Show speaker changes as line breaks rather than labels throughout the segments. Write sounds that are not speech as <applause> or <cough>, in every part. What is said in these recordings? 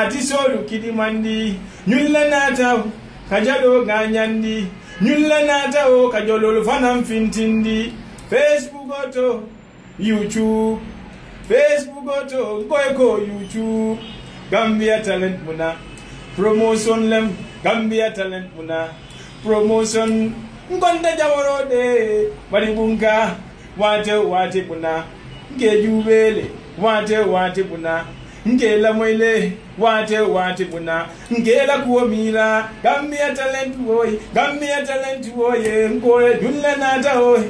atisoolu kidima ndi nyulla naatawo kajaloo gaanyandi nyulla naatawo kajololu fanan fintindi facebook oto youtube facebook oto nkoye ko youtube gambia talent muna promotion lem gambia talent muna promotion ngonda jaworode bari bunka wate wate buna ngejuɓele wate wate buna ngela moile wate wate buna ngela kuomila gambia talent woy gambia talent woye ngoye dunle nata oy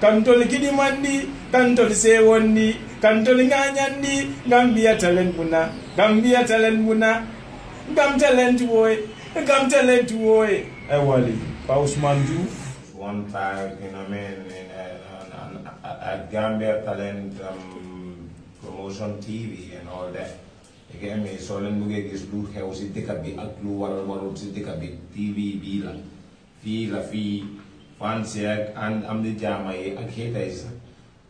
kantoli kidimandi kantoli sewondi kantoli nganyandi gambia talent buna gambia talent buna gam talent woy gam talent woy ay wali pa ousmane diouf one time you know man and, and, and, and, and gambia talent um, promotion tv all that léegi Me soo leen blue gis lu xew si dëkk bi ak lu waral warul si dëkk bi TV bii la fii la fii fans yi ak am the jaama yi ak xeetay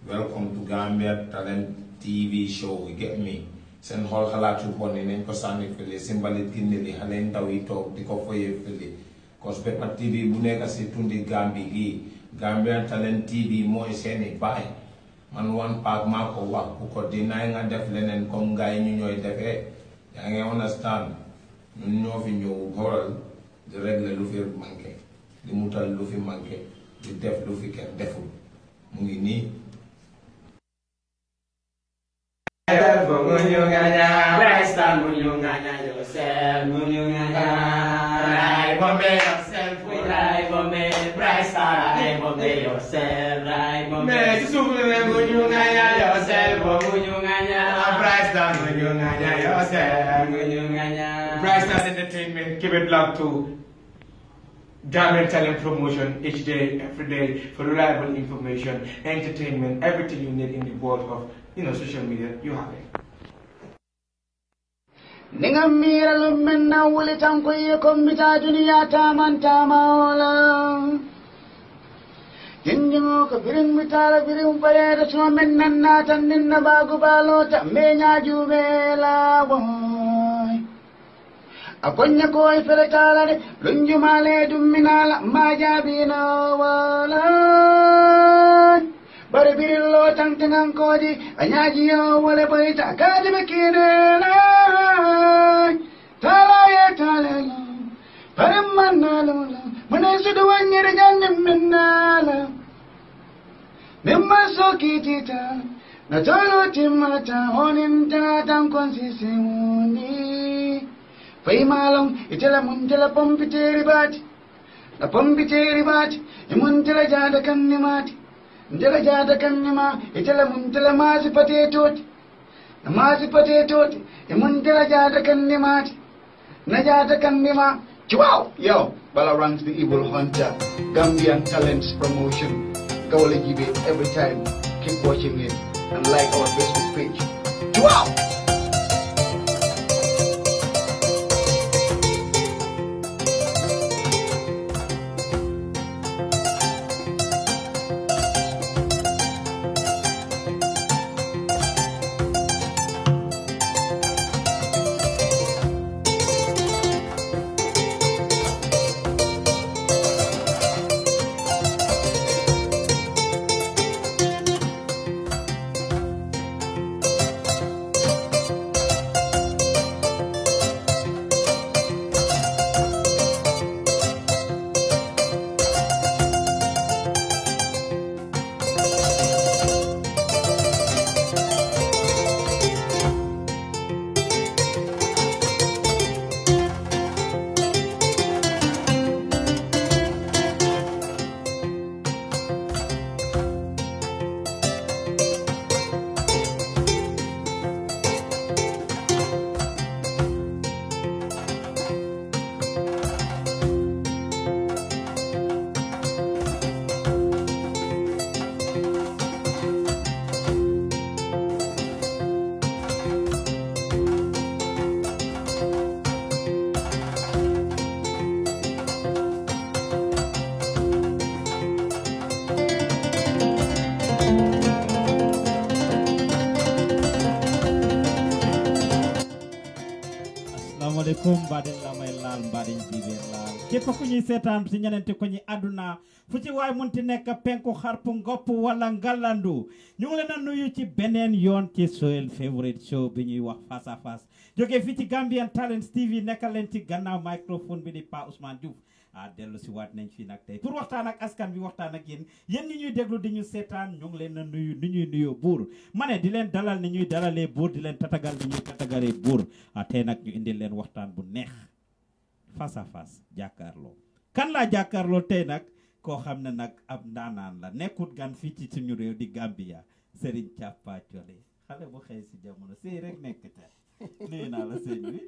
welcome to Gambia Talent TV show you get me Send xool xalaat yu bon yi nañ ko sànni fële si mbalit gi li xale ndaw yi toog di ko cause Peppa TV bu nekk si tundi Gambie Gambian Talent TV is seeni baay man won paak maa ko wax ku ko dinaay nga def lenen comme gars ñu ñoy defé yaa nga understand ñu ñoo fi ñëw horal di régler lu fi manqué di mutal lu fi manqué di def lu fi kenn deful mu ngi
Raimome, presta
Entertainment, keep it locked to Diamond Talent Promotion each day, every day for reliable information, entertainment, everything you need in the world of you know social media, you have it.
ningam miiralum min na wuli tan koye kombita duniya tamantama ola jinjino ko birin mitala birin bareeda so min nannatan ninna baagu baalota mbeñajumeelaagom a koñña koye fere taalade lunjumaale dumminaala majaabinowalaa bari biril lo tang kodi anyaji yo wala baita kadi makine la tala ye tala la param manalo la mane sudu wanyir janne minala memma so kiti ta na tolo timata honin ta tang konsi simuni fai malong itela muntela pompiteri bati na pompiteri nderajatakannima itala muntala maasipateetoti maasipateetoti emunderajatakannimaati najatakannima ciwaw yo bala the evil
hunter gambian talents promotion gawala jibe every time keep watching it and like our facebook page ciwaw
ñuy seetaan si ñeneen ko ñi àdduna fu ci waay ti nekk penku xarpu ngopp wala ngalandu ñu leen a nuyu ci beneen yoon ci Soil favorite show bi ñuy wax face jóge face fii ci Gambian Talents TV nekkal leen ci gannaaw microphone bi di Pa Ousmane Diouf ah dellu si waat nañ fii nag tey pour waxtaan ak askan bi waxtaan ak yéen yéen ñuy déglu di ñu seetaan ñu ngi leen a nuyu ni ñuy nuyoo buur ma ne di leen dalal ni ñuy dalalee buur di leen tatagal ni ñuy buur ah nag ñu indil leen waxtaan bu neex face jàkkaarloo kan laa jàkkaarloo tey nag koo xam ne nag ab ndaanaan la nekkut gan fii ci suñu réew di Gambia Serigne Thiapa Thioly xale bu xëy si jamono sëy rek nekk te nuyu naa la sëñ bi.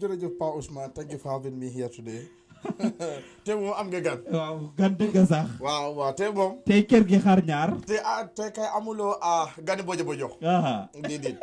jërëjëf Pa Ousmane thank you <laughs> te moom am nga gan. te moom.
tey kër gi xar ñaar.
te ah, kay amuloo ah, gani bojo bojo. déedéet.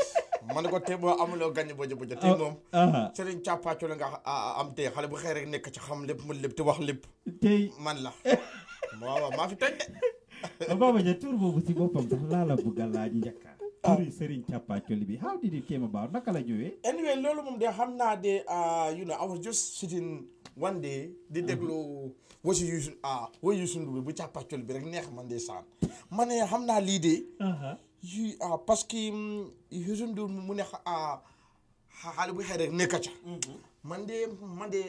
man ko tey boo amuloo gàññ bojo bojo tey oh, moom uh-huh. sëriñ càppaacu la nga am tey xale bu xëy rek nekk ci xam lépp mën lépp te wax lépp tey man la <laughs> waaw maa fi tey de
<laughs> Baba Jah tur boobu si boppam sax laa la bëgg ah. bi how did it came about naka la ñëwee
anyway loolu moom de xam naa de ah, you know I was just sitting one day di uh-huh. déglu wasi yuusu ah way yuusu ndubi bu càppaacu bi rek neex man de saan ma xam naa lii de uh-huh. yu parce que Youssou Ndour mu ne xale bu xëy rek nekka ca man de man de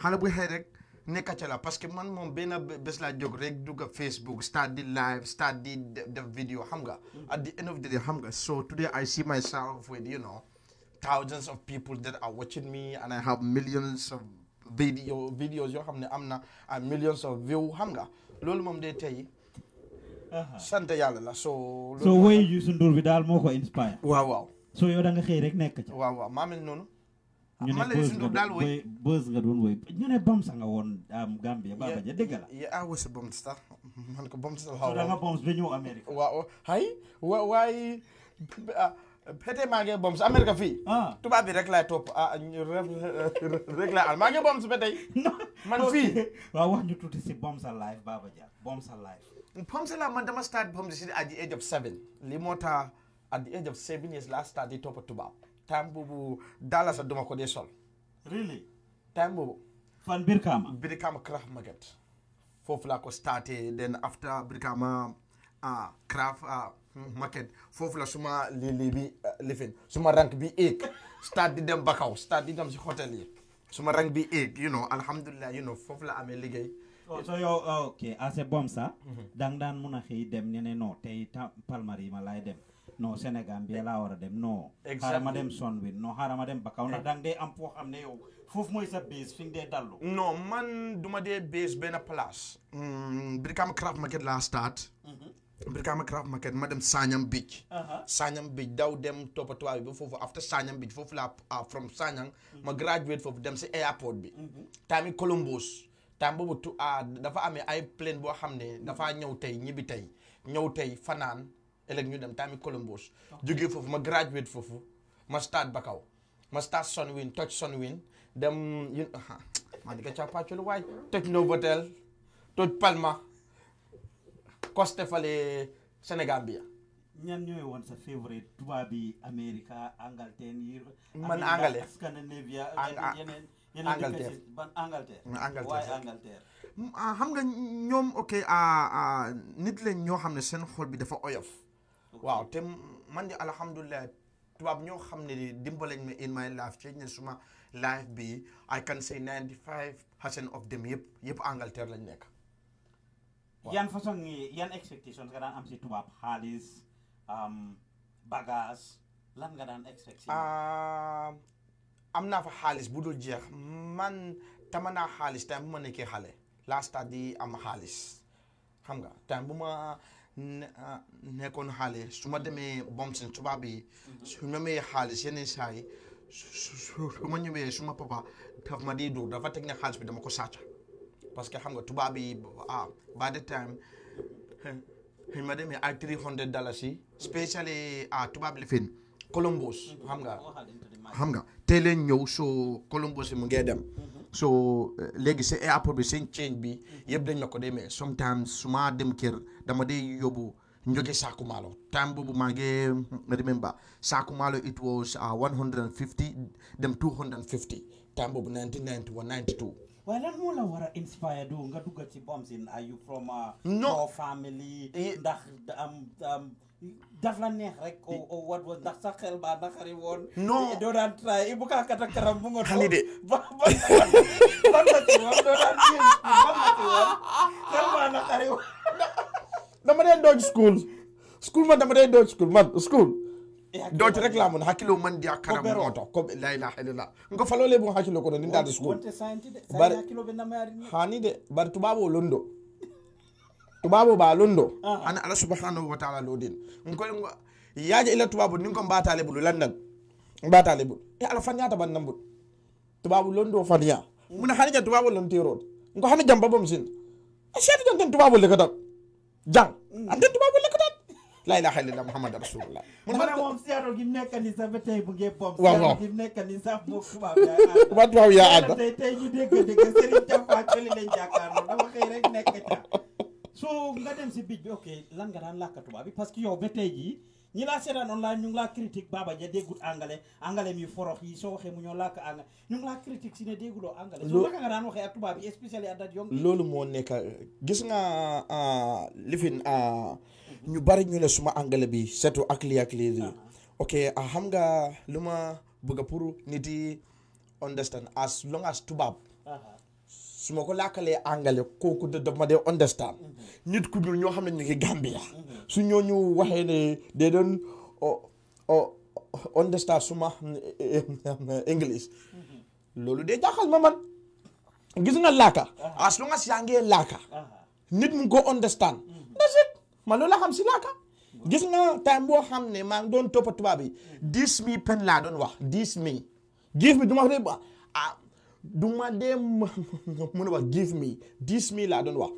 xale bu xëy rek nekka ca la parce que man moom benn bés laa jóg rek dugg Facebook start live start the def video hamga. Mm-hmm. at the end of the day hamga. so today I see myself with you know thousands of people that are watching me and I have millions of video videos yoo xam ne am na millions of view hamga. nga loolu moom de tey Uh-huh. sant yàlla la soo. soo
woy Youssou bi daal moo ko inspire. waaw waaw. soo yow da xëy rek nekk
ci. waaw waaw maa mel noonu.
ñu ne daal woy bës boms nga woon am Gambie baba ja dëgg la
ya awo sa boms sax man ko boms sax xaw da waaw wa waaye ah, pete maa ngi boms Amérique fii ah. tubaab rek laay topp ah <laughs> rek laay al <laughs> man fii waaw wax ñu
tuuti si boms alive baba ja boms alive
Pomse la man dama start Pomse si at the age of seven li moo tax at the age of seven years laa start di topp tubaab time boobu daala sa duma ko dee sol. really. time boobu. fan Brikama. Brikama Craft Market foofu ko starté then after Brikama Craft ah, ah, Market foofu la suma lii bi ah, lifin suma rank bi éeg start di dem Bakaw start di dem si hôtel yi suma rank bi éeg you know alhamdulilah you know foofu la amee liggéey. Oh,
so yow oh, ok à ce bom sa mhm. dang daan mun a xëy dem ne ne non tey palmari ma laay dem non Sénégal bi laa war a dem no xaaral ma dem son wi non xaaral ma dem bakaw ndax eh.
dang dee am foo xam ne yow foofu mooy sa base fi nga dee dallu non man duma dee base benn place mm, Brikama Craft Market laa start mhm. Brikama Craft Market ma dem Sanyang Beach Sanyang Beach daw dem toppatuwaay bi foofu after Sanyang Beach foofu laa ah, from Sanyang ma mhm. graduate foofu dem si airport bi time Columbus temps boobu tu ah, dafa amee ay plane boo xam ne dafa ñëw tey ñibbi tey ñëw tey fanaan ëllëg ñu dem tamit Columbus jógee foofu ma graduate foofu ma start Bakaw ma start Sunwin toj Sunwin dem yun maa di ko càppaaculu waay toj Novotel toj Palma Coste Sénégal bi
ñan ñooy bi Amérique man angale Scandinavia Angleterre ban Angleterre. Angleterre
ah, xam nga ñoom ok ah, ah, nit lañ ñoo xam ne seen xol bi dafa oyof. waaw te man di alhamdulilah tubaab ñoo xam ne dimbalañ ma in my life change ne suma life bi I can say 95 percent of them yëpp yëpp Angleterre lañ nekk. yan façon yan expectations nga daan am si tubaab xaalis
bagage lan nga daan expect
am naa fa xaalis bu doo jeex man tama naa xaalis time bu ma nekkee xale lasta di am xaalis xam nga time bu ma ah, nekkoon xaale su ma demee Bomsen tubaab yi su ma mayee xaalis yeneen saa yi su ma ñëwee suma papa daf ma di dóor dafa teg ne xaalis bi dama ko sàcc parce que xam nga tubaab yi ah by the time ma demee ay three hundred dollars yi spécially ah tubaab lifin xam nga xam nga tey leen ñëw soo Columbus mu ngee dem mhm. so eh, léegi si airport bi seen change bi yëpp dañ la ko demee sometimes su ma dem kër dama day yóbbu njoge sakumaalo time boobu maa ngi mm, remember sakumaalo it was uh, 150 dem 250 time boobu 1991 92
waaye lan moo la war a inspire do nga duggal ci bombs in are you from a uh, no family eh, ndax am um, um, daf la neex rek o o wat wa ndax sa xel ba naqari woon non doo daan try Ibu bu kata
karam bu nga xali de ba ba ba na ci woon doo daan ci ba na ci
woon
dama dee dooj school school man dama dee dooj school man school dooj rek laa mun hakkiloo man di karam ko to ko la ilaha illallah nga faloo bu hakkiloo ko ni daal school bari hani de bari tubaaboo londo tubabu ba lundo ah. ana ala subhanahu wa ta'ala lodin ko yaje ila tubabu nin ko mbatale bulu landan mbatale bulu e eh, ala fanya ta bannan bulu tubabu londo fanya mun harja tubabu lonti road ko hani jamba bom a ashadu jantan tubabu le kadat jang mm. antan tubabu le kadat la ilaha illallah muhammad rasulullah
mun sa betay bu ge bom siaro gi nekkani sa mo tubabu ya ba tubabu ya soo nga dem si bij bi ok lan nga daan làkk tubaab bi parce que yow ba tey jii ñi laa seetaan online ñu laa critique Baba Jah déggut angale angale mi forox yi soo waxee mu ñoo làkk angale ñu ngi laa critique si ne dégguloo angale so naka nga loolu
moo nekk gis nga ah, lifin ah, ñu bari ñu ne suma angale bi surtout ak lii ak lii ah. ok xam nga lu ma bëgg pour nit understand as long as tubaab su ma ko làkkalee angale kooku da ma dee understand nit ku ñuul ñoo xam ne ñu ngi Gambia su ñooñu waxee ne day doon oh, oh, understand suma eh, English loolu de jaaxal ma man gis nga laaka uh-huh. as long as yaa ngi laaka uh-huh. nit mu ko understand mm-hmm. that's it man loolu la xam si laaka gis nga time boo xam ne maa ngi doon toppa tubaab yi dis mi pen laa doon wax dis mi give mi duma wax ah, du dee <laughs> mën a wax give me dix mille laa doon wax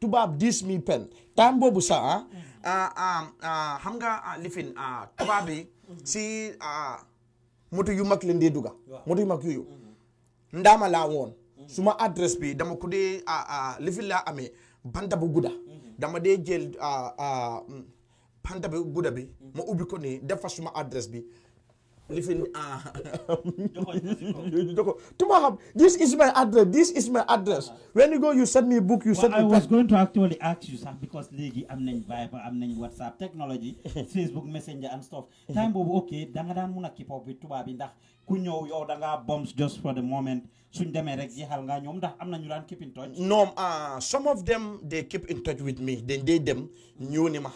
tubaab diis mille pen time boobu sax ah, mm. ah, ah, ah xam nga lifin tubaab bi mm-hmm. si moto yu mag leen dee duga moto yu mag yooyu mm-hmm. ndaama laa woon mm-hmm. suma adresse bi dama ko dee lifin laa amee banta bu gudda dama dee jël mm, banta bu gudda bi ma ubbi ko ni def fa suma adresse bi lii fi <laughs> ah. Joko <laughs> Tuma this is my address this is my address ah. when you go you send me book you send me. I was
going to actually you sax because léegi am nañ Viber am nañ WhatsApp technology <laughs> Facebook Messenger and stuff. time boobu ok danga daan mun a keep up with tubaab bi ndax ku ñëw yow dangaa bombs just for the moment. suñ demee
ah, some of them they keep in touch with me they they them ñëw ne ma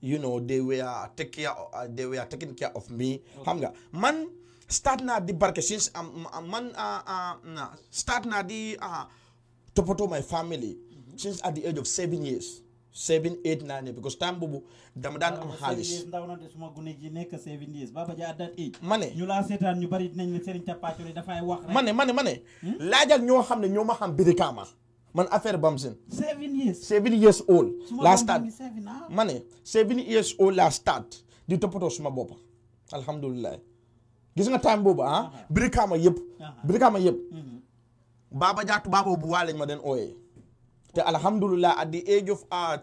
you know they were take care ah, they were taking care of me. xam nga man start na the barke since ah, man start na the naa di toppatoo my family. Mhm. since at the age of seven years. seven eight nine because time boobu dama daan am xaalis
ndaw na te suma gune gi nekk seven years ma ñu laa seetaan ñu bari dinañ ne Serigne
Tappature dafay wax rek ma ne ma ne ma ne hmm? laajal ñoo xam ne ñoo ma xam biri Brikama man affaire Bamsin seven years seven years old laa start ah. ma ne seven years old laa start di toppatoo suma bopp alhamdulilah gis nga time boobu ah Brikama yëpp Brikama yëpp hmm. Baba Jah bu waa lañ ma den ooyee te alhamdulillah at the age of uh,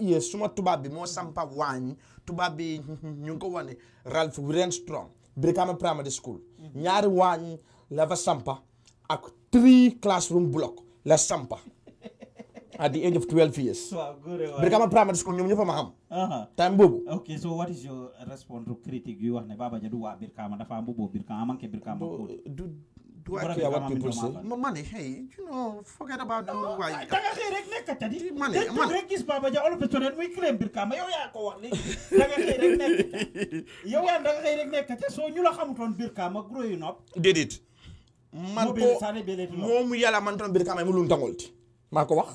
years suma tubaab bi moo sampa waañ tubaab bi ñu ngi ko wane Ralph Wirenström Brikama primary school ñaari waañ la fa sampa ak three classroom block la sampa <laughs> at the age of 12 years Brikama primary school ñoom ñëpp a ma xam time boobu ok
so what wax ne Baba Jah du do I care what people say? Money, hey,
you know, forget about no, oh, no, why. Danga xey rek nekk tadi. Money, money. Ya,
rek gis Baba Jah all of a sudden claim bir kama yow yaa ko wax ni. Danga xey rek nekk.
Yow yaa danga xey rek
nekk te so ñu la xamutoon bir kama growing up. Dédit. Man ko moom yàlla man toon bir kama mu lu tangol ti. Maa wax.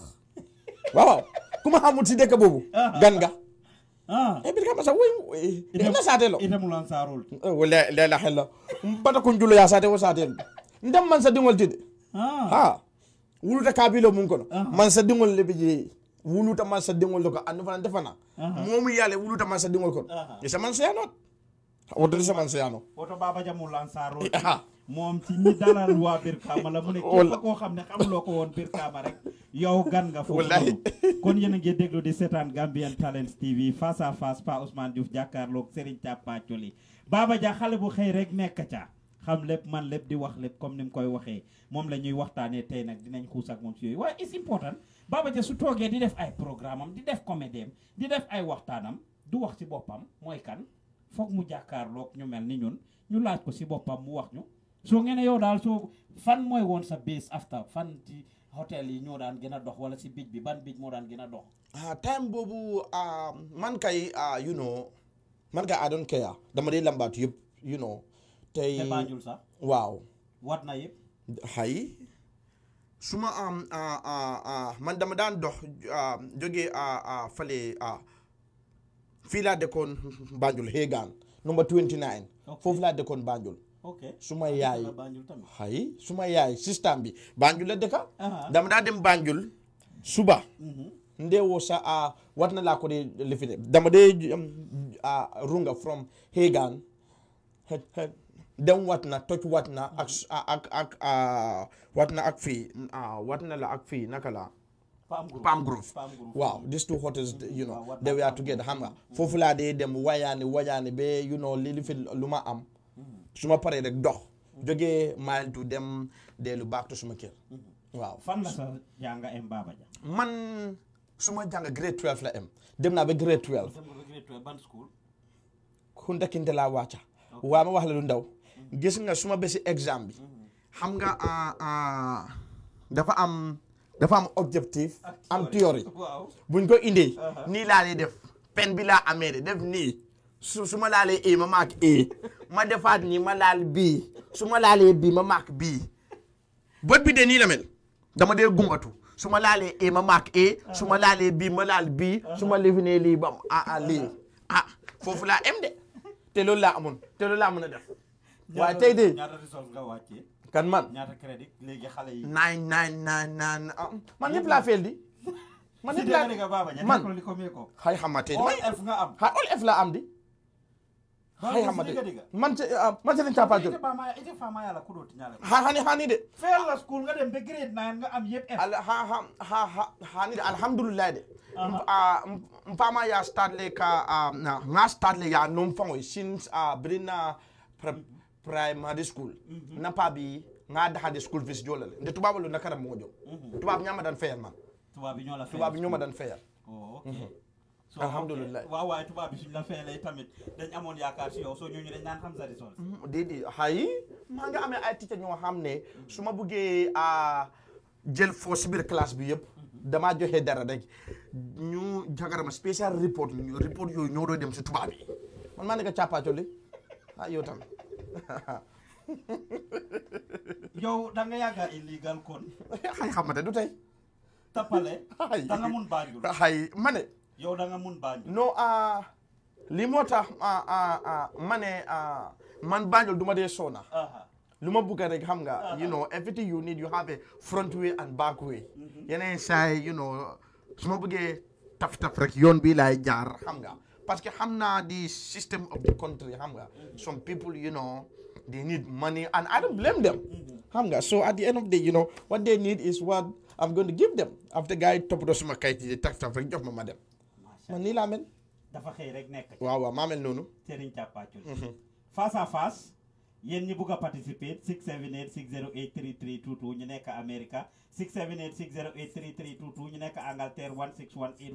Waaw. Kuma xamul si dëkk boobu. Gan nga. Ah. E bir kama sa woy. Eh, ina sa lo. Ina mu lan saarul. Eh, wala la la xel la. Mbata ko njulo yaa saate wo saate ndem man sa dingol tide ah. ha wuluta kabilo mun kono ah. man sa dingol le bije wuluta man sa dingol ko andu fana defana ah. momu yale wuluta man sa sa yanot sa yano
woto baba jamul lansaro <laughs> moom ci ñi dalal waa koo xam ne xamuloo ko woon Brikama rek yow gan nga foofu kon yéen a ngi déglu di seetaan Gambian Talents TV face à face Pa Ousmane Diouf jàkkaarloog Serigne Thiapa Thioly Baba Jah xale bu xëy rek nekk ca xam lépp man lépp di wax lépp comme ni mu koy waxee moom la ñuy waxtaanee tey nag dinañ xuus ak moom si yooyu waaye it's important Baba Jah su toogee di def ay programme am di def comédiem di def ay waxtaanam du wax si boppam mooy kan foog mu jàkkaarloog ñu mel ni ñun ñu laaj ko si boppam mu wax ñu soo ngeen yow daal soo fan mooy woon sa base after fan ci hôtel yi ñoo daan gën a dox wala si bij bi ban bij moo daan gën a dox.
ah time boobu ah, man kay ah, you know man kay dama dee lambaatu yëpp you tey Banjul sax waaw wat na ma man dama daan dox jógee fale fii laa dëkkoon Banjul Hegan number 29 foofu laa dekoon Banjul suma yaay xay suma yaay système bi Banjul la dëkka ah ah. dama daa dem Banjul suba mhm. ndeewoo sa wat na laa ko dee lifite dama dee runga from Hegan dem wat na toj wat na ak mm-hmm. ak ak na ak fii wat na la ak fii naka la
Palm Grove waaw
these two hotels mm-hmm. you know they were together xam nga mm-hmm. foofu laa dee dem wayaani wayaani ba you know li li fi lu ma am su ma paree rek dox jógee mile to dem dellu back to suma kër waaw fan la sa jànga man suma jànga grade 12 la em dem naa ba grade
12 ban school
Kunta Kinteh laa wàcca waa ma wax la lu ndaw gis nga suma bési exemple bi xam nga ah, ah, dafa am dafa am objectif am théorie buñ ko indee uh-huh. nii laa def pen bi laa amee de def nii su su ma laalee A ma maak A ma defaat nii ma laal bii su ma laalee bii ma maak bii bët bi de nii la mel dama dee gumatu su ma laalee A ma maak A su ma laalee bii ma laal bii su ma lifinee lii ba a ah, ah lii ah foofu laa am de te loolu laa amoon te laa mën a def waaye tey de ñaata
résolve nga wàccee.
kan man ñaata crédit léegi xale yi. naañ naañ naañ naañ man ñëpp laa feel di. <laughs> man ñëpp laa man xay xama tey de man ol F nga am xay ol F la am di. xay xama de man ca ah, man ca dañ caa paajul.
xaa xaani xaani de.
feel la school nga dem ba grade nine nga am yëpp F. ala xaa xaa xaa xaani de alhamdulilah de. mpama ah, ya start le ka na ah, nga start le ya non fangoy since brin na. primary school mhm. na pa bi nga da hade school fees jola le nde tubaab lu nakara mo jo mhm. tubaab ñama dan fayal man
tubaab ñoo ñoo ma dan fayal oh okay mhm. so alhamdulillah bi la tamit dañ amoon yaakaar si yow soo xam
maa nga amee ay teacher ñoo xam ne su ma buggee a ah, jël foo si biir bi yëpp damaa joxe dara rek ñu jagarama spécial report report yooyu ñoo doon dem si tubaab yi man maa nekk càppaacoli ah yow tamit <laughs>
yow da nga yàgg a du tey. tapale.
ay da nga mun Banjul. ay yow da nga mun ah, moo tax ah, ah, ah man Banjul du ma dee soona. lu ma bëgg rek xam nga. you know everything you need you have a front way and back way. Mhm. yeneen saa yi you know su ma bëggee taf taf rek yoon bi lay jaar xam nga. parce que xam naa the system of the country some people you know they need money and I don't blame them so at the end of the day you know what they need is what I'm going to give them after guy top toppatoo suma kayit yi taf taf rek jox ma ma dem man nii laa mel
dafa xëy rek nekk waaw à yéen ñi bugg a participer 678 608 33 22 ñu nekk America 678 608 33 22 ñu nekk Angleterre 161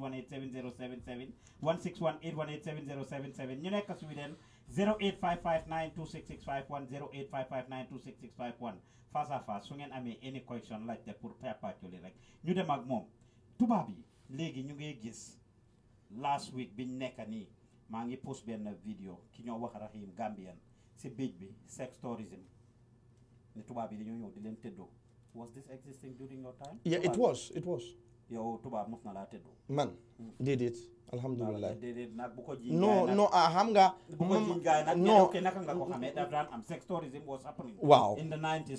ñu nekk Sweden 0855 92665 0855 92665 face à face su ngeen amee any question laajte pour perpétuer rek ñu dem ak moom tubaab yi léegi ñu ngi gis last week ñu nekk nii maa ngi post benn vidéo ki ñoo wax Rahim Gambian. si biij bi sex tourism ne tubaab yi dañoo ñëw di leen tëddoo was this existing during your time. yeah it was it was. tubaab mos na laa tëddoo.
man hmm. déedéet. alhamdulilah
déedéet nag ah xam nga. bu ko ji mm, gaay nag non naka nga ko xamee daf daan am sex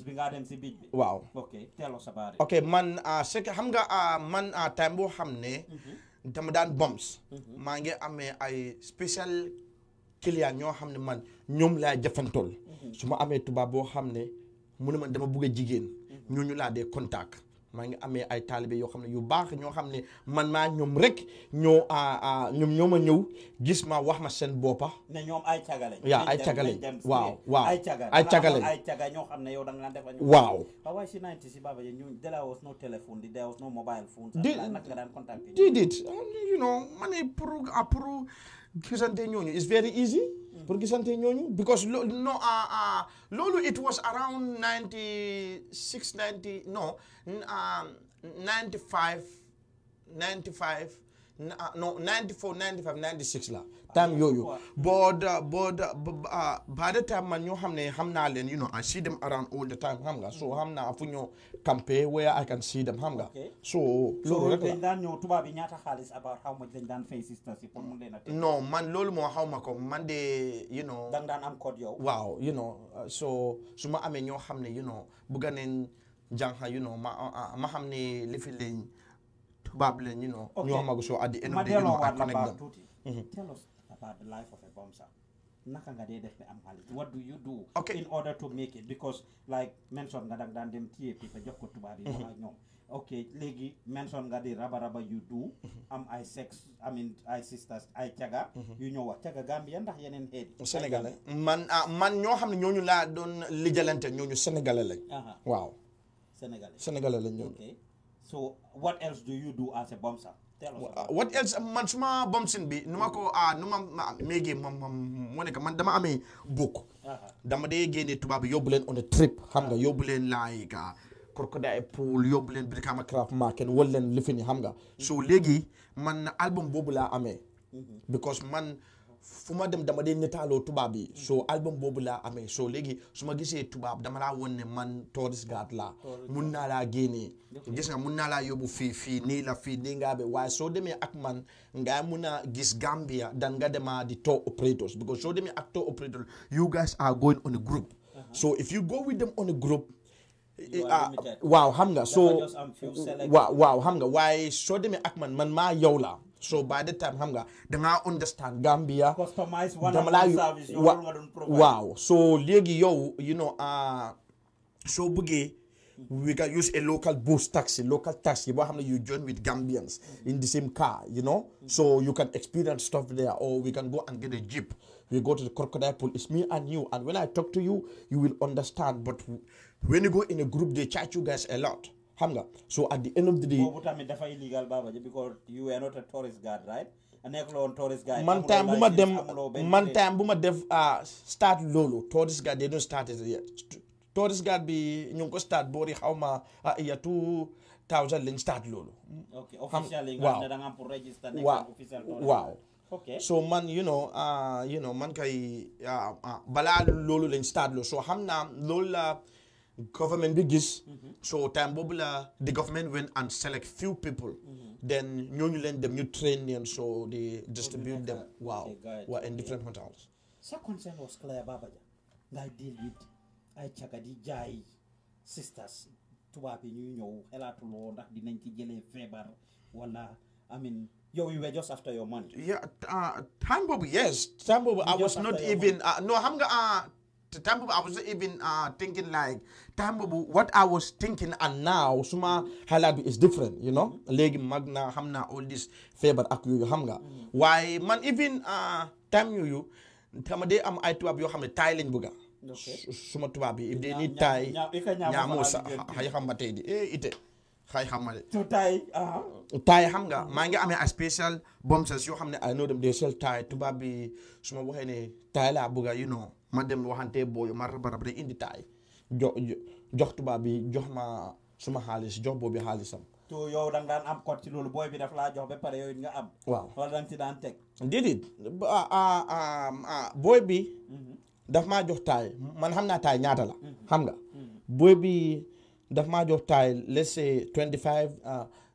bi nga dem si biij bi. waaw ok tell ok man ah, c'est que xam nga ah, man a ah, time boo xam ne. Mhm. dama daan bombs. Mhm. maa ngi client ñoo xam ne man ñoom laa jëfantool su ma amee tubaab boo xam ne mun ne man dama bëgg a jigéen ñu laa dee contact maa ngi amee ay taalibe yoo xam ne yu baax ñoo xam ne man maa ñoom rek ñoo ñoom ñoo ma ñëw gis ma wax ma seen boppa
ne ñoom ay cagale yaa ay cagale waaw waaw ay cagale ay cagale ay cagale ñoo xam ne yow da nga def waaw ba way si 90 si baba ñu there was no telephone there was no mobile phone déedéet
you know ma gisante ñooñu is very easy pour gisante ñooñu because lo no ah, ah, loolu it was around ninety six ninety no um, ninety five ninety five uh, no ninety four ninety five ninety six la time yooyu boo da boo da ba ah, de time man ñoo xam ne xam naa leen you know I see them around all the time xam nga so xam naa fu ñoo campé where I can see them xam nga so loolu rek la dañ
daan ñëw tubaab yi ñaata xaalis about how much dañ daan fay sisters yi pour mu leen a non man loolu moo xaw ma ko
man de
you know dang daan am code yow waaw
you know so su ma amee ñoo xam ne you know bugga neen jànxa you know ma ah, ma xam ne li fi leen
tubaab leen you know so at the end of the day you know I connect them mm-hmm.
tell us about the life of a bouncer naka nga dee def ne am xaalis what do you do in order to make it because like mention nga dang daan dem téye pipa jox ko tubaab yi wax ak ñoom mhm. ok léegi mention nga di raba raba you do mhm. am ay sex I mean ay sisters ay caga yu ñëw wax caga Gambia
ndax yeneen xeet sénégalais man ah, man ñoo xam ne ñooñu laa doon lijalante ñooñu sénégalais lañ waaw sénégalais sénégalais lañ ñooñu so what a what else man suma bomsin bi nu ma ko ah nu ma méegee moom moo nekk man dama amee book dama dee génne tubaab yóbbu leen on a trip xam nga yóbbu leen like ah, crocodile pool yóbbu leen Brikama craft market wal leen lifini xam nga so léegi man album boobu laa amee mhm. because man fu ma dem dama dee ñetaaloo tubaab yi so album boobu laa amee so léegi su ma gisee tubaab dama laa woon man tourist guide laa mun naa laa génnee gis nga mun naa laa yóbbu fii fii nii la fii nii ngaa be waaye soo demee ak man nga mun gis Gambia dan nga demaa di tour operators because so demee ak tour operators you guys are going on a group uh-huh. so if you go with them on a group eh, ah, waaw xam nga so wow, wow, xam Why so soo demee ak man man maa yow laa so by the time xam then I understand Gambia. customize one and service Wow! provide so legi yo, you know ah, So bëggee. we can use a local bus taxi, local taxi, but how you join with Gambians in the same car, you know? Mm -hmm. So you can experience stuff there, or we can go and get a jeep. We go to the crocodile pool. It's me and you. And when I talk to you, you will understand. But when you go in a group, they charge you guys a lot. xam nga so at the end of the day. boobu
tamit dafa illegal Baba ji because you were a tourist guide right. man time bu ma dem
def ah, start loolu tourist guide they don't start tourist guide bi ñu ngi ko start boori xaw ma ah, ya two thousand lañ start loolu. ok official yi nga xam ne da nga
am waaw so
man you know ah, you know man kay balaa loolu lañ start loolu so xam naa loolu la. government bi mm-hmm. so time the government went and select few people. Mm-hmm. then new leen dem ñu train leen so they distribute them. waaw waaw in different hotels.
Second concern was clear Babaja I deal with check the jaay sisters to have ñuy ñëw xelaatuloo ndax dinañ ci jëlee feebar
wala I mean. Yo, we were just after your money. Yeah, uh, time yes. Time I was not even, uh, no, uh, I was even uh, thinking like what I was thinking and now suma halabi is different, you know. Leg magna hamna all this favor aku hamga. Why man even uh time you you tamade am I to abyo hamne Thailand buga. Suma to abi if they need Thai nyamusa hayakamba tedi eh ite. Thai To Thai, uh ah. Thai hamga. Manga ame a special bombs as you hamne I know them they sell Thai to babi suma Thai la buga you know. ma dem waxante booyu ma rabarab rek indi taay jo jox tubaab bi jox ma suma xaalis jox boobu xaalisam.
to yow da nga daan am code ci loolu booy bi daf laa jox ba pare yow it am. waaw wala da nga daan teg.
déedéet ah, ah, ah, booy bi. Mhm. daf maa jox taay man xam naa taay ñaata la. Mhm. xam nga mhm. booy bi daf maa jox taay let's say twenty five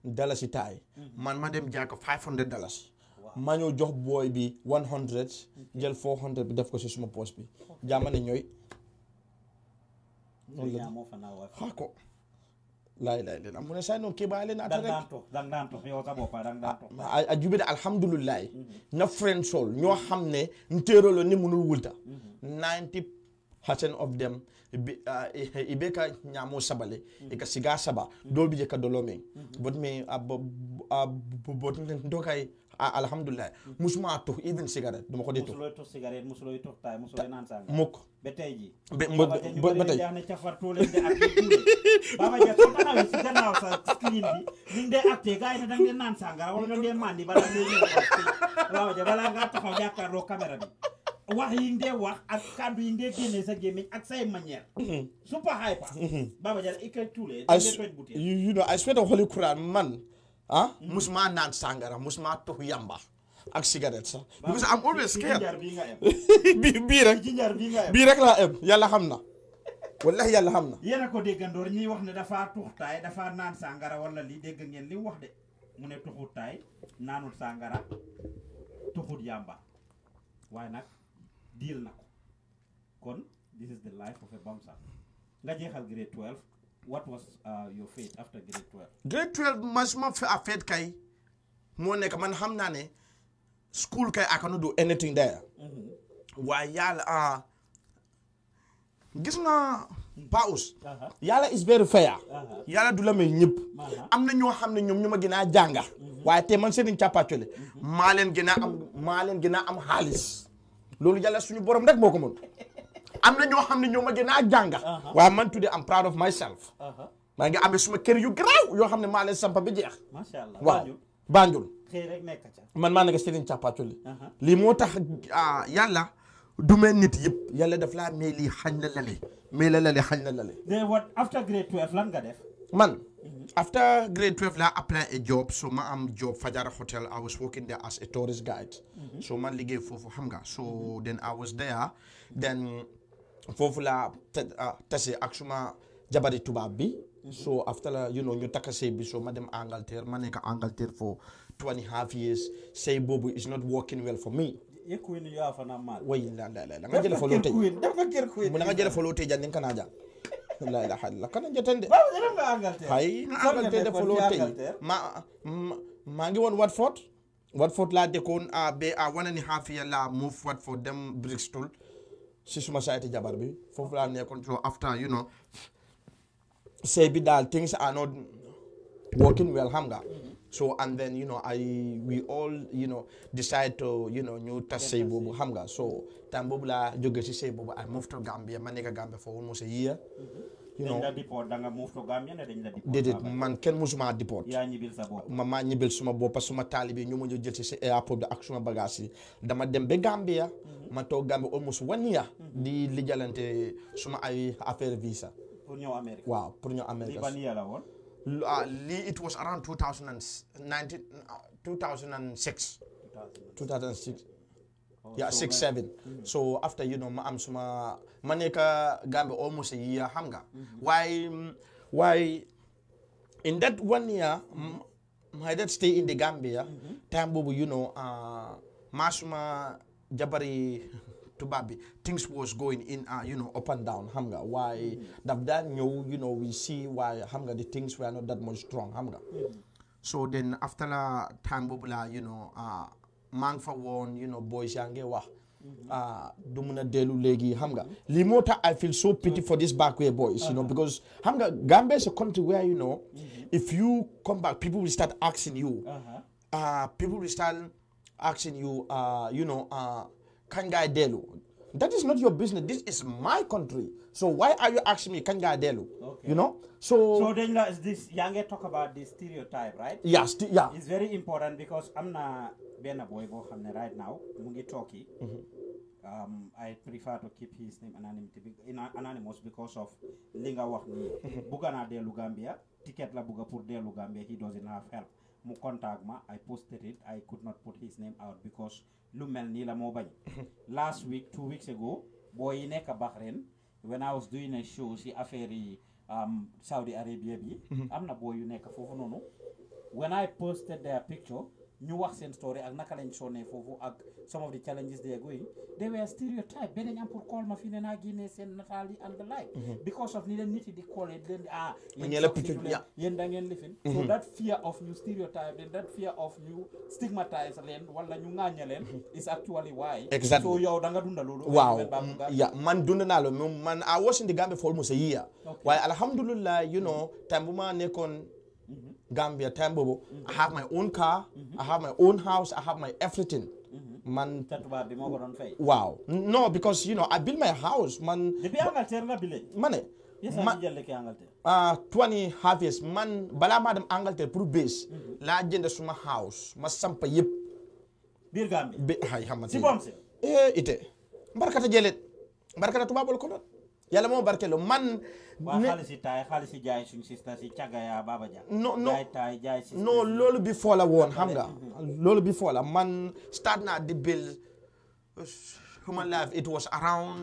dalasi taay. man ma dem jaaka five hundred dalasi. maa ñëw jox booy bi 100 jël 400 def ko si suma poche bi jaamane ñooy. xaa ko laay laay leen mu ne say noon kii baa rek a jubida alhamdulillah na friend ñoo xam ne ntéerolo ni munul wulta ninety percent of them i be ka ñaamoo sabale i ka sigaa saba dool bi je ka dolo meŋ bot me a bot ntokay ah alhamdulilah musuma tux even cigarette duma ko di tux musulooy tux
cigarette tux taay musulooy naan sànga ba ba tey jaane cafar tuuleen ja soo sa screen bi ni nga dee acte gars yi ne danga naan sàngara wala nga dee mandi balaa ngay ñëw baba ja balaa ngaa taxaw jàkkaarloo caméra bi wax dee wax ak kàddu yi dee génnee sa gémmiñ ak say manière. Mm-hmm. super hyper. Mm-hmm. baba ja ikay tuulee.
you know I swear the Holy Quran man. ah mm-hmm. musuma naan sàngara musuma tux yamba ak cigarette sax because I'm always scared <laughs> bii bii rek bii rek laa em yàlla xam na wallahi yàlla xam na
yéen ko déggandoor ñi wax ne dafa tuxtaay dafa naan sàngara wala li dégg ngeen li wax de mu ne tuxut taay naanul sàngara tuxut yàmba waaye nag diil na ko kon nga jeexal grade what was uh, your faith after grade
12. grade 12 man suma kay moo nekk man xam naa ne school kay I cannot do anything there.
Mm-hmm.
waaye yàlla ah, gis nga Paus. Uh-huh. yàlla is very fair. Uh-huh. yàlla du la may ñëpp. Uh-huh. am na ñoo xam ne ñoom ñu ma gën jànga. Mm-hmm. waaye te man seen i càppaacole. Mm-hmm. maa leen gën am maa leen gën am xaalis. loolu yàlla suñu borom rek moo ko mën. am na ñoo xam ñoo ma gën jànga uh-huh. waaye man i am proud of myself uh-huh. maa ngi amee suma kër yu garaaw yoo xam ne maa sampa ba jeex
macha allah
man maa nekk Serigne Thiapathiouli uh-huh. tax ah, yàlla du mel nit yàlla daf laa may la lale la lale la lale after grade 12 lan nga def man mm-hmm. after grade 12 apply a job so ma am job Hotel I was working there as a tourist guide mm-hmm. so man xam nga so then I was there then foofu laa ah, tase ak suma jabari tubaab bi mhm. so after la you know ñu takk sëy bi so ma dem Angleterre ma nekk Angleterre for two and a half years sëy boobu is not working well for me
yekuin yo afana mal way
la la la nga jël mu nga jël fa tey jàng kana ja kana jotande ba ma maa ngi woon Watford Watford laa dëkkoon a be a one and a half year la move Watford dem Bristol si suma sayti jabar bi foofu laa nekkoon so after you know say bi daal things are not working well xam nga so and then you know I we all you know decide to you know ñu tas say boobu xam nga so time boobu laa jóge si say boobu I moved to Gambia ma nekk Gambia for almost a year mm-hmm. you know dañ la deport da nga move to Gambia ne dañ la deport déedéet man kenn musuma deport yaa ma maa ñibbil suma boppa suma taalibe ñu ma ñu jël ci si airport bi ak suma bagage yi dama dem ba Gambia mhm. ma toog Gambia almost one year mhm. di lijalante suma ay affaire visa pour ñëw Amérique waaw pour ñëw Amérique ban year la ah, it was around Oh, yeah, so six, like, seven. Mm So after you know, I'm suma maneka gambe almost a year hunger. Mm-hmm. Mm -hmm. Why, why? In that one year, my dad stay in the Gambia. Mm -hmm. Time you know, uh, masuma jabari <laughs> to Babi, things was going in, uh, you know, up and down. hunger. why mm -hmm. you knew, you know, we see why hunger the things were not that much strong. hunger. Mm -hmm. So then after a time, you know, uh, mang for fa you know boys yaa ngi ah, du mun a dellu léegi xam nga lii I feel so pity for this backway boys you know because xam nga Gambia is a country where you know if you come back people will start asking you uh-huh. ah, people will start asking you ah, you know ah, kan guy delu. That is not your business. This is my country. So why are you asking me, Kanga Adelu? Okay. You know? So So then is this younger talk about the stereotype, right? Yes, yeah, yeah. It's
very important because I'm na Bena Boy right now, Mungi Toki. Mm-hmm. Um, I prefer to keep his name anonymous because of linga wakni. ni <laughs> buga na ticket la buga pour he doesn't have help mu contact ma I posted it I could not put his name out because lu mel nii la moo bañ <laughs> last week two weeks ago booy yi nekk Bahrain when I was doing a show si affaire yi um, Saudi Arabia bi <laughs> am na booy yu nekk foofu noonu when I posted their picture ñu wax seen story ak naka lañ sonnee foofu ak some of the challenges they are going they were stereotype ba dañ am pour call ma fii ne naa génnee seen nataal yi and the like mhm. because of ni leen nit yi di callee leen di ah yéen da ngeen lifin so mhm. that fear of ñu stereotype leen that fear of ñu stigmatise leen wala ñu ŋàññe leen mhm. is actually why exactly so yow
da nga dunda loolu waaw ya man dund naa loolu man I was the Gambia for almost a year waaye alhamdulillah you know time bu ma Gambia time boobu. I have my own car. I have my own house. I have my everything. man. bi moo ko doon waaw no because you know I built my house man. depuis ma ma ah twenty half years man balaa maa dem Angleterre pour base. laa jënd suma house ma sampa yëpp. biir Gambie. bi ay xamante ne si eh, ko doon. yàlla moo barkeelu man. waa xaalis si
taay xaalis si jaay suñu sista si
loolu bi foola woon xam mm-hmm. loolu bi foola man start naa di build human life it was around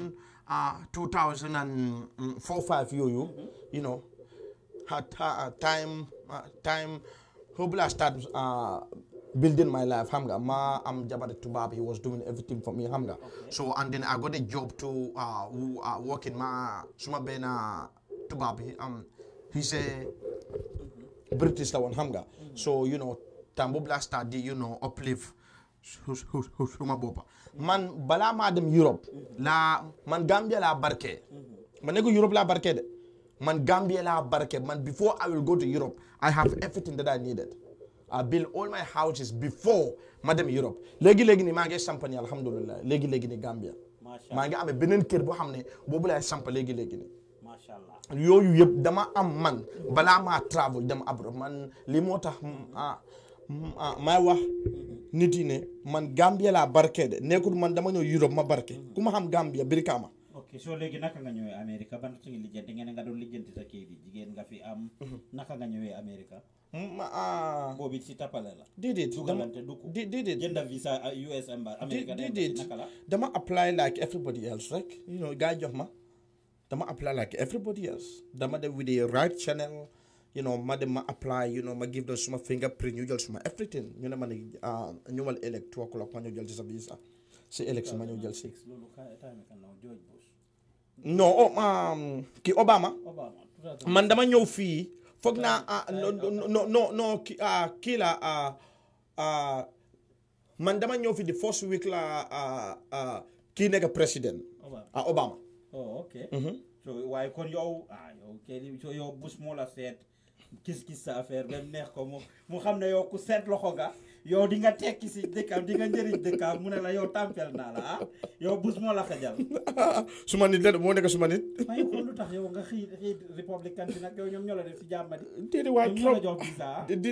uh, two thousand and four five yooyu you know uh, time uh, building my life hamga ma am Jabar tubab he was doing everything for me hamga okay. so and then i got a job to uh, uh work in ma suma bena tubab um he's a british one hamga mm-hmm. so you know tambo blaster did you know uplift who's bopa man bala madam dem europe mm-hmm. la man gambia la barke mm-hmm. man nego europe la barke man gambia la barke man before i will go to europe i have everything that i needed I built all my houses before ma dem Europe léegi léegi ni maa ngi samp nii alhamdulilah léegi léegi nii Gambia. macha maa ngi amee beneen kër boo xam ne boobu laay samp léegi léegi nii. macha allah yooyu yëpp dama am man balaa maa travel dem abroad man li moo tax ah, ah may wax nit yi ne man Gambia laa barke de nekkul man dama ñëw Europe ma barke ku ma xam Gambia Brikama.
kiso legi naka nga Amerika, Amérique tingi ci lijjanti ngeen nga doon lijjanti sa kii bi nga am. naka nga Amerika. Amérique. ma bo bi ci tapale la.
déedéet dugalante du ko déedéet visa US amba Amerika. déedéet naka la. dama apply like everybody else rek. you know gaay jox ma dama apply like everybody else dama de with the right channel. you know, madam, ma apply, you know, ma give them some fingerprint, you just my everything. You know, man, uh, ñu ah, wal elect two o'clock ñu jël ci sa visa. c'est election when you just six. non oh, ki Obama. man dama ñëw fii foog naa ah, non non non ah, kii la ah, man dama ñëw fii di first week la kii nekk président. ah Obama. oh ok. Mhm.
waaye kon yow ah yow kenn yow Bush moo la seet gis-gis sa affaire ba neex ko mu xam ne yow ku seet loxo nga. yow ah? <laughs> <laughs> di nga tekki si dëkkam di nga njëriñ dëkkam mu ne la yow tàmpeel naa la ah yow bus
moo la xajal. suma nit la moo nekk suma nit.
may xool lu tax nga xëy xëy républicain bi nag yow ñoom def si jàmba di. déedéet waaye Trump
di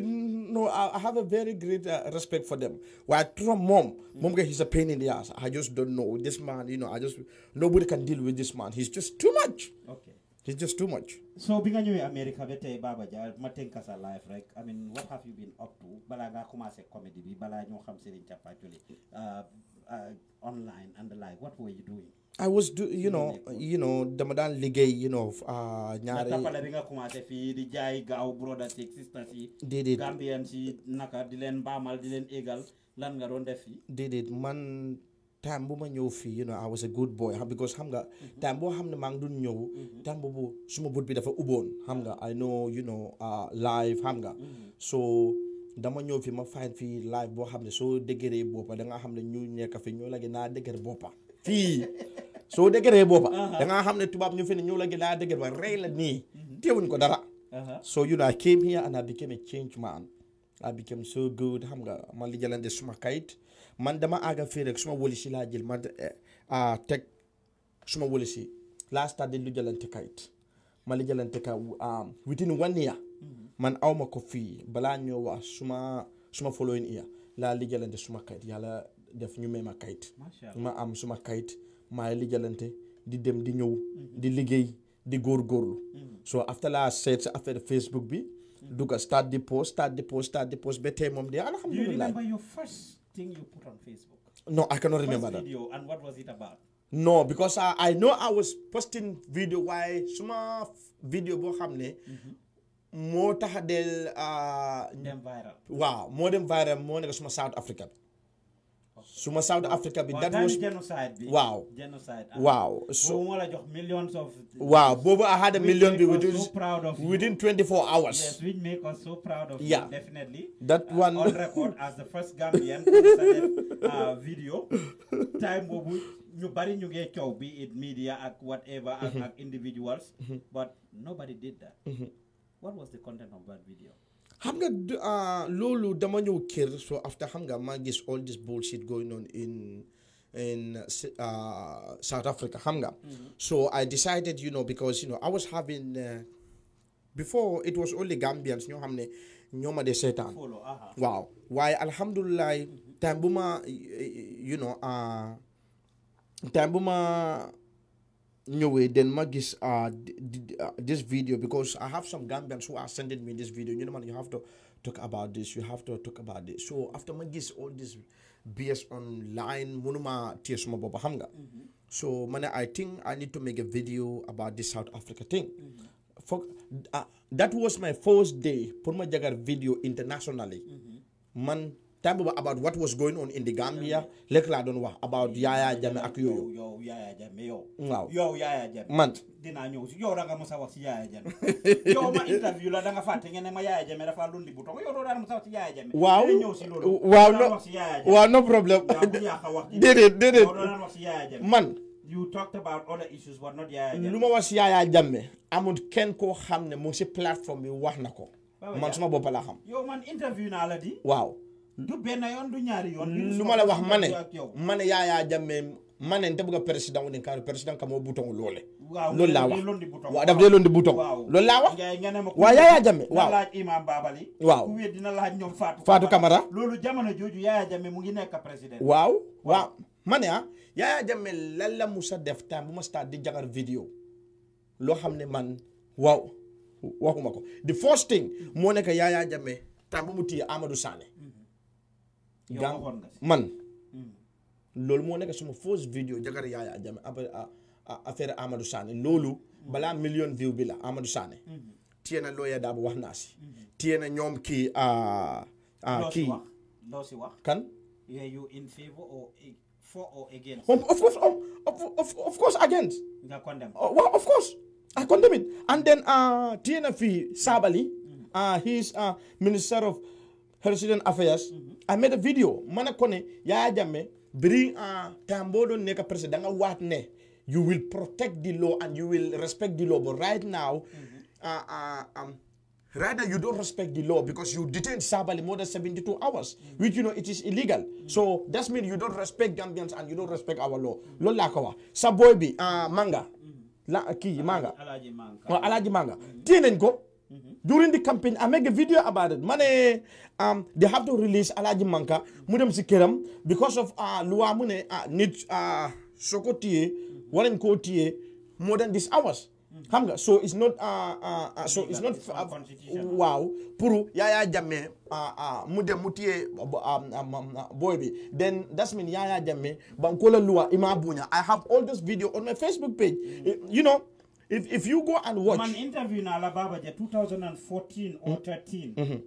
no I have a very great uh, respect for them waaye Trump mom, mom, nga he's a pain in the ass I just don't know this man you know I just nobody can deal with this man he's just too much. ok It's just too much. So
being in America, bete baba ja, matenka sa life, right? I mean, what have you been up to? Balaga kumase comedy bi, balaga nyong hamsering chapatuli, uh, uh, online and the like. What were you doing?
I was do you know you know dama daan liggéey you know uh, ñaari tapale bi
nga commencé fii di jaay gaaw broda si sister di déedéet Gambian si naka di leen baamal di leen égal lan nga doon def fii
déedéet man time bu ma ñëw fii you know I was a good boy because xam nga mhm. time boo xam ne maa ngi doon ñëw mhm. time boobu suma bët bi dafa ubboon xam nga I know you know uh, live xam nga mhm. so dama ñëw fi ma find fii live boo xam ne soo dëgëree boppa da nga xam ne ñu nekk fi ñoo la gi naa dëgër fii <laughs> soo dëgëree boppa da nga xam ne tubaab ñu fi ne ñoo la gi naa dëgër ba rey la nii teewuñ ko dara soo you know I came here and I became a change man I became so good xam nga ma li jalante suma kayit man dama àgga fii rek suma wëli si laa jël ma eh, ah, teg suma wëli si laa stade lu jëlante kayit ma li jëlante ka ah, within one mm-hmm. ko fii balaa ñëw suma suma following year laa jëlante suma kayit yàlla def ñu may ma kayit ma am suma kayit maay li jëlante di dem di ñëw mm-hmm. di liggéey di góor góorgóorlu mm-hmm. so after laa seet sa affaire Facebook bi dugga start di post start di post start di post ba tey moom de alhamdulilah
thing you put on Facebook?
No, I cannot remember First that. video and what because I, know I was posting video why suma video bo xamne mo mm-hmm. taxadel euh dem viral. moo dem viral mo nek suma South Africa. suma South Africa bi that was
wow ah. wow so
wow Bobo I had a million bi within within
24 hours yes which make us so proud of yeah definitely
that uh, one on record
as the first Gambian uh, video time Bobo ñu bari ñu ngee coow bi it media ak whatever ak mm-hmm. individuals mm-hmm. but nobody did that mm-hmm. what was the content of that video
Hamga nga uh, loolu dama ñëw so after Hamga nga all this bullshit going on in in uh, South Africa xam mm-hmm. so I decided you know because you know I was having uh, before it was only Gambians ñoo xam ne ñoo de seetaan waaw waaye alhamdulilah mm-hmm. time ma you know time bu ma no way then might this uh, uh, this video because i have some gambians who are sending me this video you know man you have to talk about this you have to talk about this so after Magis, this all this bs online munuma ts mababa hanga. Mm-hmm. so man i think i need to make a video about this south africa thing mm -hmm. For, uh, that was my first day put my jagar video internationally mm -hmm. man time boobu about what was going on doon wax about ak yooyu.
yow Yaya Jammeh yow. waaw yow si yow da nga a wax <laughs> nga fàtte ma Yaya Jammeh dafa lundi bu toog a wax no
problème. déedéet déedéet. man. lu ma wax si Yaya kenn ko xam ne mu ngi si plateforme bi wax na ko. man suma bopp xam. waaw. du benn yoon du lu ma la wax ma ne ma ne yaayaa jammee ma ne a président wu ne kaanu président ka moo bouton loole. waaw loolu laa wax waaw daf dee londi bouton. waaw loolu laa
wax. waaw yaayaa jammee waaw
dina laaj waaw ku wéet dina laaj ñoom
loolu jamono jooju yaayaa jammee mu ngi nekk président. waaw
waaw ma ah, lan la Musa def temps bu ma start di jagar vidéo loo xam ne man waaw waxuma ko the first thing moo nekk yaayaa jammee temps bu mu téye Amadou Sané. man hmm. loolu moo nekk suma fausse vidéo jagar Yaya Jammeh après ah, ah, affaire Amadou Sané loolu hmm. balaa million view bi la Amadou Sané hmm. téye na wax naa si ñoom kii ah, kan
e,
of course against oh, of course I condemn it and then téye na fii he is minister of President Affairs I made a video Manakone, kone bring a biri uh, tambodo neka president wat ne you will protect the law and you will respect the law but right now mm -hmm. uh, uh, um, Rather, you don't respect the law because you detained Sabali more than 72 hours, mm. which you know it is illegal. Mm. So that means you don't respect Gambians and you don't respect our law. Mm. lakawa. kawa. Saboy uh, manga. Mm-hmm. La, uh, ki, manga.
Alaji manga.
Alaji manga. Tienen go. Mm-hmm. During the campaign, I make a video about it. Money, um, they have to release Alaji Manka, Mudam Sikeram, because of uh, Lua Mune, uh, Nit, uh, Sokotie, mm-hmm. Warren Kotie, more than these hours. Hamga, mm-hmm. so it's not uh, uh, uh so it's not wow puru yaya jamme uh, uh, mude mutie um, um, um, uh, boy then that's mean yaya jamme bankola lua ima bunya I have all this video on my Facebook page you know If, if you go and watch. Man interview na
Alababaja 2014 or mm. 13. Mm -hmm.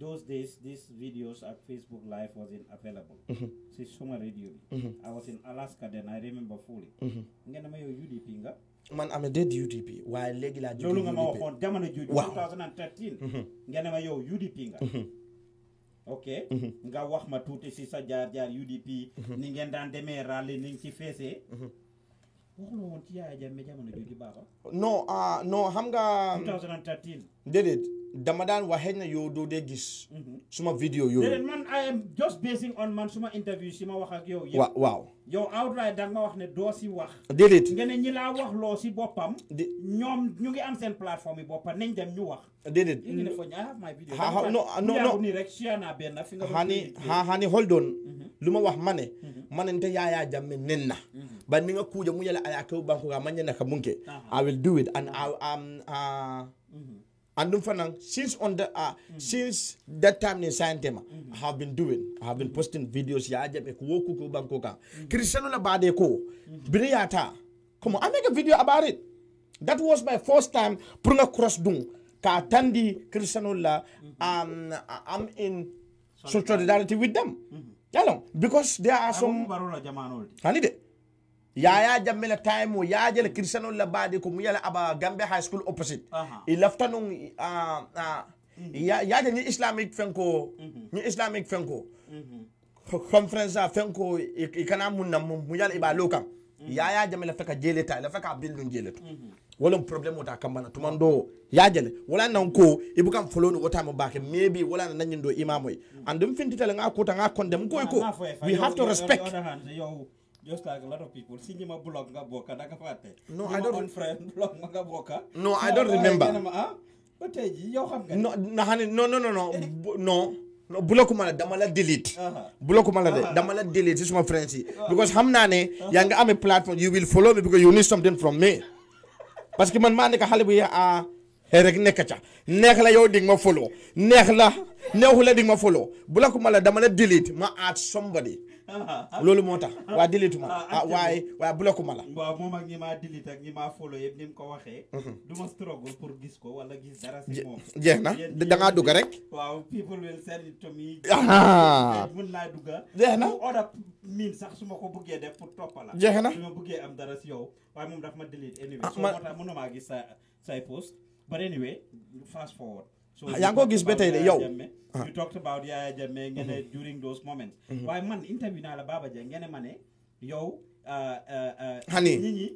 Those days, these videos at Facebook Live wasn't available. Mm -hmm. Radio. Mm I was in Alaska then, I remember fully. Mm-hmm. Ngena mayo UDP nga.
Man, I'm a dead UDP. Why legi la UDP. Lolo nga mawakon,
jamano UDP. Wow. 2013. Mm-hmm. Ngena mayo UDP nga. ok nga wax ma tuuti si sa jaar jaar UDP ni ngeen daan demee ràlli ni ci feesee
waxuloo woon ci Yaya Jammeh jamono jooju baaxam. non ah non xam nga.
2013.
Mm, déedéet dama daan waxee na yow doo dee gis. Mhm. suma vidéo yooyu. déedéet
man I am just basing
on man suma interview si ma wax ak yow. waaw waaw.
yow outright da nga ma wax ne doo si wax. déedéet nga ne ñi laa wax loo si boppam. ñoom ñu ngi am seen plateforme
yi boppam nañ dem ñu wax. did it I
have my video ha, ha, no uh, no no ni rek
hani ha hani hold on mm-hmm. luma wah mané mané nte ya jamme nenna mm-hmm. ba ni nga kuja yala aya ko banko ga manya naka uh-huh. i will do it and i uh-huh. am uh, um, uh mm-hmm. and dum fanang since on the uh, since that time in scientema i have been doing i have been posting videos ya jamme ko woku ko banko ka cristiano la bade ko come on i make a video about it that was my first time Pruna cross dung ka tandi christianol la um, i'm in solidarity with them mm-hmm. yalon because there are some hani de yaya jamme la time o yaje la christianol la baade ko mu yala aba gambe high school opposite i laftanun ah, ah, mm-hmm. yaje ni islamic fenko mm-hmm. ni islamic fenko conference a fenko i kana mun na mu yala iba lokam yaya jamme la feka jeleta la feka bildun jeleta mm -hmm. wala problème wata kambana tuman do yajele wala nan ko ibukam foloni wata mo bake maybe wala nan nyin imamoy and dum fintitale nga ko ta nga condemn ko ko eh, we have to respect
eh, just like a lot of people si nyima blog nga boka daga fate no i don't friend <laughs> blog nga boka no i don't remember ah?
but eh, yo xam nga no no no no no no block ma la dama la delete block ma la de dama la delete ci suma friends yi because xam naa ne yaa nga amee platform you will follow me because you need something from me parce que man maa nekk xale bu yaa ah, eh, rek nekk ca neex la yow di ma folo neex la neexu la di ma folo bu la ko ma la dama la delete ma add somebody <laughs> loolu moo tax ah. waa dilitu ma la ah, ah waaye waaye
ma la
waaw moom ak ñi maa dilit ak ñi maa follow yëpp ni mu ko waxee mhm. du ma struggle pour gis ko wala
gis dara si moom jeex na dangaa dugg rek waaw people will
send it to me ah. <laughs> mun naa dugga jeex na oda miin sax su ma ko buggee def pour toppa la jeex na su
ma bëggee am dara si yow waaye moom daf ma dilit anyway so moo tax mënumaa gis sa say post but anyway fast forward Ah, yaa ngi ko gis ba tey de yow ah. you talked about Yaya Jammeh mm-hmm. mm-hmm. waaye man interview naa la baaba jee ngeen ne ma ne yow xani uh, uh, uh, nit ñi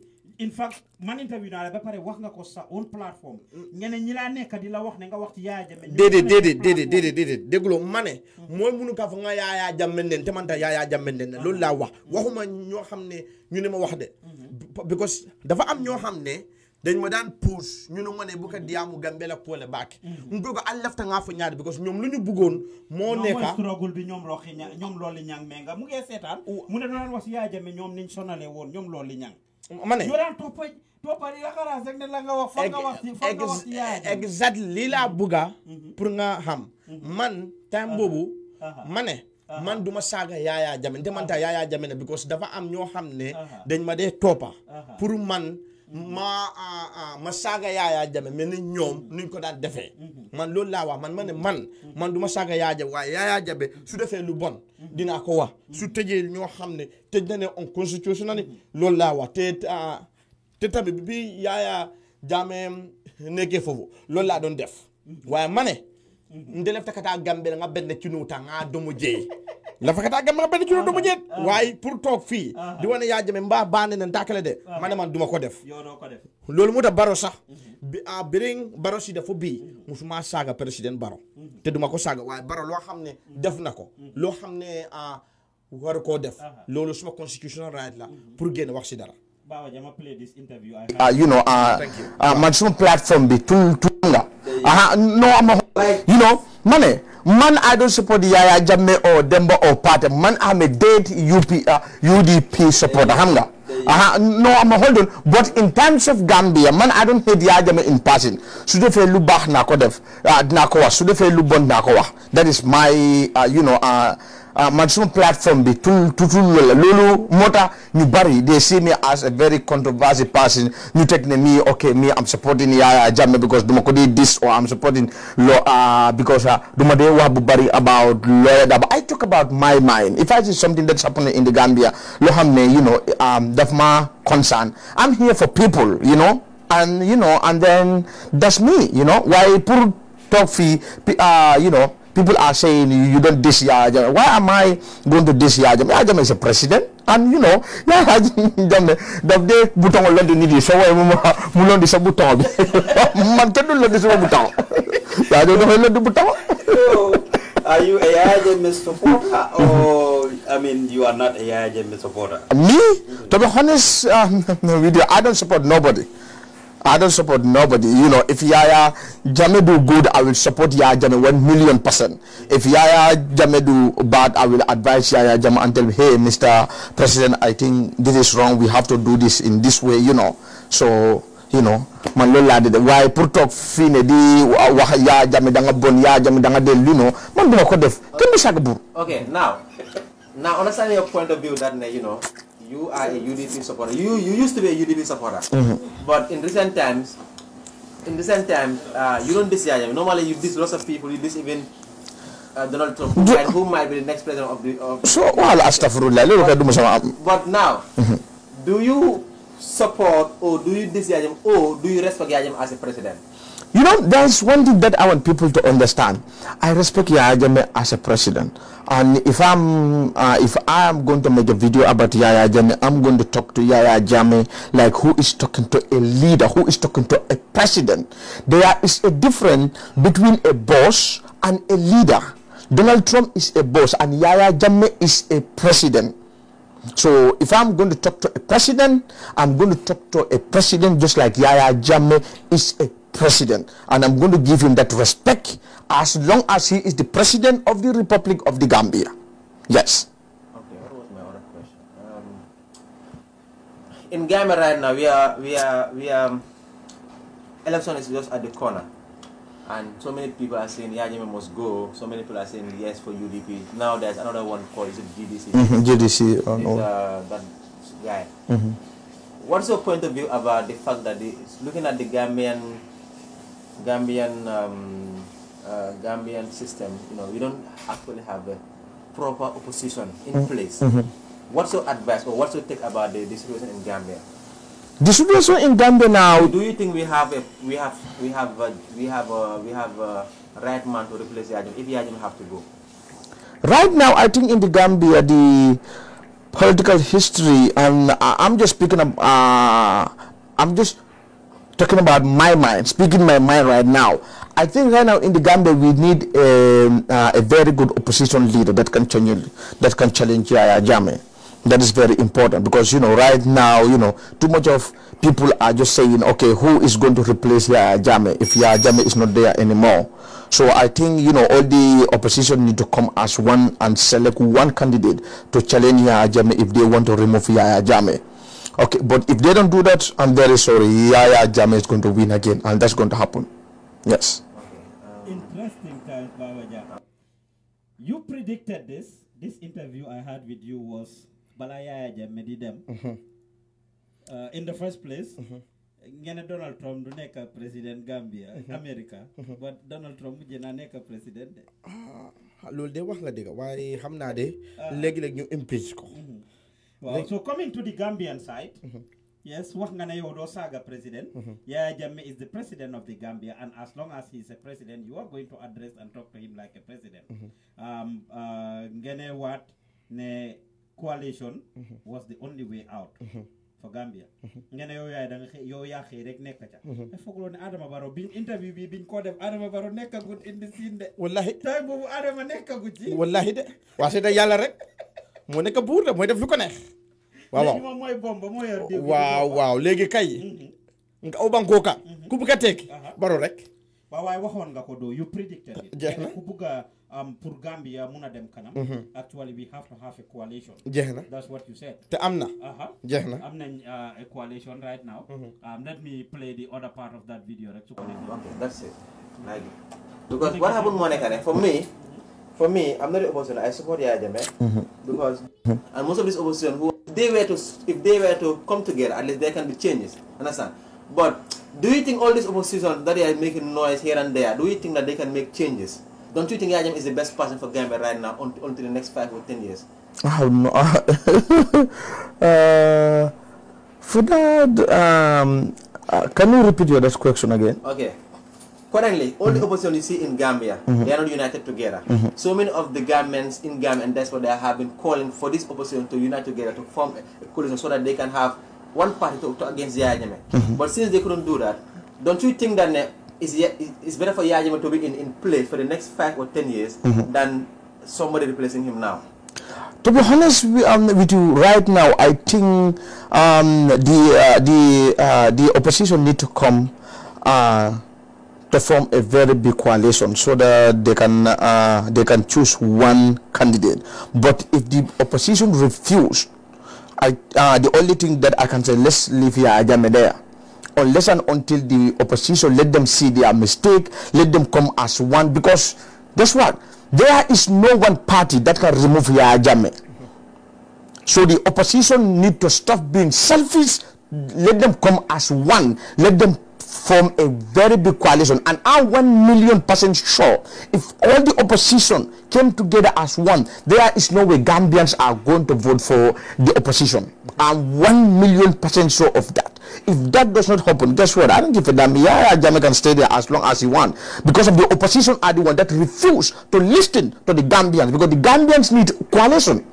in fact man interview naa la ba pare wax nga ko sa own platform mm. ngeen ne ñi laa nekk di la wax ne nga wax ci Yaya Jammeh déedéet
déedéet ma ne mm-hmm. mooy ka fa nga Yaya Jammeh nden te man ta Yaya Jammeh nden loolu laa wax waxuma ñoo xam ne ñu ne ma wax de because dafa am ñoo xam ne dañu ma daan puus ñu nu ma ne bu ko diyaamu gambe la poole mm-hmm. baak mu bëgg al lefta ngaa fa ñaari ñoom lu ñu bëggoon moo nekka struggle
bi ñoom roxi ña ñoom loolu ñang mais nga mu seetaan oh. mu ne daan wax si yaa jame ñoom niñ woon ñoom loolu ñang ma ne ñoo daan
toppa toppa
wax fa nga wax si
fa lii laa mm-hmm. bëgga mm-hmm. pour nga xam man time boobu uh-huh. Uh-huh. ma ne uh-huh. man duma saaga yaayaa jame demanta yaayaa jame ne because dafa am ñoo xam ne dañ ma dee toppa pour man ma ah, ah, ma saaga Yaya Jammeh mel ni ñoom nuñ ko daan defee mhm. man loolu laa wax man ma ne man man du ma saaga Yaya Jammeh waaye Yaya Jammeh su defee lu bon mhm. dinaa ko wax su tëjee ñoo xam ne tëj na ne on constitutionnel loolu laa wax te te ah, tamit bi yaaya Jammeh nekkee foofu loolu laa doon def mhm. waaye ma ne <laughs> la fakata gambé nga ci cunuta nga djé la fakata gambé nga benne cuno domo djé ah. way pour tok fi ah. di wone ya djé mba bané na dakale de ah. mané man douma mhm. mhm. mhm. ko def loolu mu ta baro sax bi a bring baro si dafa bi musuma saga président baro té douma ko saga way baro lo xamné def nako lo xamné a war ko def lolou suma constitutional right la pour guen wax ci dara Uh, you know, uh, ah you. Uh, my platform be tung tunga. Uh, no, I'm a Like, you know, money. Man, I don't support the Yaya Jamme or Demba or party. Man, I'm a dead UP, uh, UDP supporter. Hamga. Uh -huh. No, I'm a hold on. But in terms of Gambia, man, I don't hate Yaya Jamme in person. Sudefe lubah uh, nakodev, nakowa. Sudefe lubon Nakoa? That is my, uh, you know, uh, uh, man platform plateforme bi tul tutul la loolu bari they see me as a very controversial person ñu teg me ok me I'm supporting Yaya jamme because duma makodi this or I'm supporting law ah because uh, duma dee wa bu bari about lawyer but I talk about my mind if I see something that's happening in the Gambia lo hamne you know um, that's my concern I'm here for people you know and you know and then that's me you know Why pour toog fii you know people are saying you, you don't diss Yajam. Why am I going to diss Yajam? Yajam is a president. And you know, <laughs> dafde bouton o londi nidi so way mu londi sa bouton bi <laughs> man kenn du londi sama bouton yaa do dafa londi bouton are you a Yajam
supporter <laughs> or I mean you are not a Yajam supporter
me to be honest um, with you I don't support nobody I don't support nobody. You know, if Yaya Jame do good, I will support Yaya Jame one million percent. If Yaya Jame do bad, I will advise Yaya Jame and tell him, hey, Mr. President, I think this is wrong. We have to do this in this way, you know. So, you know, man lo lade why pour tok fine di wax ya jame da nga bon ya jame da nga del you know man duma ko def kenn du
okay now now understand your point of view that you know you are a UDP supporter. You you used to be a UDP supporter, mm -hmm. but in recent times, in recent times, uh, you don't disagree. Normally, you diss lots of people. You diss even. Uh, Donald Trump, and who might be the next president of the of so well astaghfirullah but, but now mm -hmm. do you support or do you disagree? or do you respect Yajim as a president
you know, there's one thing that I want people to understand. I respect Yahya Jammeh as a president. And if I'm uh, if I am going to make a video about Yahya Jammeh, I'm going to talk to Yahya Jammeh like who is talking to a leader, who is talking to a president. There is a difference between a boss and a leader. Donald Trump is a boss and Yahya Jammeh is a president. So if I'm going to talk to a president, I'm going to talk to a president just like Yahya Jammeh is a president. And I'm going to give him that respect as long as he is the president of the Republic of the Gambia. Yes. Okay, what was my other question?
Um, in Gambia right now, we are, we are, we are, um, election is just at the corner. And so many people are saying Yajime must go. So many people are saying yes for UDP. Now there's another one called is it GDC? Mm -hmm, GDC. it's, uh, that guy. Mm -hmm. What's your point of view about the fact that the, looking at the Gambian Gambian um, uh, Gambian system, you know, we don't actually have a proper opposition in mm-hmm. place. Mm -hmm. What's your advice or what's your take about the, situation in Gambia?
The situation in Gambia now.
Do you think we have a we have we have a, we have a, we have a right man to replace Yajim if Yajim have to go?
Right now, I think in the Gambia the political history and uh, I'm just speaking. Of, uh, I'm just talking about my mind, speaking my mind right now, I think right now in the Gambia we need a, um, uh, a very good opposition leader that can challenge that can challenge Yaya Jammeh. That is very important because you know right now you know too much of people are just saying okay who is going to replace Yaya Jammeh if Yaya Jammeh is not there anymore. So I think you know all the opposition need to come as one and select one candidate to challenge Yaya Jammeh if they want to remove Yaya Jammeh. Okay, but if they don't do that, I'm very sorry. Yaya Jame is going to win again, and that's going to happen. Yes.
Um, interesting times, Baba Jata. You predicted this. This interview I had with you was Balaya Yaya did them. Mm-hmm. Uh, in the first place, mm -hmm. ngene Donald Trump du nekk président Gambia mm-hmm. America mm-hmm. but Donald Trump mujj naa nekk président Ah,
loolu de wax la dëgg Why Hamna de ah. léegi-léegi ñu impeach ko waaw so
coming to the Gambian side mm-hmm. yes wax nga ne yow doo saaga président mm-hmm. Yaya Jammeh is the president of the Gambia and as long as he is a president you are going to address and talk to him like a president mm-hmm. um, uh, ngene waat ne coalition was the only way out for Gambia nga yow yaay da nga yow yaa xëy rek nekk ca da fooguloo ne Adama Barrow biñ interview bi biñ koo def Adama Barrow nekkagut indi siin de wallahi tay boobu Adama nekkagut ci wallahi de
<laughs> moo nekk buur de mooy def lu ko neex. waaw waaw waaw léegi kay. Mhm. nga aw bankoo ka. Mhm. ku bugg a tekki. baro rek.
waaw waaye waxoon nga ko doo you predicted jeex na ku bugg a um, pour Gambia mun a dem kanam. Mhm. actually we a jeex na that's what you te am na. jeex na am nañ uh, a coalition right now. Um, let me play the other part of that video rek. ok that's it.
moo nekk ne for me. for me, I'm not an opposition. I support the IJM, mm mm-hmm. because and most of these opposition who if they were to if they were to come together, at least there can be changes. Understand? But do you think all these opposition that they are making noise here and there? Do you think that they can make changes? Don't you think IJM is the best person for Gambia right now until, the next five or ten years?
Oh no. <laughs> uh, for that, um, uh, can you repeat your last question again?
Okay currently all the mm-hmm. opposition you see in Gambia, mm-hmm. they are not united together. Mm-hmm. So many of the governments in Gambia, and that's what they have been calling for this opposition to unite together to form a coalition so that they can have one party to, to against Yajame. But since they couldn't do that, don't you think that it's, it's better for Yajame to be in, in place for the next five or ten years than somebody replacing him now?
To be honest um, with you, right now, I think um, the uh, the uh, the opposition need to come uh, to form a very big coalition so that they can uh, they can choose one candidate. But if the opposition refuse, I, uh, the only thing that I can say, let's leave here Ajamedea. Unless and until the opposition let them see their mistake, let them come as one. Because guess what? There is no one party that can remove Yaya Jame. So the opposition need to stop being selfish. Let them come as one. Let them form a very big coalition and I'm one one million percent sure if all the opposition came together as one there is no way gambians are going to vote for the opposition i'm one million percent sure of that if that does not happen guess what i don't give a damn yeah jamaica can stay there as long as he wants because of the opposition are the one that refuse to listen to the gambians because the gambians need coalition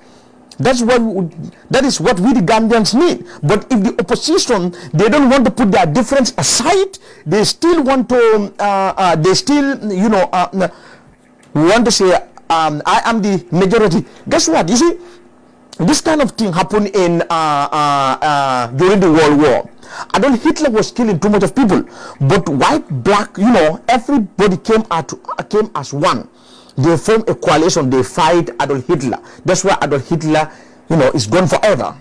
that's what we, that is what we the Gambians need. But if the opposition they don't want to put their difference aside, they still want to um, uh, uh, they still you know uh, uh want to say um, I am the majority. Guess what? You see, this kind of thing happened in uh, uh, during the World War. I don't Hitler was killing too much of people, but white, black, you know, everybody came at came as one. They form a coalition. They fight Adolf Hitler. That's why Adolf Hitler, you know, is gone forever.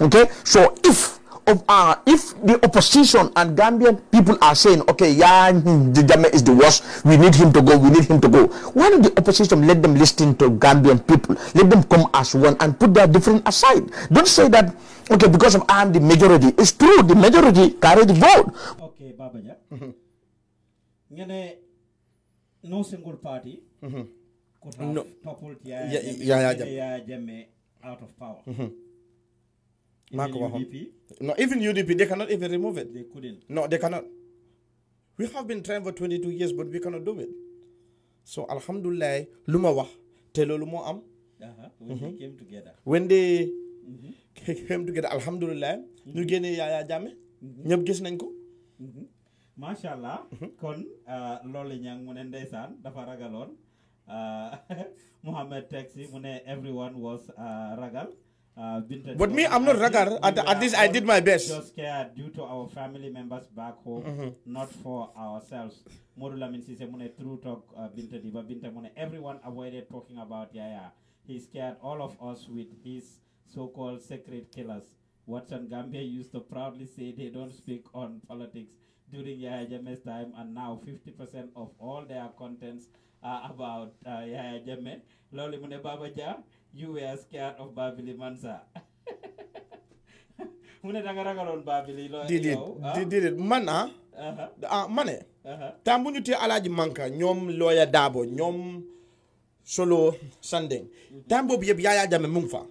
Okay. So if of uh, if the opposition and Gambian people are saying, okay, yeah, the Jame is the worst, we need him to go, we need him to go. Why don't the opposition let them listen to Gambian people? Let them come as one and put their difference aside. Don't say that, okay, because of I am the majority. It's true, the majority carry the vote.
Okay, Babaja. Mm mm-hmm. no single party. Mm -hmm. could have no. toppled yeah,
out of power.
Mm even UDP, no,
even UDP, they cannot even remove it. They couldn't. No, they cannot. We have been trying for 22 years, but we cannot do it. So, Alhamdulillah, luma wah, telo lumo am.
Uh-huh. When they mm-hmm. came together.
When mm -hmm. <laughs> came together, Alhamdulillah, mm-hmm. ñu génné Yaya Jammeh, ñëpp gis nañ
kon uh, loolu nyang mu san, dafaragalon, Uh, <laughs> Muhammad Taxi, everyone was uh, ragal. Uh, but me, I'm not ragal. At, at least I did my best. Just scared due to our family members back home, mm -hmm. not for ourselves. Morula means through talk binta diba binta mune. Everyone avoided talking about Yaya. He scared all of us with his so-called secret killers. Watson Gambia used to proudly say they don't speak on politics during Yahya Jame's time, and now 50% of all their contents uh, about uh, Yaya Jame. Loli Mune Baba Ja, you were scared of Babili Mansa. Mune Dangaragaron
alaaji manka ñoom lawyer daabo ñoom solo Sanding. Mm-hmm. Tambo bi yëpp Yaya Jame mu fa.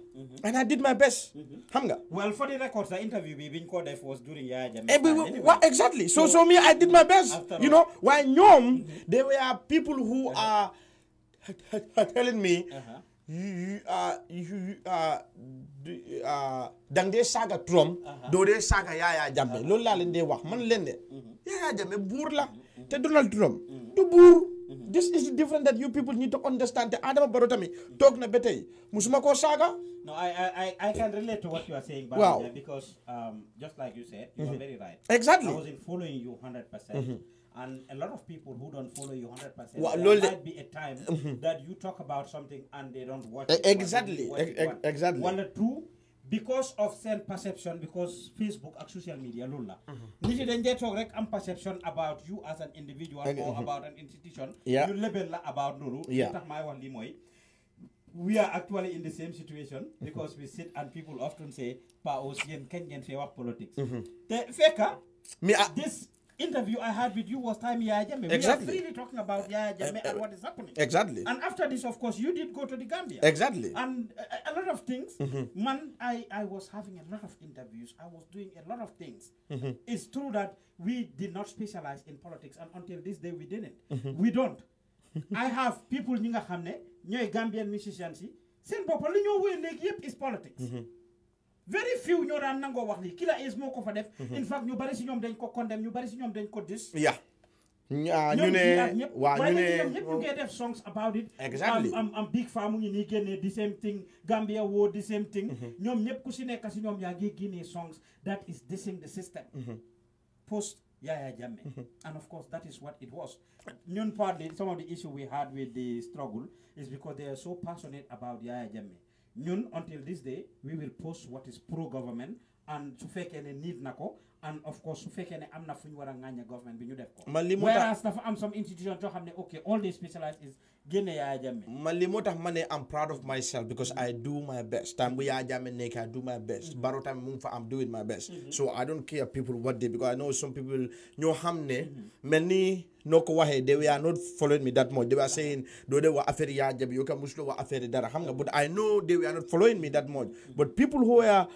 and I did my best xam mm-hmm. nga.
well for the record the interview we've been called if was during Yaya Jammeh. waaw exactly so so me I did my best. you know
waaye ñoom. Mm-hmm. there were people who are telling me. Uh-huh. you you uh, uh, uh, dang dee saga Trump. Uh-huh. doo saga saaga Yaya Jammeh uh-huh. loolu laa leen dee man lende, mm-hmm. Yaya Jammeh buur te Donald Trump du buur. Mhm. this is different that you people need to understand te Adama Barrow tamit toog na ba tey musuma koo saaga. no
I I I can relate to what you are saying. waaw because um, just
like you said. you are mhm. very right. exactly I was
following you 100%. Mhm. and a lot of people who don't follow you 100% well, there might be a time that you talk about something and they don't watch e- it. Exactly. E- e- exactly. One or two because of certain perception because Facebook and social media lula, la. Mhm. nit yi dañ am perception about you as an individual. or about an institution. ñu lebel la about nuru. Yeah. we are actually in the same situation. Mhm. because we sit and people often say Pa Os yéen kañ ngeen fee politics. Mhm. this interview I had with you was time Yaya Jame. Exactly. We are freely talking about eh, Yaya Jame uh, eh, and what is happening. Exactly. And after this, of course, you did go to the Gambia. Exactly. And a, a lot of things. Mm -hmm. Man, I, I was having a lot of interviews. I was doing a lot of things. Mm -hmm. It's true that we did not specialize in politics, and until this day, we didn't. Mm -hmm. We don't. I have people, in nga xam ne ñooy Gambian musicians yi seen bopp li ñoo wéy is politics. Mm-hmm very few ñoo daan nangoo wax lii Killa Ace moo ko fa def. Mhm. in fact ñu bari si ñoom dañ ko condemn ñu bari si ñoom dañ ko dis. ya
ñu ne waaw ñu ne ñoom ñëpp ñu ngi
def songs about it. exactly am am Big Faa mu ngi nii the same thing Gambia woo the same thing. Mhm. ñoom ñëpp ku si nekk si ñoom yaa ngi génnee songs that is dissing the system. Mhm. post Yaya jamme. and of course that is what it was. ñun partly some of the issue we had with the struggle is because they are so passionate about Yaya jamme ñun until this day we will post what is pro government and to fake ne need nako, and of course su fekkee ne am na fu ñu government bi ñu def ko. whereas dafa am some institution yoo ok all they specialize is
génne Yaya am proud of myself because I do my best time bu Yaya Jammeh nekk I do my best mm-hmm. baro tamit mu ngi am doing my best mm-hmm. so I don't care people what they because I know some people no hamne. Mm-hmm. Many no ni noo they were not following me that much they were saying though they were affaire Yaya Jammeh yow ka musuloo wax affaire dara xam nga but I know they were not following me that much but people who were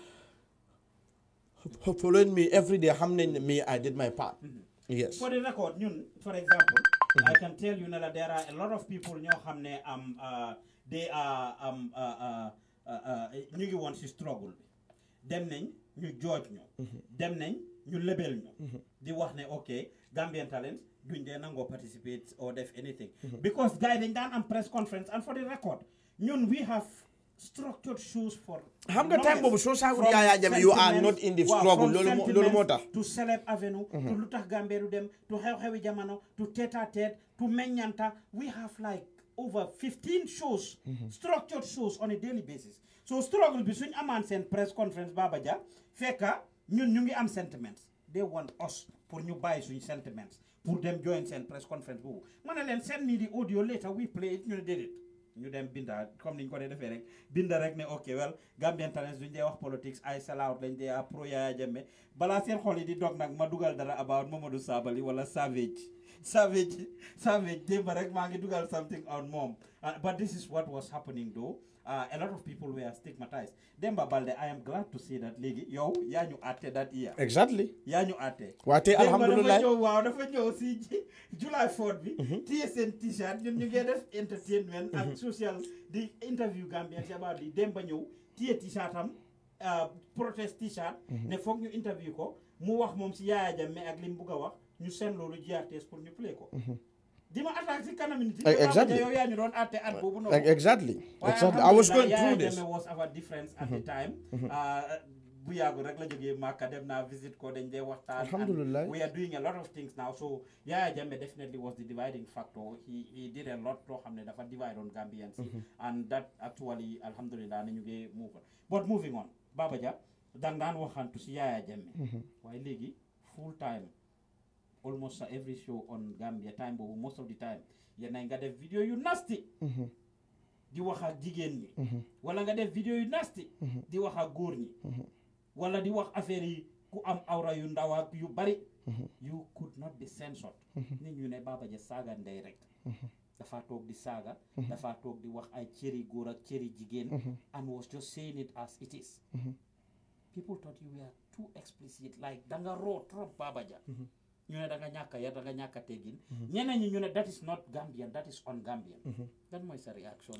following me every day xam nañ me I did my part yes
for the record ñun for example Mm -hmm. I can tell you now that there are a lot of people ñoo xam ne um, uh, they are New ones who struggle them dem nañ ñu jooj ñu mm-hmm. dem nañ ñu lebel ñu mm-hmm. di wax ok Gambian Talent doing their nango participate or def anything mm-hmm. because gars yi dañ daan press conference and for the record ñun we have structured shoes for how nga time boobu soo saagul you are not in the struggle loolu moo tax to Celeb Avenue to mm-hmm. lu tax Gambia du dem to xew-xewi jamano, to tête à tête to manyanta. we have like over 15 shows mm-hmm. structured shows on a daily basis so struggle bi suñ amaan press conference Baba Jah fekka ñun ñu ngi am sentiments they want us pour ñu bàyyi suñ sentiments pour dem join and press conference Who? Manalen send me the audio later we play it ñu did it ñu dem binda comme niñ ko dee defee rek binda rek ne ok well Gambian Talents duñ dee wax politics ay salaawut lañ dee a ah, pro Yaya Jammeh balaa seen xol yi di dog nag ma dugal dara about Momodou sabali wala Savage Savage Savage démb rek maa ngi dugal something on mom. Ah, but this is what was happening though uh, a lot of people were stigmatized Demba Balde I am glad to see that léegi yow yaa ñu àtte that year exactly
yaa ñu àtte waa tey alhamdulilah dafa
ñëw waaw dafa ñëw si <laughs> July 4 bi mm-hmm. téye seen t-shirt ñun ñu ngee def entertainment ak mm-hmm. social di interview Gambian si about di Demba ñëw téye t-shirt am uh, protest t-shirt mm-hmm. ne foog ñu interview ko mu wax moom si Yaya Jammeh ak lim mu a wax ñu seen loolu GRTS pour ñu play ko di ma attaque si kanam nit yi. exactly yow yaa ñu doon àtte at boobu noonu. exactly exactly I was going through this. was our difference at the mm-hmm. time. Mm-hmm. Ah, bu yàggu rek la jógee Màkka dem naa visit ko dañ dee we are doing a lot of things now so Yaya Jammeh definitely was the dividing factor he did a lot loo xam ne dafa divide on Gambians yi. Mm-hmm. and that actually alhamdulilah nañu ngi move on but moving on Baba Jah si Yaya
Jammeh.
full time. almost every show on Gambia time boobu most of the time yéen ay nga def vidéo yu nasty mhm. di wax ak jigéen ñi mhm. wala nga def vidéo yu nasty mhm. di wax ak góor ñi wala di wax affaire yi ku am awra yu ndaw ak yu bari you could not be censored nit ñu ne Baba Jah saaga ndey dafa toog di saaga dafa toog di wax ay cëri góor ak cëri jigéen and was just saying it as it is people thought you were too explicit like danga roo trop Baba Jah ñu ne da nga ñàkk a yar da nga ñàkk a teggin. Mhm. ñeneen ñi ñu ne that is not Gambian that is mhm. sa reaction.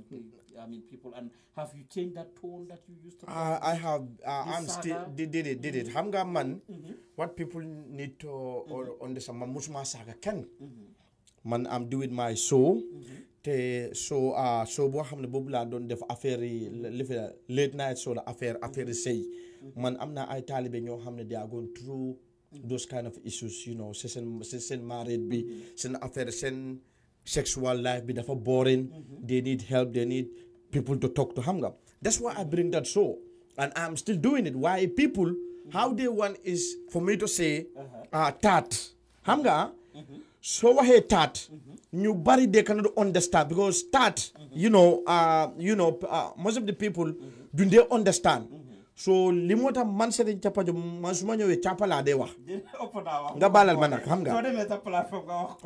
I have you changed that tone that you used to. Uh, I uh,
mhm. xam nga man. what people need to understand man musuma saaga kenn. man am doing my show. te uh, show boo xam ne boobu laa doon def affaire yi late night show affaire affaire sëy man am naa ay taalibe ñoo xam ne they are going through. those kind of issues you know since seen si seen marriage bi seen affaire seen sexual life bi dafa boring mm-hmm. they need help they need people to talk to Hamga, that's why I bring that show and I'm still doing it why people mm-hmm. how they want is for me to say taat xam nga so waxee taat ñu they cannot understand because taat mm-hmm. you know uh, you know uh, most of the people do they understand so limota man sere capa jo man suma ñewé capa la de wax nga balal man nak xam nga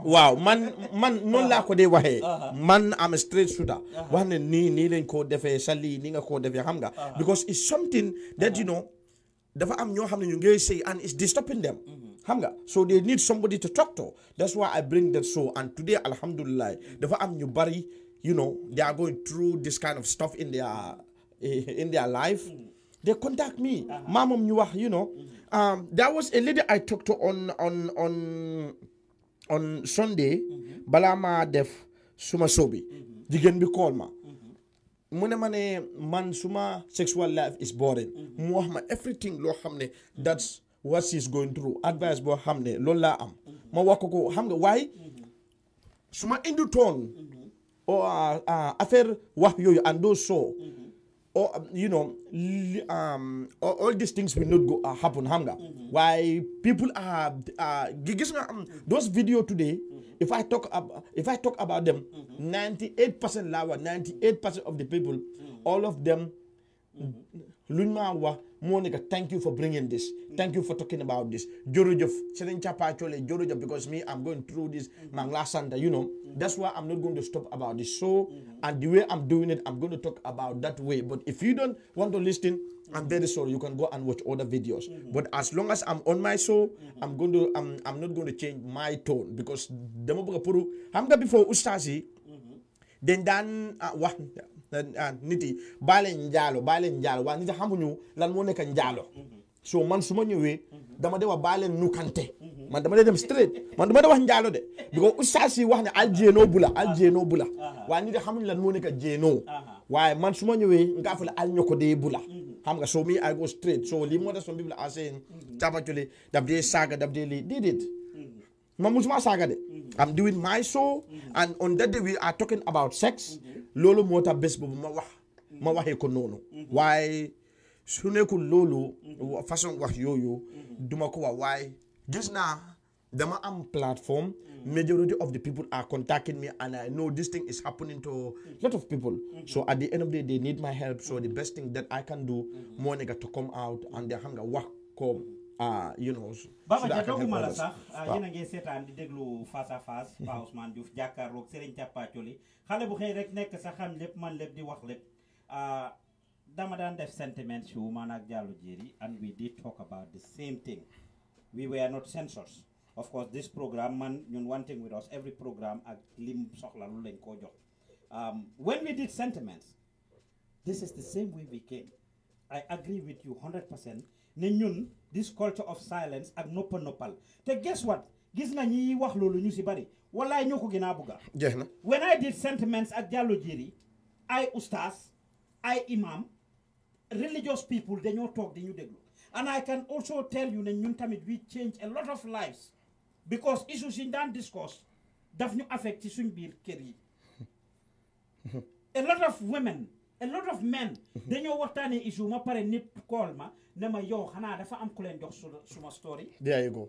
Wow man man non la ko de waxé man am straight shooter wax ne ni ni lañ ko defé sali ni nga ko defé xam nga because it's something that you know dafa am ñoo xam ñu say and it's disturbing them xam mhm. nga so they need somebody to talk to that's why i bring that show and today alhamdulillah dafa am ñu bari you know they are going through this kind of stuff in their eh, in their life mm they contact me. Uh -huh. Mamam you know. Mm-hmm. um, there was a lady I talked to on on on on Sunday, mm-hmm. Balama Def Sumasobi. Mm-hmm. Jigen bi call ma. mu mane man suma sexual life is boring. mu ma everything lo hamne. that's what she's going through advice bo hamne ne laa am. ma wax ko xam nga suma induton or oh, ah, ah, affaire wax yooyu and those so. or um, you know um all, these things will not go uh, happen hunger mm -hmm. why people are uh gigs, um, mm-hmm. those video today mm -hmm. if i talk about if i talk about them 98 mm-hmm. percent lawa 98 percent of the people mm-hmm. all of them lunma wa Monica, thank you for bringing this thank you for talking about this jërëjëf because me I'm going through this maa ngi you know that's why I'm not going to stop about this so and the way I'm doing it I'm going to talk about that way but if you don't want to listen I'm very sorry. You can go and watch other videos. But as long as I'm on my show, I'm going to I'm, I'm not going to change my tone because demo puru hamga before ustazi then then uh, what Ah, nit yi baale njaalo baale njaalo waaye nit yi xamuñu lan moo nekk njaalo so man su ma ñëwee dama de wax baale nukante man dama de dem straight man dama de wa njaalo de because ustaas yi wax ne al jéenoo bula al jéenoo bula waa nit yi xamuñu lan moo nekk jéenoo waaye man su ma ñëwee nga fa la al ñoko dee bula xam nga so mi I go straight so lii moo tax some people are saying tapacule mhm. daf dee saaga daf dee lii déedéet mhm. man musuma saaga de mhm. I'm doing my show and on that loolu moo tax bés boobu ma wax ma waxee ko noonu waaye su nekkul loolu façon wax yooyu duma ko wax waaye gis naa dama am platform majority of the people are contacting me and I know this thing is happening to a lot of people so at the end of the day they need my help so the best thing that I can do moo nekk to come out and they xam nga wax ko ah you know Baba Jah doogu ma sax ah, yéen a
ngi di déglu face à face mm-hmm. Pa Ousmane Diouf jàkkaarloog Serigne Thiapathioly xale bu xëy rek nekk sa xam lépp man lépp di wax lépp ah, dama daan def sentiments yu man ak Jallow Jerry and we did talk about the same thing we were not censors of course this program man ñun one thing with us every program ak lim soxla lu lañ koo jox um, when we did sentiments this is the same way we came I agree with you 100% ne ñun this culture of silence ak nopal noppal te guess what gis na ñi wax loolu ñu bari na when I did sentiments ak jàllo jiri ay I ay imam religious people dañoo talk di ñu déglu and I can also tell you ne ñun tamit we change a lot of lives because issues in that discourse daf ñu affect ci suñ biir kër yi <laughs> a lot of women a lot of men dañoo waxtaanee issue ma pare nit kool ma ne ma yow xanaa dafa am ku leen jox suma story
there you go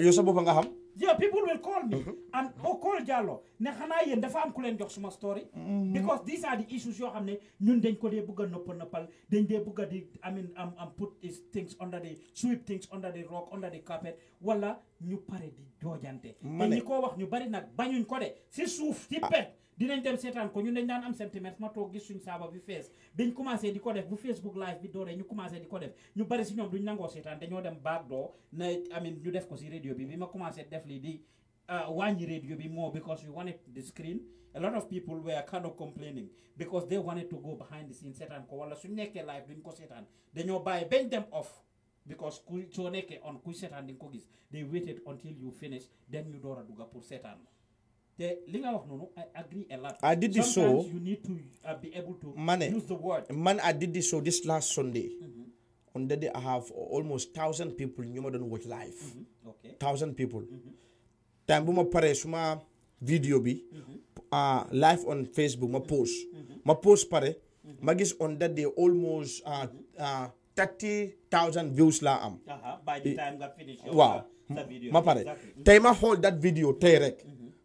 yow sa boppa nga xam
yeah people will call me mm-hmm. and oh call Jallow ne xanaa yéen dafa am ku leen jox suma story mm-hmm. because these are the issues yoo xam ne ñun dañ ko dee bëgg a nëppa nëppal dañ dee bëgg di I mean am am put things under the sweep things under the rock under the carpet wala ñu pare di joojante te ñi ko wax ñu bari nag bañuñ ko de si suuf ci ah. pet dinañ dem seetaan ko ñun dañ daan am sentiments ma toog gis suñ saaba bi fees biñ commencé di ko def bu Facebook live bi dooree ñu commencé di ko def ñu bari si ñoom duñ nangoo seetaan dañoo dem baag doo na amin ñu def ko si radio bi bi ma commencé def lii di ah, wàññi radio bi moo because we wanted the screen a lot of people were kind of complaining because they wanted to go behind the scene seetaan ko wala suñ nekkee live duñ ko seetaan dañoo bàyyi bañ dem off because ku soo nekkee on kuy seetaan di nga ko gis they waited until you finish then ñu door a dugga pour seetaan the I agree a lot. I did this so You need to uh, be able to man, use
the word.
Man, I did this so this last Sunday. Mm -hmm. On that day, I have almost thousand people in Yomadon watch live. Mm -hmm. Okay. Thousand people. Mm-hmm. Time buma pare suma video bi. Uh, live on Facebook, My mm-hmm. post. My post pare. Ma gis on that day almost uh, ah, uh, ah, 30,000 views la am. Uh -huh. By the time I
finish your wow. My video. Ma pare. Exactly. Time
I hold that video, tay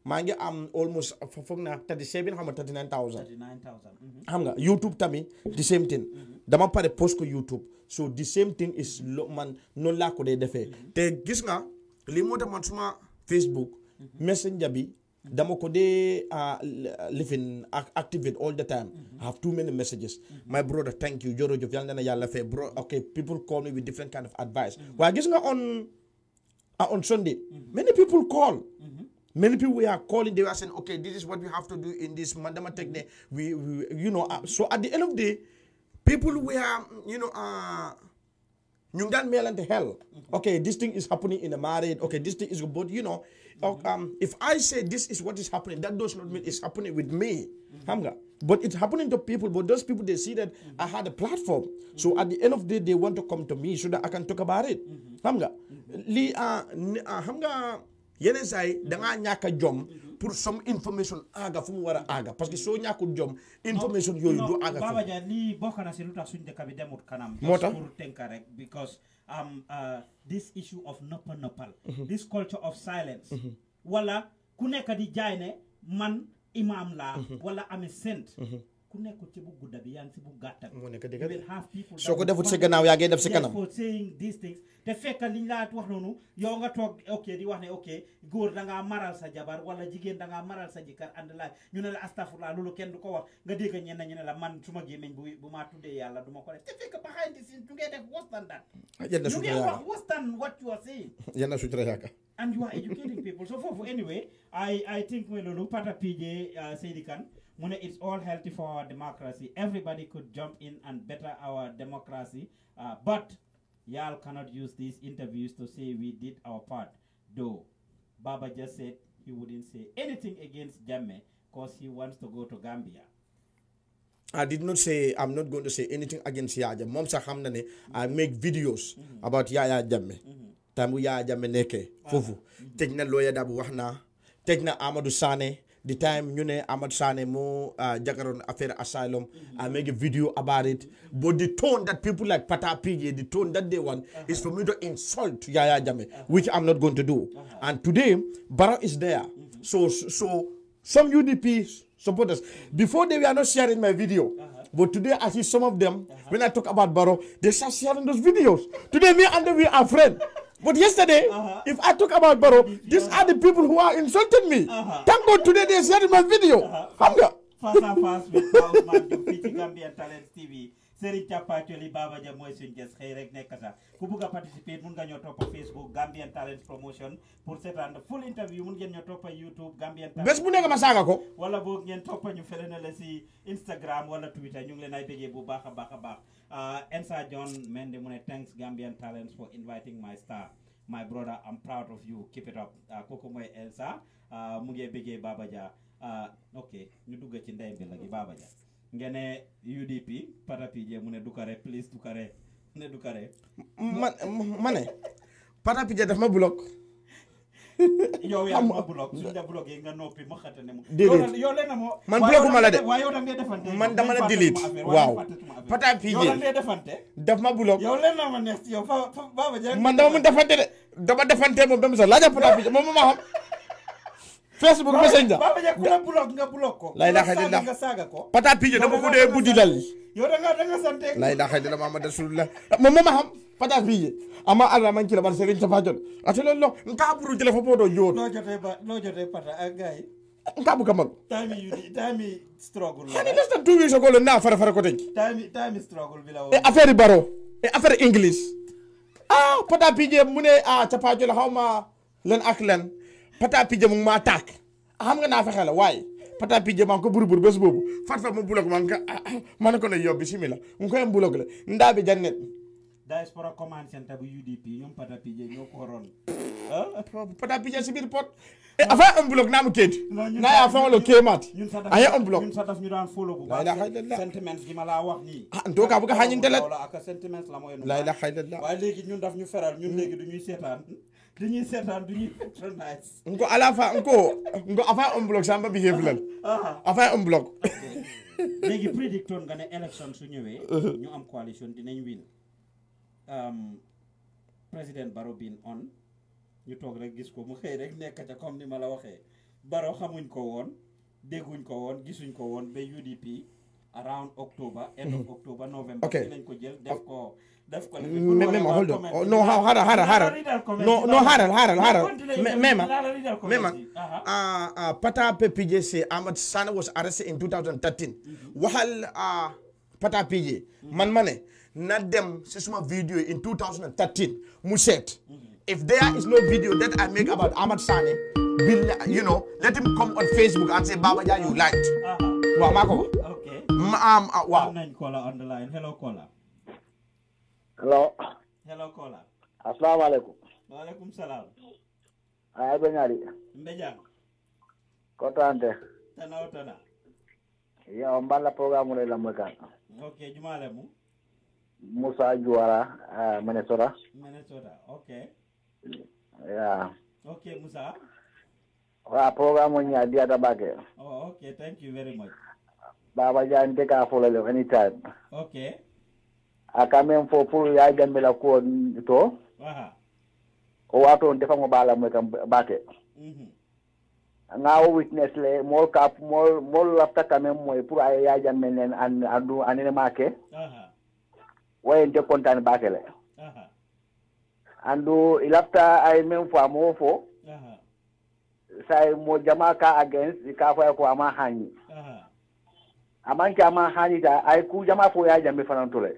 maa ngi am almost foog naa thirty seven xam nga thirty nine thousand mhm. xam nga YouTube tamit the same thing mhm. dama pare post ko YouTube so the same thing is lo man noonu laa ko dee defee mhm. te gis nga lii moo tax man suma Facebook messenger bi dama ko dee ah, lifin activate all the time I have too many messages my brother thank you jërëjëf yàlla na yàlla fee bro ok people call me with different kind of advice waaye gis nga on ah, on Sunday many people call Many people we are calling, they were saying, okay, this is what we have to do in this Mandama technique. We, we you know, uh, so at the end of the day, people are, you know, uh, you can't mail and hell. Okay, this thing is happening in the marriage. Okay, this thing is good. You know, uh, um, if I say this is what is happening, that does not mean it's happening with me. mm But it's happening to people. But those people, they see that I had a platform. So at the end of the day, they want to come to me so that I can talk about it. Hamga. Li, uh, uh, hamga. yeneen saa yi dangaa ñàkk jom pour some information aaga fu mu war a aaga parce que soo ñàkkul jom information yooyu du aaga Baba
Jah lii bokk na si lu tax suñu dëkk bi demut kanam moo tax pour tënka rek because um, uh, this issue of nëppa nëppal mhm. this culture of silence mhm. wala ku nekka di jaay ne man imaam laa mhm. wala ami sent ku nekku ci bu gudda bi yaa ngi si bu gàtta bi
mu nekk dëgg de have people
soo ko defut si gannaaw yaa ngi def si kanam for saying these things te fekk liñ laa wax noonu yow nga toog ok di wax ne ok góor da ngaa maral sa jabar wala jigéen da ngaa maral sa jëkkër ànd laa ñu ne la astafurlaa loolu kenn du ko wax nga dégg ñenn ñu ne la man su ma gémmiñ bu bu maa tuddee yàlla du ma ko def te fekk behind the scenes you ngee def worse than that you ngee wax worse than what you are saying
yenn sutura yaaka
and you are educating people so foofu anyway I I think mooy loolu pata PJ uh, Seydi Kane it's all healthy for our democracy. Everybody could jump in and better our democracy. Uh, but y'all cannot use these interviews to say we did our part. Though Baba just said he wouldn't say anything against Jammeh because he wants to go to Gambia.
I did not say I'm not going to say anything against Yaya Mom sa I mm-hmm. make videos mm -hmm. about Yaya Jammeh. Mm -hmm. Tambu Yaya neke. Fufu. foofu. Mm-hmm. Tëj na Lawyer dabu wax naa na Amadou the time you know Ahmad Sane mo uh, ah, Jagaron affair asylum. Mm -hmm. Ah, I make a video about it. But the tone that people like Pata Pigi, the tone that they want uh -huh. is for me to insult Yaya Jame, uh -huh. which I'm not going to do. -huh. And today, Barra is there. Mm -hmm. So so some UDP supporters before they were not sharing my video. Uh-huh. But today, I see some of them, uh-huh. when I talk about Barra they start sharing those videos. Today, me and them, we are friends. But yesterday, uh -huh. if I talk about Baro, these are the people who are insulting me. Uh-huh. Thank God today they shared my video. Uh -huh. Fast, fast fast
with Gambia Talent TV. Serigne Thiapathioly Baba Dia mooy suñ xëy rek nekk sax ku bugg a participer mun nga ñoo topp Facebook Gambian Talent Promotion pour seetaan full interview mun ngeen ñoo toppa YouTube Gambian Talent bés bu nekk ma saaga ko wala boog ngeen toppa ñu fele na la si Instagram wala Twitter ñu ngi leen ay bëggee bu baax a baax a baax ah, Ensa John Mende mu ne thanks Gambian Talents for inviting my star my brother I'm proud of you keep ah, ah, ñu dugg ci ndey la gi Baba Dia ngene UDP patapije mu ne du kare please du kare ne du kare man ma ne patapije daf ma block <laughs> yow yaa ma block suñu la block yi nga noppi ma xatane mu déedéet yow
leen moo man blocku de waaye yow da ngay man dama la delete waaw patapije yow defante daf ma block yow leen ma neex yow fa fa baba man dama mun defante de dama defante moom dama sax laajal patapije moom ma xam Facebook Messenger baba ja ku la block nga block ko la ilaha illallah nga saaga ko pataat pijo dama ko dee buddi dal yow da nga da
nga la ilaha
illallah Muhammad rasulullah moom ma xam pataat pijo ama ala kila bar serigne tafa jot atelo lo nka jele fo bodo jot no kamal
hani
less two weeks ago le na fara fara ko tenki
tami tami
baro et affaire english ah pataat mu ne ah tafa jot xawma len ak pataapi jëm maa tàkk xam nga naa fexe la waaye pataapi jëm maa ko buruburu bés boobu fat fat mu bulok man ka <coughs> ma ne ko lay yóbbi simila mu koy am bulok la ndaa bi jannet
diaspora command center bu ñoo ko
waroon ah, pataapi jëm si biir pot eh, afa am bulok naa mu kéeti naa yaa fa wala kéemaat aye ah, ñu daan follow bu ma ah en
tout cas bu ko xañinte la ak sentiments la mooy la ilaha illallah waaye léegi ñun daf ñu feral ñun léegi du ñuy seetaan
li seetaan duñuy du nko ala fa nko nko afa on block samba behave lan
afa ah. on block léegi
prédictoon nga ne élection su ñëwee
uh-huh. ñu am coalition dinañ win um, président Barrow on ñu toog rek gis ko mu xëy rek nekkate comme ni ma la waxee Barrow xamuñ ko woon dégguñ ko woon gisuñ ko woon ba UDP around October end of uh-huh. October November dinañ ko jël def uh-huh. ko def ko mm, hold on oh, no hara hara hara
no no hara uh-huh. ah, ah, say Ahmad Sane was arrested in 2013 waxal pije man mané na dem si suma video in mu seet mm-hmm. if there is no video that I make about Ahmad Sane you know let him come on Facebook and say Baba Jah you lied uh-huh. waaw maa ko
ah, Hello. Hello Kola.
Assalamu alaikum.
Wa alaikum salam.
Ay be nyari. Mbe jang. Ko tante. Tana o Ya on balla le la kan. juma le Musa Juara, uh, Minnesota.
Minnesota. Okay.
Iya. Yeah.
Okay, Musa.
Wa programme nya dia tabake.
Oh, okay. Thank you very much.
Baba Jan take a follow anytime. Okay men fo fo ya la ko to o wato on defa mo bala mo kam mhm. bate nga o witness le mo kap mol mol lapta mo moy pour ay ya jamme len an adu anene make en de kontane bate le andu ilapta ay men fo mo fo say mo jama ka against ka fo ko ama hanyi aman ama hanita ay ku jama fo ya jambe fana tole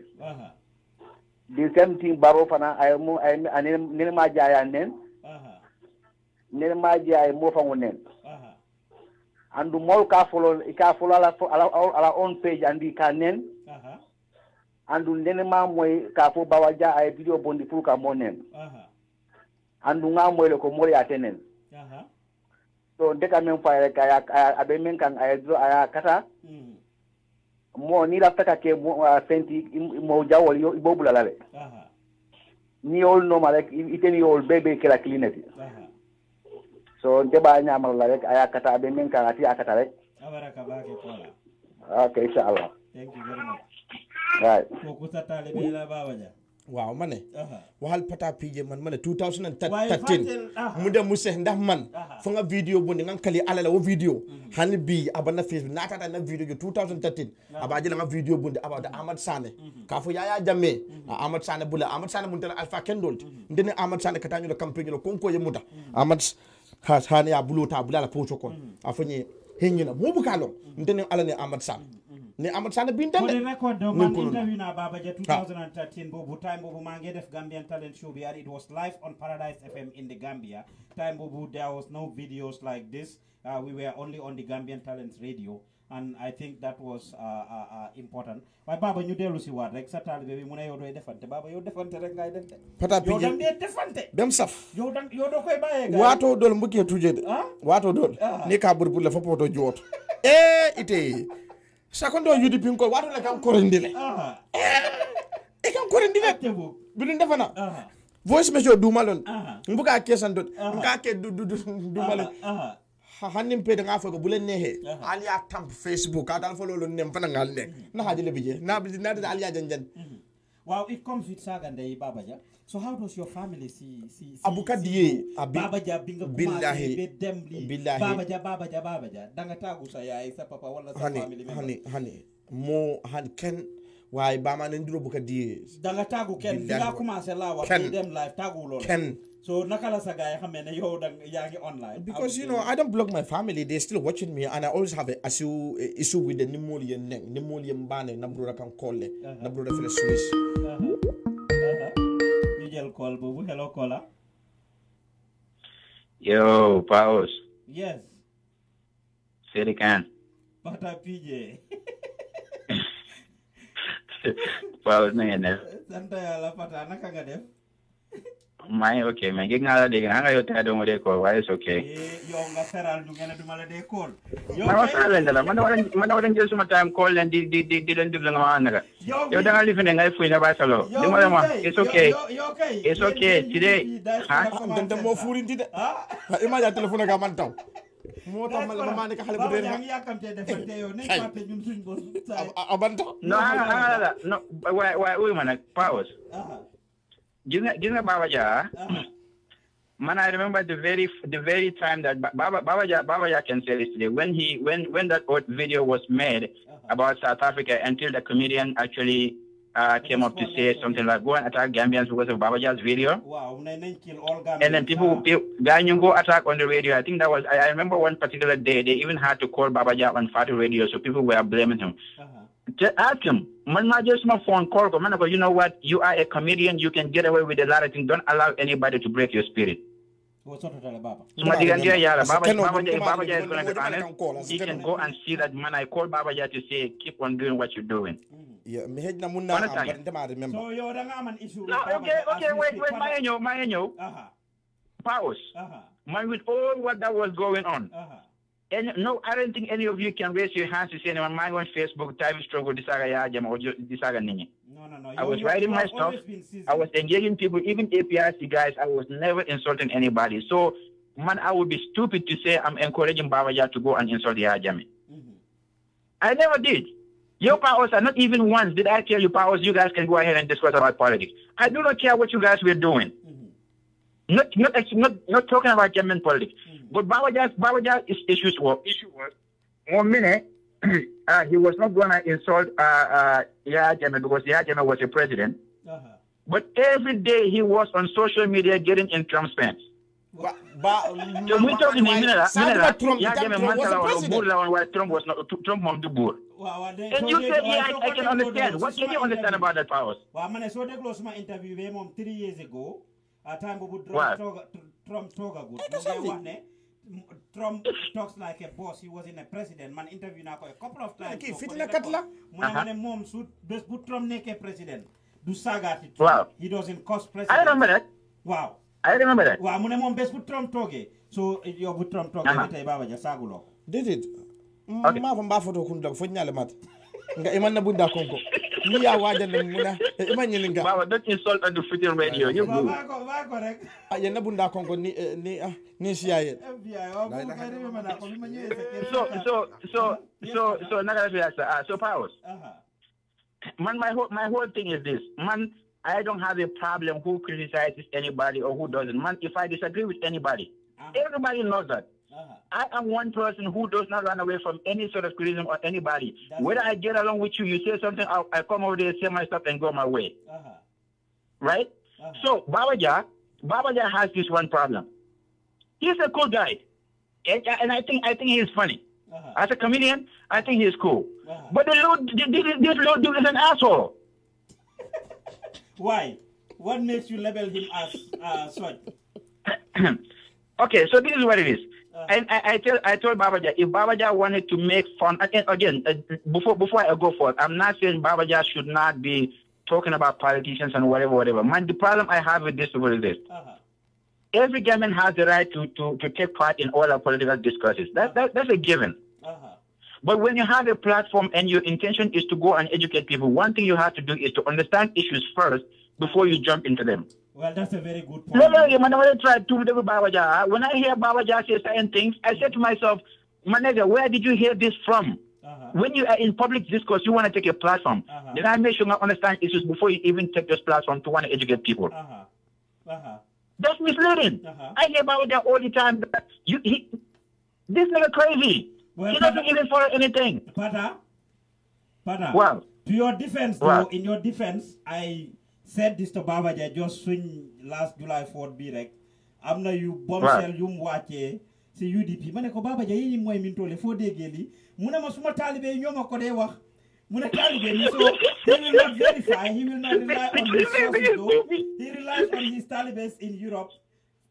le the same baro fana ay mu ay ne ma jaya nen ne ma jaya mo fa wonen andu mol ka folo ka folo ala ala on page andi ka nen andu nene ma moy ka fo ja ay video bondi pour ka monen andu nga moy le ko mo ya tenen so ndeka men fa ka abe men kan ay do aya kata hmm. mɔ ah, n'i la fɛ ka kɛ fɛn ti mɔ ja wɔli i b'o bila la dɛ n'i y'olu nɔ ma dɛ i tɛ ni y'olu bɛɛ bɛ kɛra kelen de so n tɛ b'a ɲamara la dɛ a y'a ka taa a bɛ min kan a ti a ka taa inshallah.
thank you very much.
right. ko kusa t'ale bɛ yɛlɛ a b'a wajan. waaw ma ne waxal pata pije man ma ne 2013 mu dem mu seex ndax man fa nga vidéo bo ne nga kali ala la wo vidéo hani mhm. bi abana facebook na tata na vidéo 2013 aba jela nga vidéo bunde aba da ahmad sane mhm. ka fo yaya jamme mhm. ah, ahmad sane bula ahmad sane mun tan alpha kendolt ndene ahmad sane katanyo la campagne lo konko ye muta ahmad ha sane ya bulota bulala pocho kon afanyi hinyi na mo bukalo ndene ala ne ahmad sane ne Amadou Sane bintal de kono record man interview
na babadia 2013 bobo time bobo ma gue def gambian talent show we are it was live on paradise fm in the gambia time bobo there was no videos like this uh, we were only on the gambian talent radio and I think that was uh, uh, uh, important waaye baba ñu dellu si waat rek sa taalibe bi mu ne yow doy defante baba yow defante rek ngay def de pata bi yow dam dee
defante dem saf yow dam yow doo koy dool mbukkee tujee de ah? waatoo dool ah. ni ka bur bur la fa poto <laughs> sakondo on yudi pinko wato le kam korindile e kam korindile bilun defana voice message dumalon mbuka kesan dot mbuka ke dumalon hannin pe danga fo ko bulen ne tamp facebook adal fo lolon nem fana ngal ne na hadi le bije na bije na da janjan mhm. waaw it comes with Saga and Babaja. So how does your family see see, see Abukadiye Babaja binga billahi billahi Babaja
Babaja Babaja danga sa ya isa papa wala honey, family member. Honey,
honey, mo han ken Why? baama nen buka diyees danga tagu ken dinga
commencé la wa dem live tagu lol ken so nakala sa guy xamene yo dang yaangi online because you know i
don't block my family they still watching me and i always have a issue issue with the nimolian neck nimolian bane na brother kan kolle uh-huh. na brother fele swiss
ñu uh-huh. jël uh-huh. call bobu hello kola
yo paus yes Seri kan
Pata PJ <laughs>
palnene
santa la patana kanga dem
mai ok mai ke ngala de ngala yo ta dongo de ko wai is ok yo nga feral du ngena du mala de ko yo ma sala ndala man wala man wala ngesu ma time call len di di di len du nga ma naka yo da ngali fene ngai fuina ba salo di mala ma is okay,
is ok today ha dan dan mo furin di de ha ima ja telefone ga man taw moo Baba ah.
man I remember the very the very time that Baba Baba Jah Baba Jah can say this today when he when when that old video was made uh-huh. about South Africa until the comedian actually uh, came up to say something like, go and attack Gambians because of Babaja's video.
Wow. And then
people, people go attack on the radio. I think that was, I, I, remember one particular day, they even had to call Babaja on Fatu radio, so people were blaming him. Uh-huh. Ask him, man, not just my phone call, man, because you know what? You are a comedian, you can get away with a lot of things. Don't allow anybody to break your
spirit. Somebody yeah, Baba, Baba, is going to be honest.
He can go and see that man. I called Baba to say, keep on doing what you're doing. Mm. Yeah, mi hejna mun na
am but ntema remember.
So yo da man issue. No, okay,
okay, wait, wait, my enyo, my enyo. Aha. Pause. Aha. Man with all what that was going on. Aha. Uh-huh. And no, I don't think any of you can raise your hands to say anyone mind on Facebook time struggle this area or this area ninye. No,
no, no. I was writing my stuff. I
was engaging people, even APIC guys. I was never insulting anybody. So, man, I would be stupid to say I'm encouraging Babaja to go and insult Yajami. Mm -hmm. I never did. Your powers, are not even once did I tell you, powers, you guys can go ahead and discuss about politics. I do not care what you guys were doing. Mm-hmm. Not, not, not, not talking about German politics. Mm-hmm. But Bawaja's, Bawaja's issues were, issue was, one minute, <clears throat> uh, he was not going to insult uh, uh, Yahya Jammeh because Yahya German was a president. Uh-huh. But every day he was on social media getting in Trump's pants.
Ba, ba, so we mm, talking in Minera, Minera, Trump, Jammeh Mansala
was a Trump was not, Trump was not the board. Well,
and you said, yeah, I, I can understand. What can you understand
about that powers? Well, I saw they close my interview with him three years ago. A time we Trump toga good. Trump talks like a boss. He was in a president. Man, interview now a couple of times. Okay, fit in a cutla. Man, uh-huh. mom, suit, best put Trump neck president. Do saga. Wow. He doesn't cost president. I remember that. Wow. I remember that.
Wow, man, mom, best put Trump toge. So, you put Trump toge. Did it? ma fam mba photo kun dog fonyale mat nga iman na bunda konko ni ya waja na muna iman yelin ga baba don't insult and the fitting radio you go
ko ba ko rek
a na bunda konko ni eh, ni ah, ni siya yet fbi o ko ka
re ma na ko mi manye
so so so so so na ga be asa ah so powers uh-huh. man my whole my
whole thing is this man I don't have a problem who criticizes anybody or who doesn't. Man, if I disagree with anybody, ah. everybody knows that. Uh-huh. I am one person who does not run away from any sort of criticism or anybody. That's Whether right. I get along with you, you say something, I'll, I come over there, say my stuff, and go my way. Uh-huh. Right? Uh-huh. So Babaja, Babaja has this one problem. He's a cool guy, and, and I think I think he's funny. Uh-huh. As a comedian, I think he's cool. Uh-huh. But the Lord, this, this Lord dude is an asshole.
<laughs>
Why? What makes
you label him as uh, such?
<clears throat> okay, so this is what it is. Uh-huh. And I, I tell I told Babaja if Babaja wanted to make fun again again uh, before before I go for it, I'm not saying Babaja should not be talking about politicians and whatever whatever. the problem I have with this is this. Uh-huh. Every government has the right to, to, to take part in all our political discourses. That, that that's a given. Uh-huh. But when you have a platform and your intention is to go and educate people, one thing you have to do is to understand issues first before you jump into them.
Well, that's a very good point. No, no, yeah, man, I try
to do Baba Jah. When I hear Baba Jah say certain things, I say to myself, manager, where did you hear this from? Uh-huh. When you are in public discourse, you want to take a platform. Uh-huh. Then I make sure I understand issues before you even take this platform to want to educate people. Uh-huh. Uh-huh. That's misleading. Uh-huh. I hear about that all the time. You, he, this nigga crazy. Well, he doesn't
even follow anything. Pada, Pada. Well, to your defense, well, though, in your defense, I to Baba Jah just suñ last July 4 bii rek am na yu bombshell yu mu wàccee si UDP ma ne ko Baba Jah yéen mooy min toole foo déggee lii mu ne ma suma taalibe yi ñoo ma ko dee wax mu ne taalibe yi so he will not verify he will not rely on <laughs> on his talibes in Europe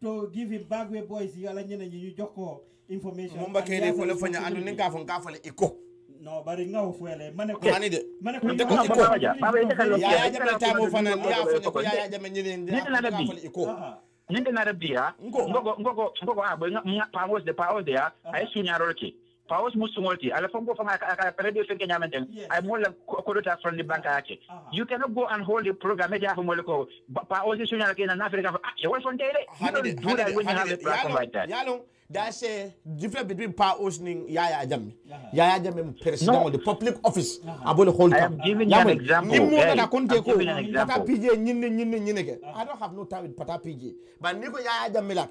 to give him back boys yi wala ñeneen ñi ñu jox ko information moom ba kay de fo le fo ñu andu ni iko non bari nga wo fuele mane ko mane de mane ko ko ko baba ite kan lo
ya ya jame ta mo fana ya fo ko ya ya jame nyine ndi ni na rabi
iko ni na rabi
ha ngogo ngogo ngogo a bo nga pawos de pawos de ya ay sunya rolki pawos musungolti ala fongo fanga aka predio fenke nyamanden ay mola kodota from the bank ake you cannot
go and hold the program media fo mole ko pawos sunya rolki na africa ah e wal fonte de you don't do that when you have a platform like that yalo that a difference between power owning Yaya jammi Yaya jammi president no. of the public office. Uh -huh. About the whole time. I am giving you an example. Hey, I'm giving an example. I don't have no time with Pata PJ. But Niko Yaya jammi like,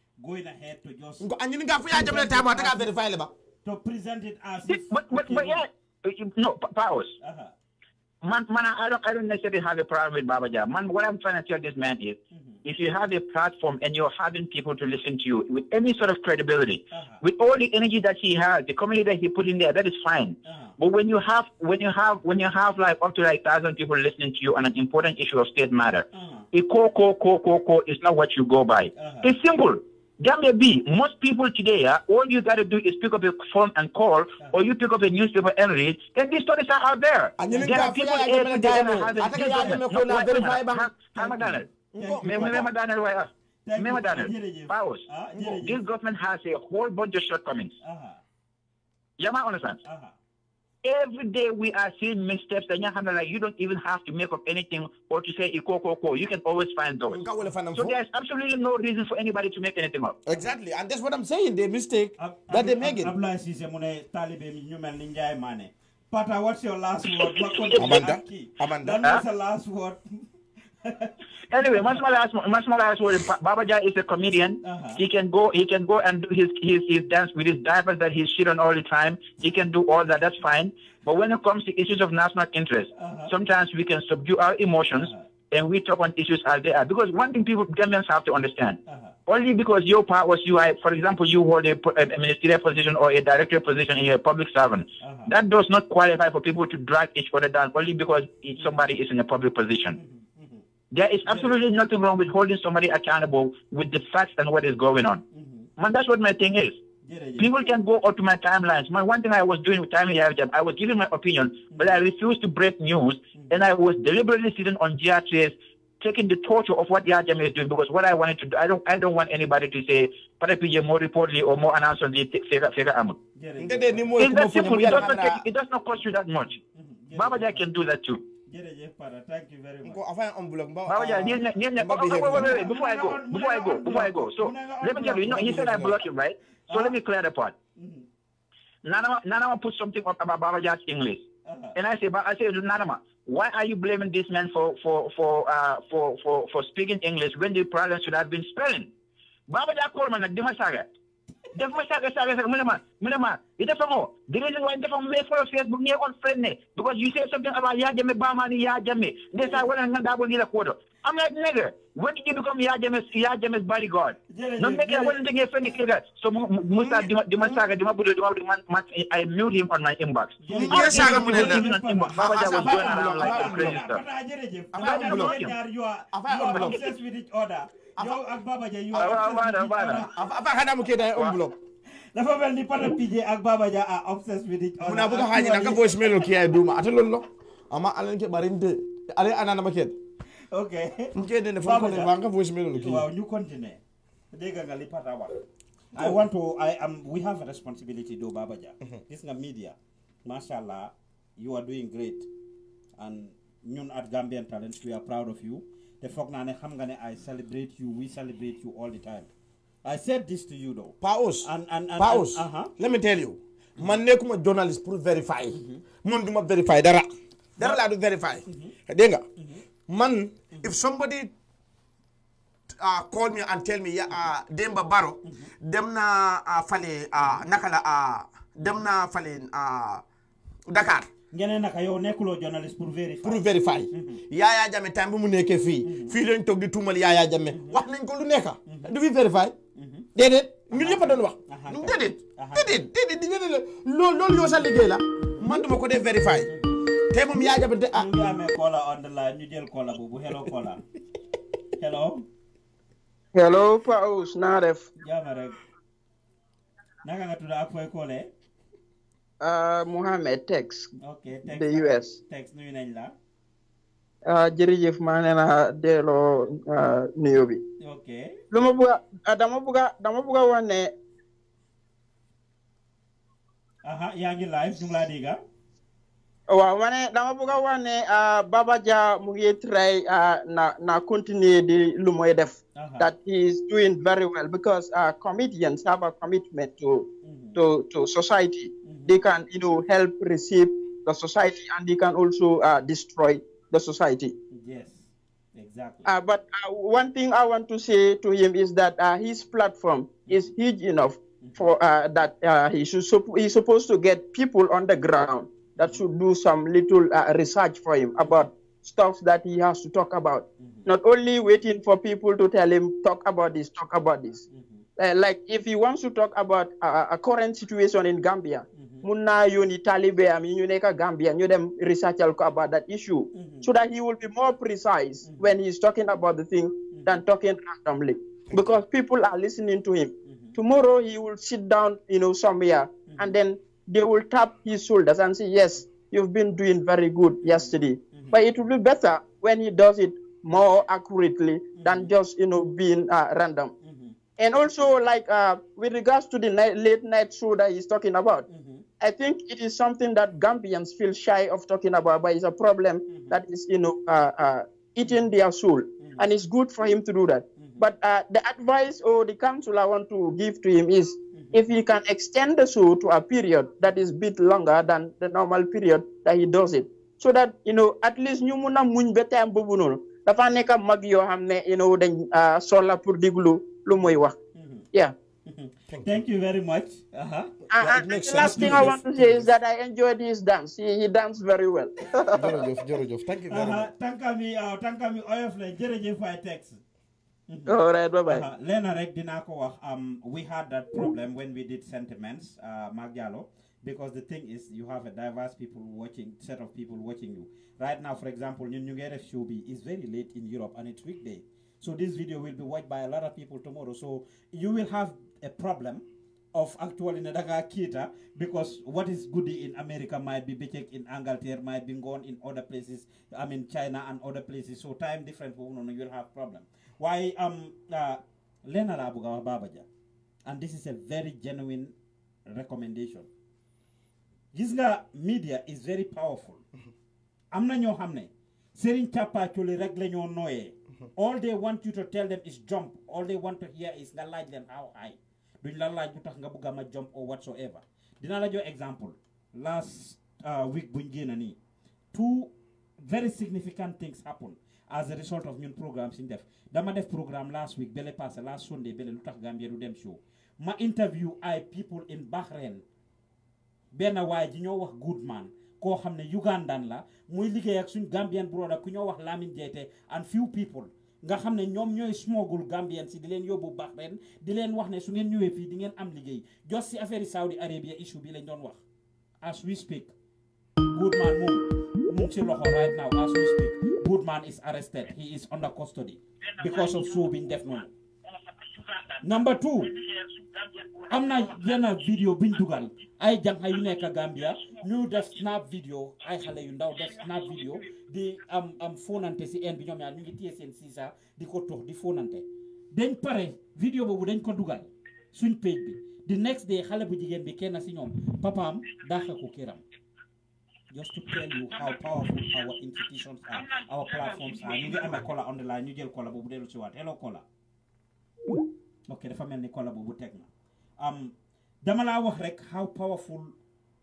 going ahead to just. Ah. To present it as. But but, but, but yeah, eh, eh,
no powers. Uh -huh. Man, man, I don't, I don't necessarily have a problem with Baba Jah. Man, what I'm trying to tell this man is, mm -hmm. if you have a platform and you're having people to listen to you with any sort of credibility, uh -huh. with all the energy that he has, the community that he put in there, that is fine. Uh -huh. But when you have, when you have, when you have like up to like thousand people listening to you on an important issue of state matter, uh-huh. a co co co co co is not what you go by. Uh-huh. It's simple. Gambia B, most people today, uh, all you got to do is pick up a phone and call, or you pick up a newspaper and read, and these stories are out there. Ah, and there are people every day that have Remember Daniel, why us? Remember Daniel, powers. Ah, this government has a whole bunch of shortcomings. Uh-huh. Yeah, I understand. Uh-huh. Every day we are seeing missteps and you don't even have to make up anything or to say You can
always find
those. So there's
absolutely no reason for anybody to make anything up. Exactly. And that's what I'm saying. The mistake uh, that they make it. Eh, eh. Pata, what's your last word? <laughs> Amanda? Amanda? That was the last word. <laughs>
<laughs> anyway, much my last word. Baba Jai is a comedian. Uh-huh. He can go he can go and do his, his his dance with his diapers that he's shit on all the time. He can do all that. That's fine. But when it comes to issues of national interest, uh-huh. sometimes we can subdue our emotions uh-huh. and we talk on issues as they are. Because one thing people Gambians have to understand. Uh-huh. Only because your power was you, are, for example, you hold a, a, ministerial position or a director position in a public servant, uh-huh. that does not qualify for people to drag each other down only because somebody is in a public position. Mm-hmm. There is absolutely nothing wrong with holding somebody accountable with the facts and what is going on. Mm-hmm. Man, that's what my thing is. Yeah, yeah. People can go onto my timelines. My one thing I was doing with Time Jam, I was giving my opinion, mm-hmm. but I refused to break news, mm-hmm. and I was deliberately sitting on GRTS, taking the torture of what Yajam is doing. Because what I wanted to do, I don't, I don't want anybody to say Parapija more reportedly or more announcedly Fega Fega Amut. that simple. It does, not cost you that much. Mm-hmm. Baba Jai can do that too
jërëjëf Pada thank you very much. on
before I go, before I go, before I go. So let me tell you, you, know, he said I blocked him, right? So let uh-huh. me clear the part. Mm-hmm. put something up about Baba English. Uh-huh. And I say, I say, Nana, why are you blaming this man for for for uh, for, for for speaking English when the problem should have been spelling? Baba Coleman, like Dimasaga def ma saaga saaga saaga mu ne ma mu ne ma you defa ko the reason why defa me follow facebook ne on friend ne because you say something about ya jame ba mani ya jame they say when nga dabo ni hmm. la kodo i'm like nigga when did you become ya jame ya jame's bodyguard no make i wouldn't get friend nigga so musa dima dima saaga dima budo dima dima i mute him on my inbox yes saaga mu ne baba ja was going around like a crazy stuff
i'm not blocking you are obsessed with each other yow Baba Jah yow ak afa kana muke da on
block dafa mel pada PJ ak Baba Jah a obsessed with it muna buka haji na ka voice mail ki
ay duma ata lollo amma alen ke barinde ale anana maket
okay muke da ne fa ko ne voice mail ki wow you continue dega ngali pata wa I want to I am we have a responsibility though Baba Jah this na media mashallah you are doing great and ñun at Gambian Talents we are proud of you te foog naa ne xam nga ne I celebrate you we celebrate you all the time I said this to you though. Paus. And and and. Paus. Uh uh-huh.
tell you. man nekkuma journalist pour verify. Mm-hmm. man duma verify dara. dara laa du verify. Mm-hmm. dégg nga. Mm-hmm. man if somebody uh, call me and tell me uh, Demba Barrow. dem na uh, fale naka la dem na fale Dakar. ngeen naka yow nekkuloo journaliste pour vérifier. pour vérifier. Mhm. Yaya Jammeh bi mu nekkee fii. Mhm. fii lañ toog di tuumal mhm. wax nañ ko lu nekka du fi vérifier. déedéet ñun ñëpp a doon wax. déedéet déedéet déedéet di déedéet la loolu loolu yow sa liggéey man duma ko def vérifier. te moom
Yaya Jammeh de ah. ñu ngi amee
Kola on the line ñu jël Kola boobu hello Kola
hello. hello Pa Ousse naa def. jaama Uh, a Tex. ok Tex the US. Tex nuyu nañ la. Uh, jërëjëf maa nee na delloo uh, nuyoo bi. ok lu ma bëgg a dama bëgg a dama bëgg a yaa ngi waaw ma dama bëgg Baba Jah mu na na continue di lu that he is doing very well because comedians have a commitment to mhm. to to society. Mhm. They can you know help receive the society and they can also destroy the society.
Yes, exactly.
but one thing I want to say to him is that his platform mhm. is huge enough for that he should he's supposed to get people on the ground that should do some little uh, research for him about stuff that he has to talk about. Mm-hmm. Not only waiting for people to tell him, talk about this, talk about this. Mm-hmm. Uh, like if he wants to talk about uh, a current situation in Gambia, mm-hmm. muna yoni talibe am Gambia, you them research about that issue mm-hmm. so that he will be more precise mm-hmm. when he's talking about the thing than talking randomly because people are listening to him. Tomorrow he will sit down, you know, somewhere and then they will tap his shoulders and say, Yes, you've been doing very good yesterday. Mm-hmm. But it will be better when he does it more accurately mm-hmm. than just, you know, being uh, random. Mm-hmm. And also, like uh, with regards to the night, late night show that he's talking about, mm-hmm. I think it is something that Gambians feel shy of talking about, but it's a problem mm-hmm. that is, you know, uh, uh eating their soul. Mm-hmm. And it's good for him to do that. But uh, the advice or the counsel I want to give to him is if you can extend the show to a period that is bit longer than the normal period that he does it so that you know at least ñu mun a muñ ba time boobu noonu dafa nekk mag yoo xam ne you know dañ ah, soxla pour déglu lu muy wax mm-hmm. yeah Thank you
very much. Uh-huh. Ah, the last thing I want to
is that I enjoyed his dance. He, danced very well. <laughs>
Mm -hmm. All right, bye-bye. Uh, Lena rek dina um we had that problem when we did sentiments uh Magialo because the thing is you have a diverse people watching set of people watching you. Right now for example New New Year's show is very late in Europe and it's weekday. So this video will be watched by a lot of people tomorrow. So you will have a problem of actually Nadaga Kita because what is good in America might be big in Angleterre, might be gone in other places, I mean China and other places. So time difference, you'll have problem i am lenn laa bëgg Baba and this is a very genuine recommendation This media is very powerful mm-hmm. am na ñoo sëriñ càppaaculi rek la mm-hmm. all they want you to tell them is jump all they want to hear is nga like leen how high Do la laaj you tax about my jump or whatsoever dinaa la jox example. last uh, week buñ génn nii two very significant things happen as a result of new programs in def dama def programme last week bele passé last Sunday bele lu tax Gambia du show My interview I people in Bahrain benn waay ji ñoo wax Goodman koo hamne ne Ugandan la muy liggéey ak suñ Gambian brother ku ñoo Lamin Jaiteh and few people nga xam ne ñoom ñooy smogul Gambian si di leen yóbbu Bahrain di leen wax ne su ngeen ñëwee fii di ngeen am liggéey jos si affaire Saudi Arabia issue bi lañ doon wax as we speak
Goodman
moom Chilokho right now as we speak Goodman is arrested he is under custody because of suu biñ def noonu number two am na yenn vidéo biñ dugal ay jànq yu nekk Gambia ñu def snap vidéo ay xale yu ndaw def snap vidéo di am am fóonante si en bi ñoom ñaar ñu ngi téye seen siisa di ko tux di fóonante dañ pare vidéo boobu dañ ko dugal suñ page bi the next day xale bu jigéen bi kenn ci ñoom papaam daaxa ko këram just to tell you how powerful our institutions are, our platforms are ñu ngi my kola on the line you jël kola hello caller. ok the family ni kola boobu teg na am dama how powerful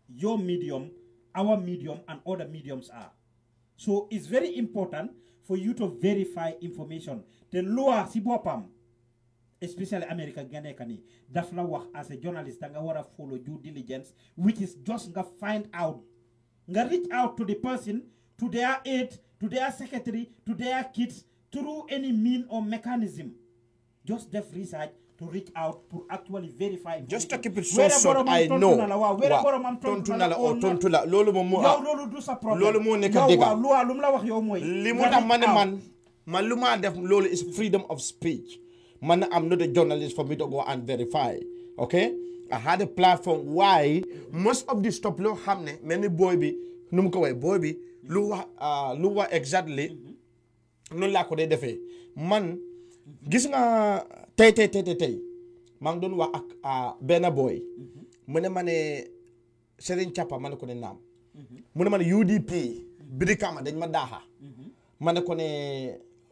your medium our medium and other mediums are so it's very important for you to verify information The lower si especially America Ganeka ni daf as a journalist nga wara follow due diligence which is just to find out reach out to the person, to their aid, to their secretary, to their kids, through any mean or mechanism. Just def research to reach out to actually verify. Just to
keep it so short, I know. Where Wa tontuna la or tontula lolu mo mo yow
lolu du sa problem lolu mo nek
dega yow wa lum la wax yow moy limu tam man man man luma def lolu is freedom of speech man I'm not a journalist for me to go and verify okay I had a platform waaye most of the stuff loo xam ne mel ni booy bi nu mu ko way booy bi lu wax ah, lu wax exactly mm-hmm. noonu laa ko dee defee man gis nga tey tey tey tey maa ngi doon wax ak ah, benn booy mm-hmm. mu ne ma ne Serigne Thiapa ma ne ko ne naam mm-hmm. mu ne ma ne UDP Brikama dañ ma daaxa ma ne ko ne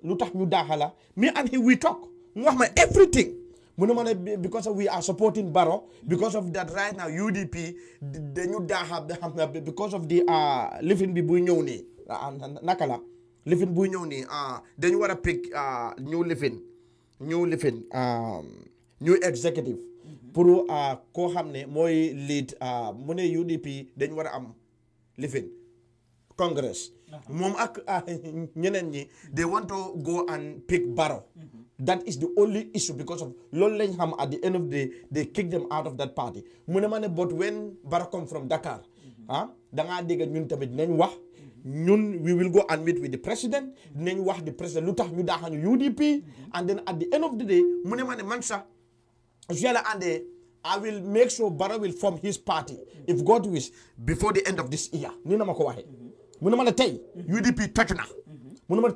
lu tax ñu daaxa la me and he we talk mu wax ma everything because we are supporting Barrow, because of that right now, UDP, they knew that have because of the uh, living Bibunyoni, uh, ah, ah, Nakala, living Bunyoni, uh, ah, then you want to pick uh, new living, new living, um, new executive. puru uh, ko xamne moy lead uh, mune UDP you want am living congress mom ak <laughs> ñeneen ñi they want to go and pick Barrow mm-hmm that is the only issue because of Lollenham at the end of the day, they kicked them out of that party. mu but when Barra come from Dakar mm-hmm. ah dangaa mm-hmm. we will go and meet with the president Then mm-hmm. wax the president lu tax UDP and then at the end of the day Munemane Mansa, ma ne I will make sure Bara will form his party if God wills before the end of this year nii na Munemane, ko UDP toj na mu ne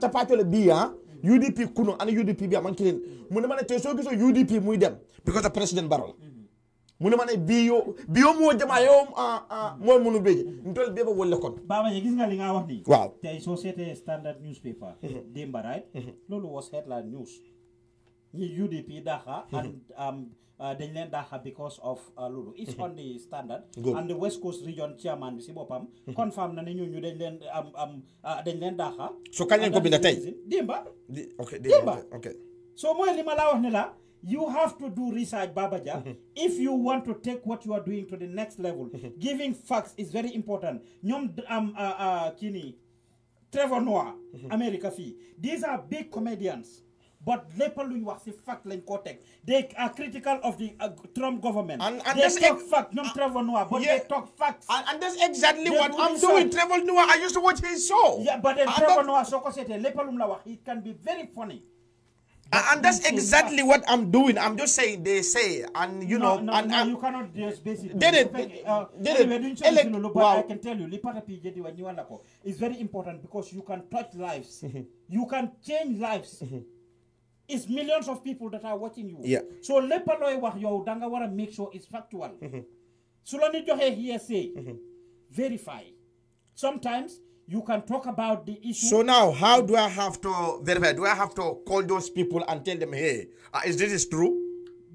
UDP kuno ana UDP bi aman kilin mu ne ma ne te soo gisoo UDP muy dem because a président Barrow mu ne ma ne bii yoo bii yoo moo jamaa yoo ah, ah, mooy mënu béje ntol bee ba wëlle kon Baba Jah gis
nga li nga wax nii waaw tey soo seetee standard newspaper <laughs> démba right mm-hmm. loolu was headline news ñi UDP daxa mm-hmm. Uh, dañ leen daaxa because of uh, loolu it's mhm. on the standard and the west coast region chairman bi si boppam mhm. confirm na ne ñooñu dañ leen uh, dañ leen daaxa so kañ leen ko binda tey démba
démba
so mooy li ma laa wax ne la you have to do research, Babaja, mm -hmm. if you want to take what you are doing to the next level. Mm -hmm. Giving facts is very important. Nyom um, uh, uh, Kini, Trevor Noah, mhm. America Fee. These are big comedians. but lépp you are wax fact like koo they are critical of the uh, Trump government. and and they talk fact ñoom uh, Trevor Noah. but they talk facts.
and that's exactly what I'm doing Trevor Noah I used to watch his show. yeah but then Trevor Noah soo ko it can be very funny. and that's exactly what I'm doing. I'm just saying they say, and you know, no, and no, you cannot just basically. Did it? Did uh, it? Ele- wow. I can tell you,
it's very important because you can touch lives, <laughs> you can change lives. <laughs> it's millions of people that are watching you. Yeah. so lépp looy wax yow da nga make sure it's factual.
su la ñu joxee hearsay. Mm-hmm. verify. sometimes you can talk about the issue. So now, how do I have to verify? Do I have to call those people and tell them, hey, uh, is this is true?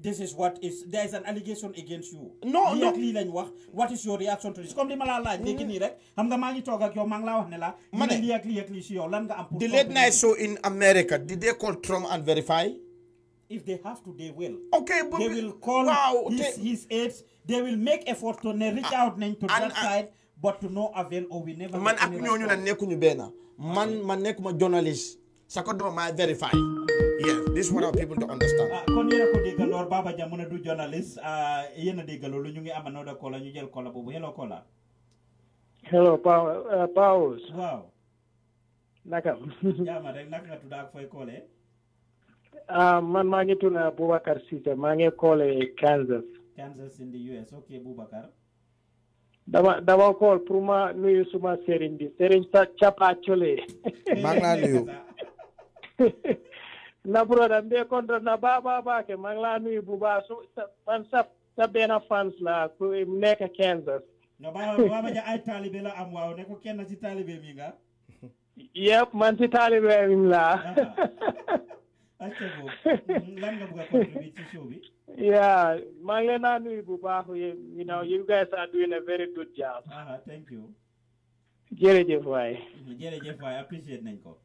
this is what is there is an allegation against
you. non non lii lañ wax what is your reaction to this comme li ma laa laaj. léegi nii rek xam nga maa ngi toog ak yow maa ngi laa wax ne la. ma ne lii ak lii ak lii si yow lan nga am. pour the late
night show in America did they call Trump and verify.
if they have to they will. they will call his his
they will make effort to ne reach ah, out nañ to that side but to no avail or we never. man ak ñooñu nag nekkuñu benn man man nekkuma journaliste. sa ko dama maa Yeah, this one what people to understand. Ah, kon yena ko digal lor baba jamuna du journalist ah, yena
digal lu ñu ngi am anoda kola ñu jël kola bobu hello kola.
Hello uh, Paul. Wow. Naka. <laughs> Ya,
ma rek naka tu da ak fooy koolee.
Ah, man maa ngi tudd Boubacar Cissé maa ngi Kansas.
Kansas in the US Okay Boubacar.
dama dama kool pour ma nuyu suma sëriñ bi sëriñ Capa Cole. <laughs> maa nuyu. <laughs> Labroda Mbekondo na Baba Bake, maa ngi laa nuyu bu baax su man sa sa benn fans la ku nekk Kansas. no ba Baba Jah
ay taalibe la am waaw ne ko kenn ci taalibe mi nga. yëpp man ci taalibe mi laa. acca mm, lan nga bëgg a contribute ci show bi. yeah maa ngi leen naa nuyu bu baax you know you guys are doing a very good job. ah thank you. jërëjëf waay. jërëjëf waay appreciate nañ ko.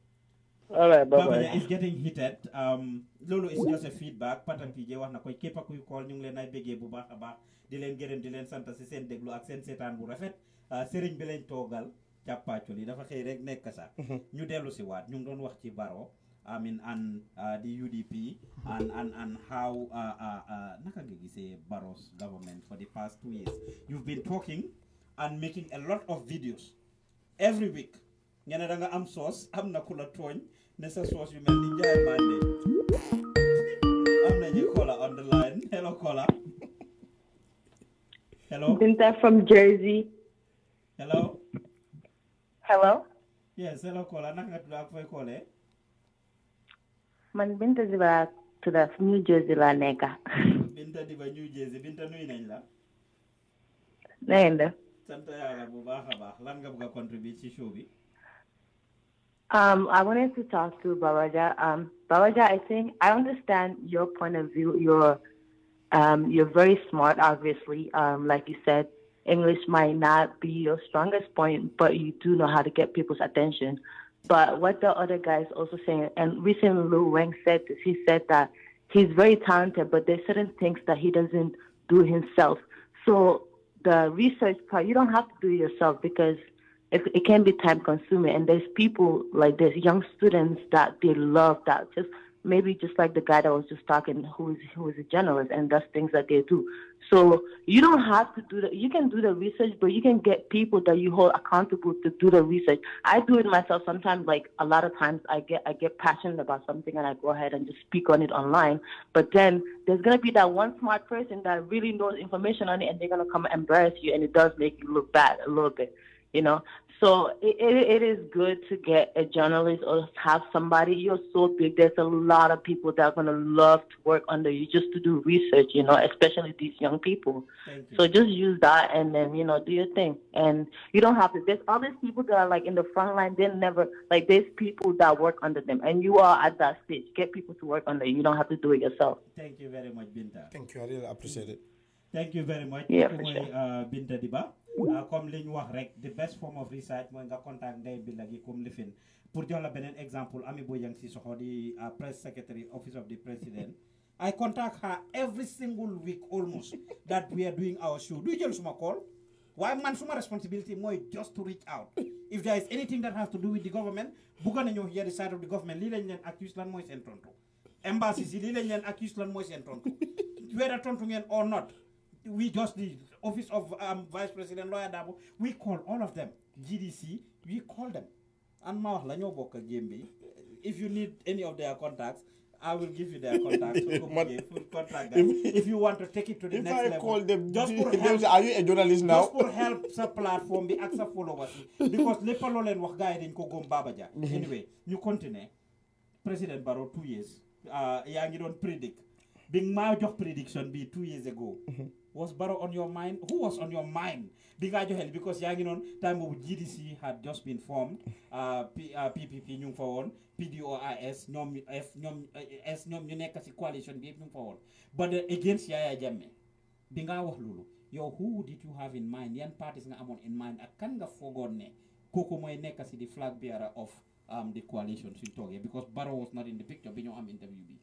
all right bye bye is getting heated um, loolu is just a feedback Patam PJ wax na ko képp kuy call ñu ngi leen ay bégee bu baax a baax di leen gërëm di leen sant si seen déglu ak seen seetaan bu rafet euh, sëriñ bi lañ toogal càppaacul yi dafa xëy rek nekk sax mhm. ñu dellu si waat ñu ngi doon wax ci baro I mean, and uh, the UDP and, and, and how uh, uh, uh, Barros government for the past two years. You've been talking and making a lot of videos every week. I'm source, ne sa soos yu mel ni Njaay Mandé am nañu caller on the line hello caller
hello Binta from Jersey
hello hello yes hello caller naka nga tudd ak fooy koolee eh?
man Binta Diba tudda New Jersey laa nekk
Binta Diba New Jersey Binta nuyu nañ la na ngeen def sant yàlla bu baax a baax lan nga bëgg a contribuer ci show bi
Um, I wanted to talk to Babaja. Um, Babaja, I think I understand your point of view. You're um, you're very smart, obviously. Um, like you said, English might not be your strongest point, but you do know how to get people's attention. But what the other guys also saying, and recently Lu Wang said this, he said that he's very talented, but there's certain things that he doesn't do himself. So the research part, you don't have to do yourself because it, it can be time consuming. And there's people like there's young students that they love that just maybe just like the guy that was just talking who is who is a journalist and does things that they do so you don't have to do that you can do the research but you can get people that you hold accountable to do the research i do it myself sometimes like a lot of times i get i get passionate about something and i go ahead and just speak on it online but then there's going to be that one smart person that really knows information on it and they're going to come and embarrass you and it does make you look bad a little bit you know so it, it, it is good to get a journalist or have somebody. You're so big. There's a lot of people that are going to love to work under you just to do research, you know, especially these young people. You. So just use that and then, you know, do your thing. And you don't have to. There's all these people that are like in the front line. They never, like, there's people that work under them. And you are at that stage. Get people to work under you. You don't have to do it yourself.
Thank you very much, Binta. Thank you. I really appreciate it. Thank
you very much. Yeah, for
sure. Uh, Binta Diba comme li wax rek the best form of research When nga contact ndey bi lagi comme lifin pour jox la beneen exemple Ami Bojang Sissoho di uh, press secretary office of the president I contact her every single week almost <laughs> that we are doing our show du jël suma call Why man suma responsibility More just to reach out if there is anything that has to do with the government bugga nañoo hear the side of the government li lañ leen accuse lan mooy seen tontu embassies yi lii lañ leen accuse lan mooy seen tontu whether tontu ngeen or not we just the office of um, vice president lawyer Dabo we call all of them GDC we call them and ma wax bokk ak if you need any of their contacts I will give you their contacts. <laughs> contact them. If, if you want to take it to the if next I level, call them, just for help, are you a journalist now? Just for help sa platform bi ak sa followers <laughs> because lépp loo leen wax gars dañ ko Baba <laughs> anyway you continue. président baro two years Uh, ngi doon predict bi nga jox prediction bi two years ago. Mhm. was Barrow on your mind? Who was on your mind? Big Ajohel, because Yanginon, time of GDC had just been formed, uh, P, uh, PPP Nyung ñoom ñu Nyom F, Nyom S, Nyom Yunekasi coalition, Nyung Fawon. But uh, against Yaya Jamme, Binga Wahlulu, yo, who did you have in mind? Yan parties nga amon in mind, a kanga forgotten, Koko Moy Nekasi, the flag bearer of um, the coalition suñ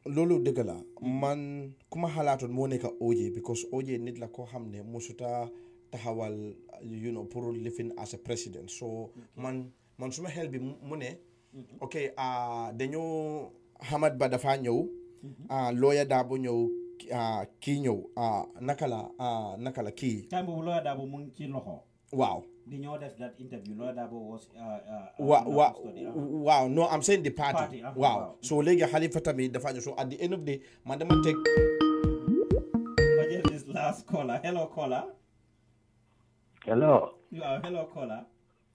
loolu dëgg la hmm. man ku ma xalaatoon moo nekk OJ because OJ nit la koo xam ne mosuta taxawal you know pour living as a president so man man suma xel bi mu ne. Mhm. ok ah, dañoo Hamad Ba dafa ñëw. Mhm. Ah, lawyer Darboe ñëw. Ah, kii ñëw naka la naka la kii. time
boobu lawyer Darboe mu ci loxo. waaw. ni ñoo def that interview Lawyer Darboe was uh,
uh, uh, no I'm saying the party uh-huh. Wow! so Lega Halifata tamit the ñu so at the end of the Madam, take. this last caller hello caller
hello
You are hello caller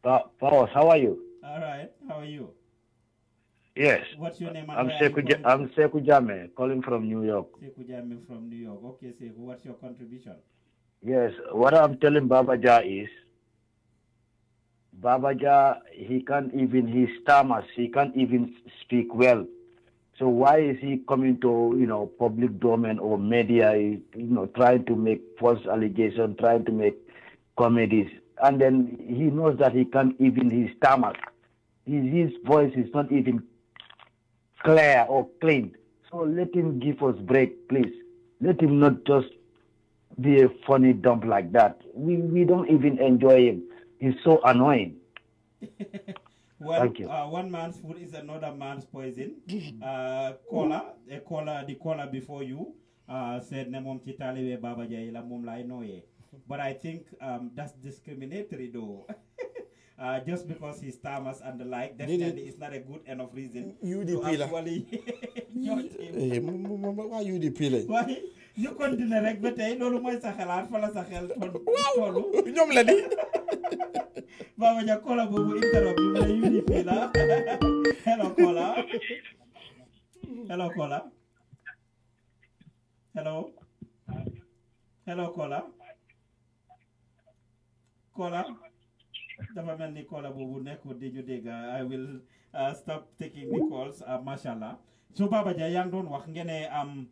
Powers how are you
all right how are you yes what's your name I'm Seku,
I'm calling from New York
Seku Jame from New York okay Seku, what's your contribution
yes what I'm telling Baba Jah is Babaja, he can't even, he stammers, he can't even speak well. So why is he coming to, you know, public domain or media, you know, trying to make false allegations, trying to make comedies? And then he knows that he can't even, he stammers. His, his voice is not even clear or clean. So let him give us break, please. Let him not just be a funny dump like that. We, we don't even enjoy him. He's so annoying.
Well, <laughs> Thank you. Uh, one man's food is another man's poison. Uh, caller, a caller, the caller before you uh, said, "Nemom titaliwe baba jaila mum lai noye." But I think um, that's discriminatory, though. <laughs> uh, just because he's Thomas and the like, definitely is not a good enough reason UDP to actually <laughs> judge him.
Eh, why UDP? Why? ñu continuer rek ba tey eh, loolu mooy sa xalaat fa la sa xel toll. ñoom la di baba ja kola boobu interop
bi mu hello kola hello kola hello hello kola kola dafa mel ni kola boobu nekkul di ñu I will uh, stop taking the calls uh, mashallah so baba ja yaa ngi doon wax ngeen ne am um,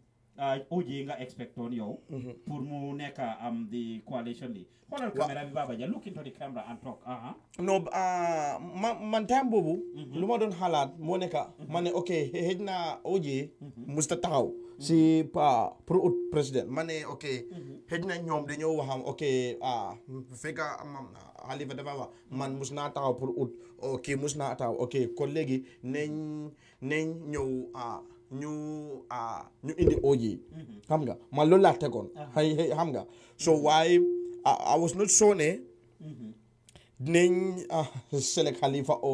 OJ euh, nga expect on yow. Mhm. pour nekk am the coalition li. xoolal caméra bi Baba Jah
man man time boobu. Mhm. lu ma doon xalaat moo nekk. Mhm. mane ok xëy na OJ. musta taxaw. si pa pro président ma ok. xëy na ñoom dañoo waxam ok ah fekk Halifa dafa wax man mus naa taxaw pour ut ok mus naa taxaw ok kon léegi nañ nañ ñëw ah. ñu ah, ñu indi OJ xam nga ma loolu laa tegoon xëy ah. xam nga so waaye I was not sure eh? ne mm-hmm. dinañ ah, select o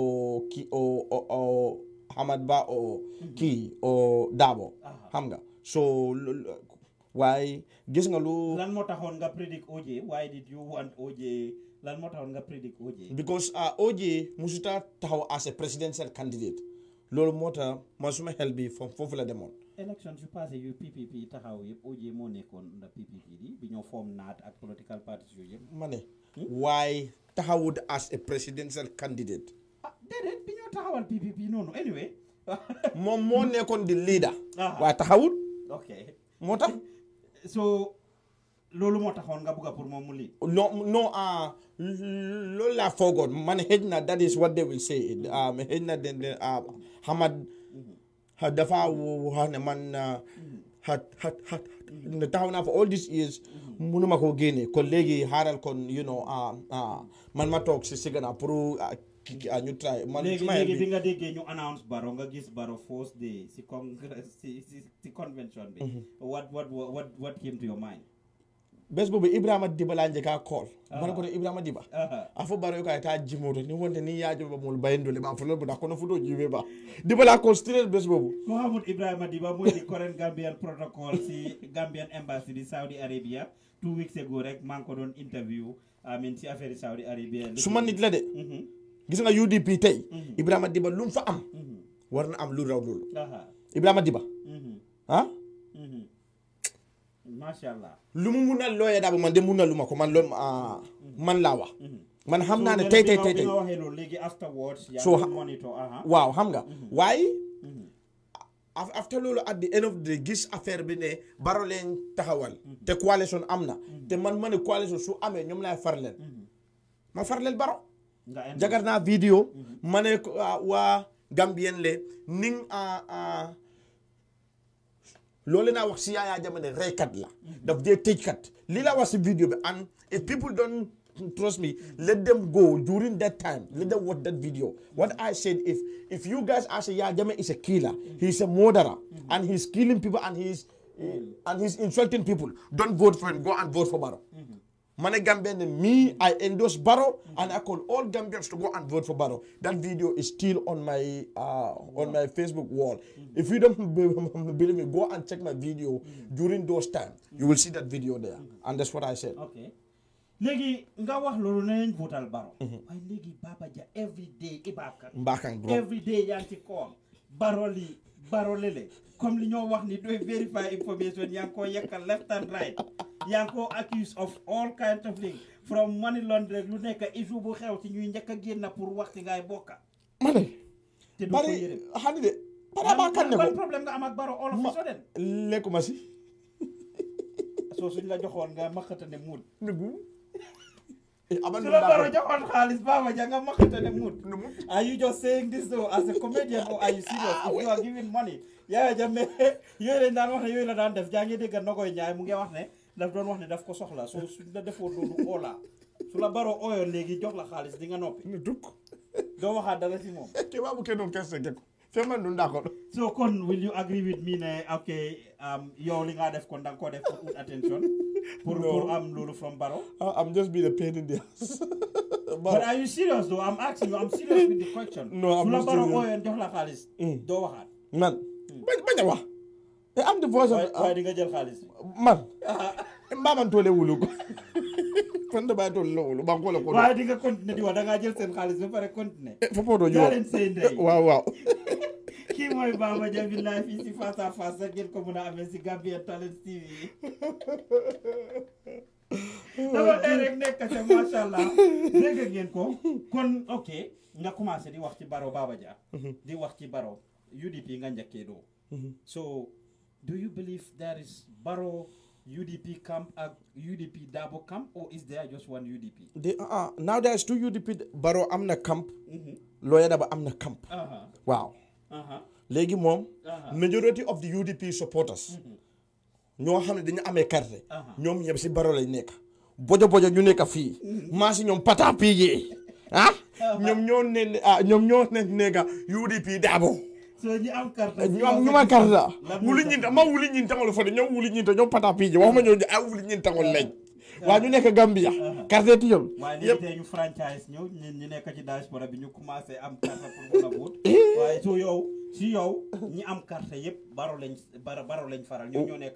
kii o o Hamad Bah o mm-hmm. kii o Dabo xam nga so waaye gis nga lu. lan moo taxoon
nga predict OJ why did you want OJ lan moo taxoon nga predict OJ because
OJ musuta taxaw as a presidential candidate loolu moo masuma helbi suma xel bi la demoon.
élection yu passé yu PPP taxaw yëpp OJ moo nekkoon nda PPP di bi ñoo foom naat ak political
parties yooyu yëpp. ma ne hmm? waaye as a presidential candidate.
ah déedéet bi ñoo taxawal PPP noonu anyway.
moom moo nekkoon di leader. <laughs> Ah. waaye taxawut. ok moo so loolu moo taxoon nga bëgg pour moom mu lii. non non ah loolu laa foogoon man xëy na that is what they will say ah xëy na den den ah Hamad dafa wax ne man hat ah, hat hat taxaw naa fa all these years mënuma koo génne ko léegi xaaral kon you know ah, ah man ma toog si si gannaaw pour. Ah, ah ñu try man nga
déggee ñu announce Barrow nga gis Barrow first <laughs>
si convention bi. Mhm. what what what what came to bés boobu Ibrahima Diba laa njëkk a call. Ah. mala ko de Ibrahima Diba. Ah. a fo baro ka taa jimoto ni wonte ni ba mul bayin dole ba fulo buda kono fudo jibe ba Diba call straight bés boobu Mohamed Ibrahima Diba mooy
maa ngi ko doon interview
amin si affaire Saudi Arabia suma nit la de mhm. gis nga UDP tey mhm. a Diba lu mu fa am mhm. war na am lu raw loolu Ibrahima Diba ah macha lu mu mun a looyee daal man de mun na lu ma ko man loo ah, man laa wax. Mm-hmm. man xam naa ne tey tey tey tey
so waaw
xam nga mm-hmm. waaye mm-hmm. after loolu at the end of the gis affaire bi ne baro leen taxawal te coalition am na te man ma ne coalition su amee ñoom laay farleel ma farleel baro jagar naa vidéo ma ne ah, waa Gambien le ning ah, loolu naa wax si Yaya Jammeh ne reykat la daf dee tëjkat lii laa wax vidéo bi and if people don't trust me let them go during that time let them watch that video what I said if if you guys are saying Yaya is a killer He's a murderer and he's killing people and he's eh, and he's insulting people don't vote for him go and vote for Barrow Mane Gambian and me, I endorse Barrow, and I call all Gambians to go and vote for Barrow. That video is still on my uh, on my Facebook wall. If you don't <laughs> believe me, go and check my video during those time. You will see that video there, and that's what I said. Okay. Legi ngawa wax loolu ne votal Barrow. waaye
legi Baba Jah every day i baakan.
mbaakan every
day yanti ngi ci barole le comme li ñoo wax ni doy verify information yaa ngi koo yekkal left and right yaa ngi accuse of all kinds of things from money laundering lu nekk issue bu xew ci ñuy njëkka a génn pour wax ci ngay bokka ma ne te du yére xani de para ba kan ne ko problème nga am ak baro all of a lekkuma si soo suñ la joxoon nga maxata ne muun Abandon Babaja Baba Janga Makatane Mut. Are you just saying this though as a comedian or are you serious? Ah, If you are giving money, yeah, jame yore nan wax yore nan def jangi de gan nokoy ñaay mu ngi wax ne daf doon wax ne daf ko soxla so su la defo do du Su la baro oyo legi jox la xaalis di nga noppi. Duk. Do waxaat dara ci mom. Ke <laughs> babu ke non kesse gekko. Femal lu ndakol. So kon will you agree with me ne okay um, yow li nga def kon dang ko def pour attention pour pour am lolu from Barrow.
Ah, I'm just being a pain in <laughs> But are you serious though? I'm asking you. I'm serious with the question. No, I'm not serious. Su la Barrow ooyoon jox la xaalis. Mm. man mm. bañ a wax. Eh, am the voice of. waaye ah.
di nga jël xaalis.
man. <laughs> mbaa man toole wulu ko. <laughs> kon da bay tol loolu ba ko la ko waaye di nga
continuer di wax da ngaa jël seen xaalis ba pare continuer eh, fopoo doo ñu leen say ndey waaw waaw <laughs> kii mooy Baba Jah billaay fii face à face rek ko mën a amee si Gambian Talents TV
<laughs>
dama day rek nekk ca macha allah ngeen ko kon ok nga commencé di wax ci baro Baba Jah mhm. di wax ci baro UDP nga njëkkee doo mhm. so
do you believe there is baro UDP camp ak UDP Dabo camp or is there just one UDP? They, uh, uh, now there's two UDP Barrow am na camp. Mm-hmm. Lawyer Dabo am na camp. Uh-huh. waaw. Uh-huh. léegi moom. Uh-huh. majority of the UDP supporters. Mm-hmm. ñoo xam ne dañu amee carte. ñoom ñëpp si Barrow lañ nekk. bojo bojo ñu nekk fii. Mm-hmm. maa ñoom pata pii ah? ñoom ñoo ne ah ñoom ñoo ne UDP Dabo. ñi am karta eh, ñi am ñu ma karta wuli ñinta ma wuli ñintangol fode ñoom wuli ñinta ñoom pata piiji eh. waxuma ñoo a ah, wuli ñintangol eh. leñ waa ñu nekk
Gambia carte ti ñoom waaye léegi tey ñu franchise ñëw ñun ñu nekk ci diaspora bi ñu commencé am carte pour mën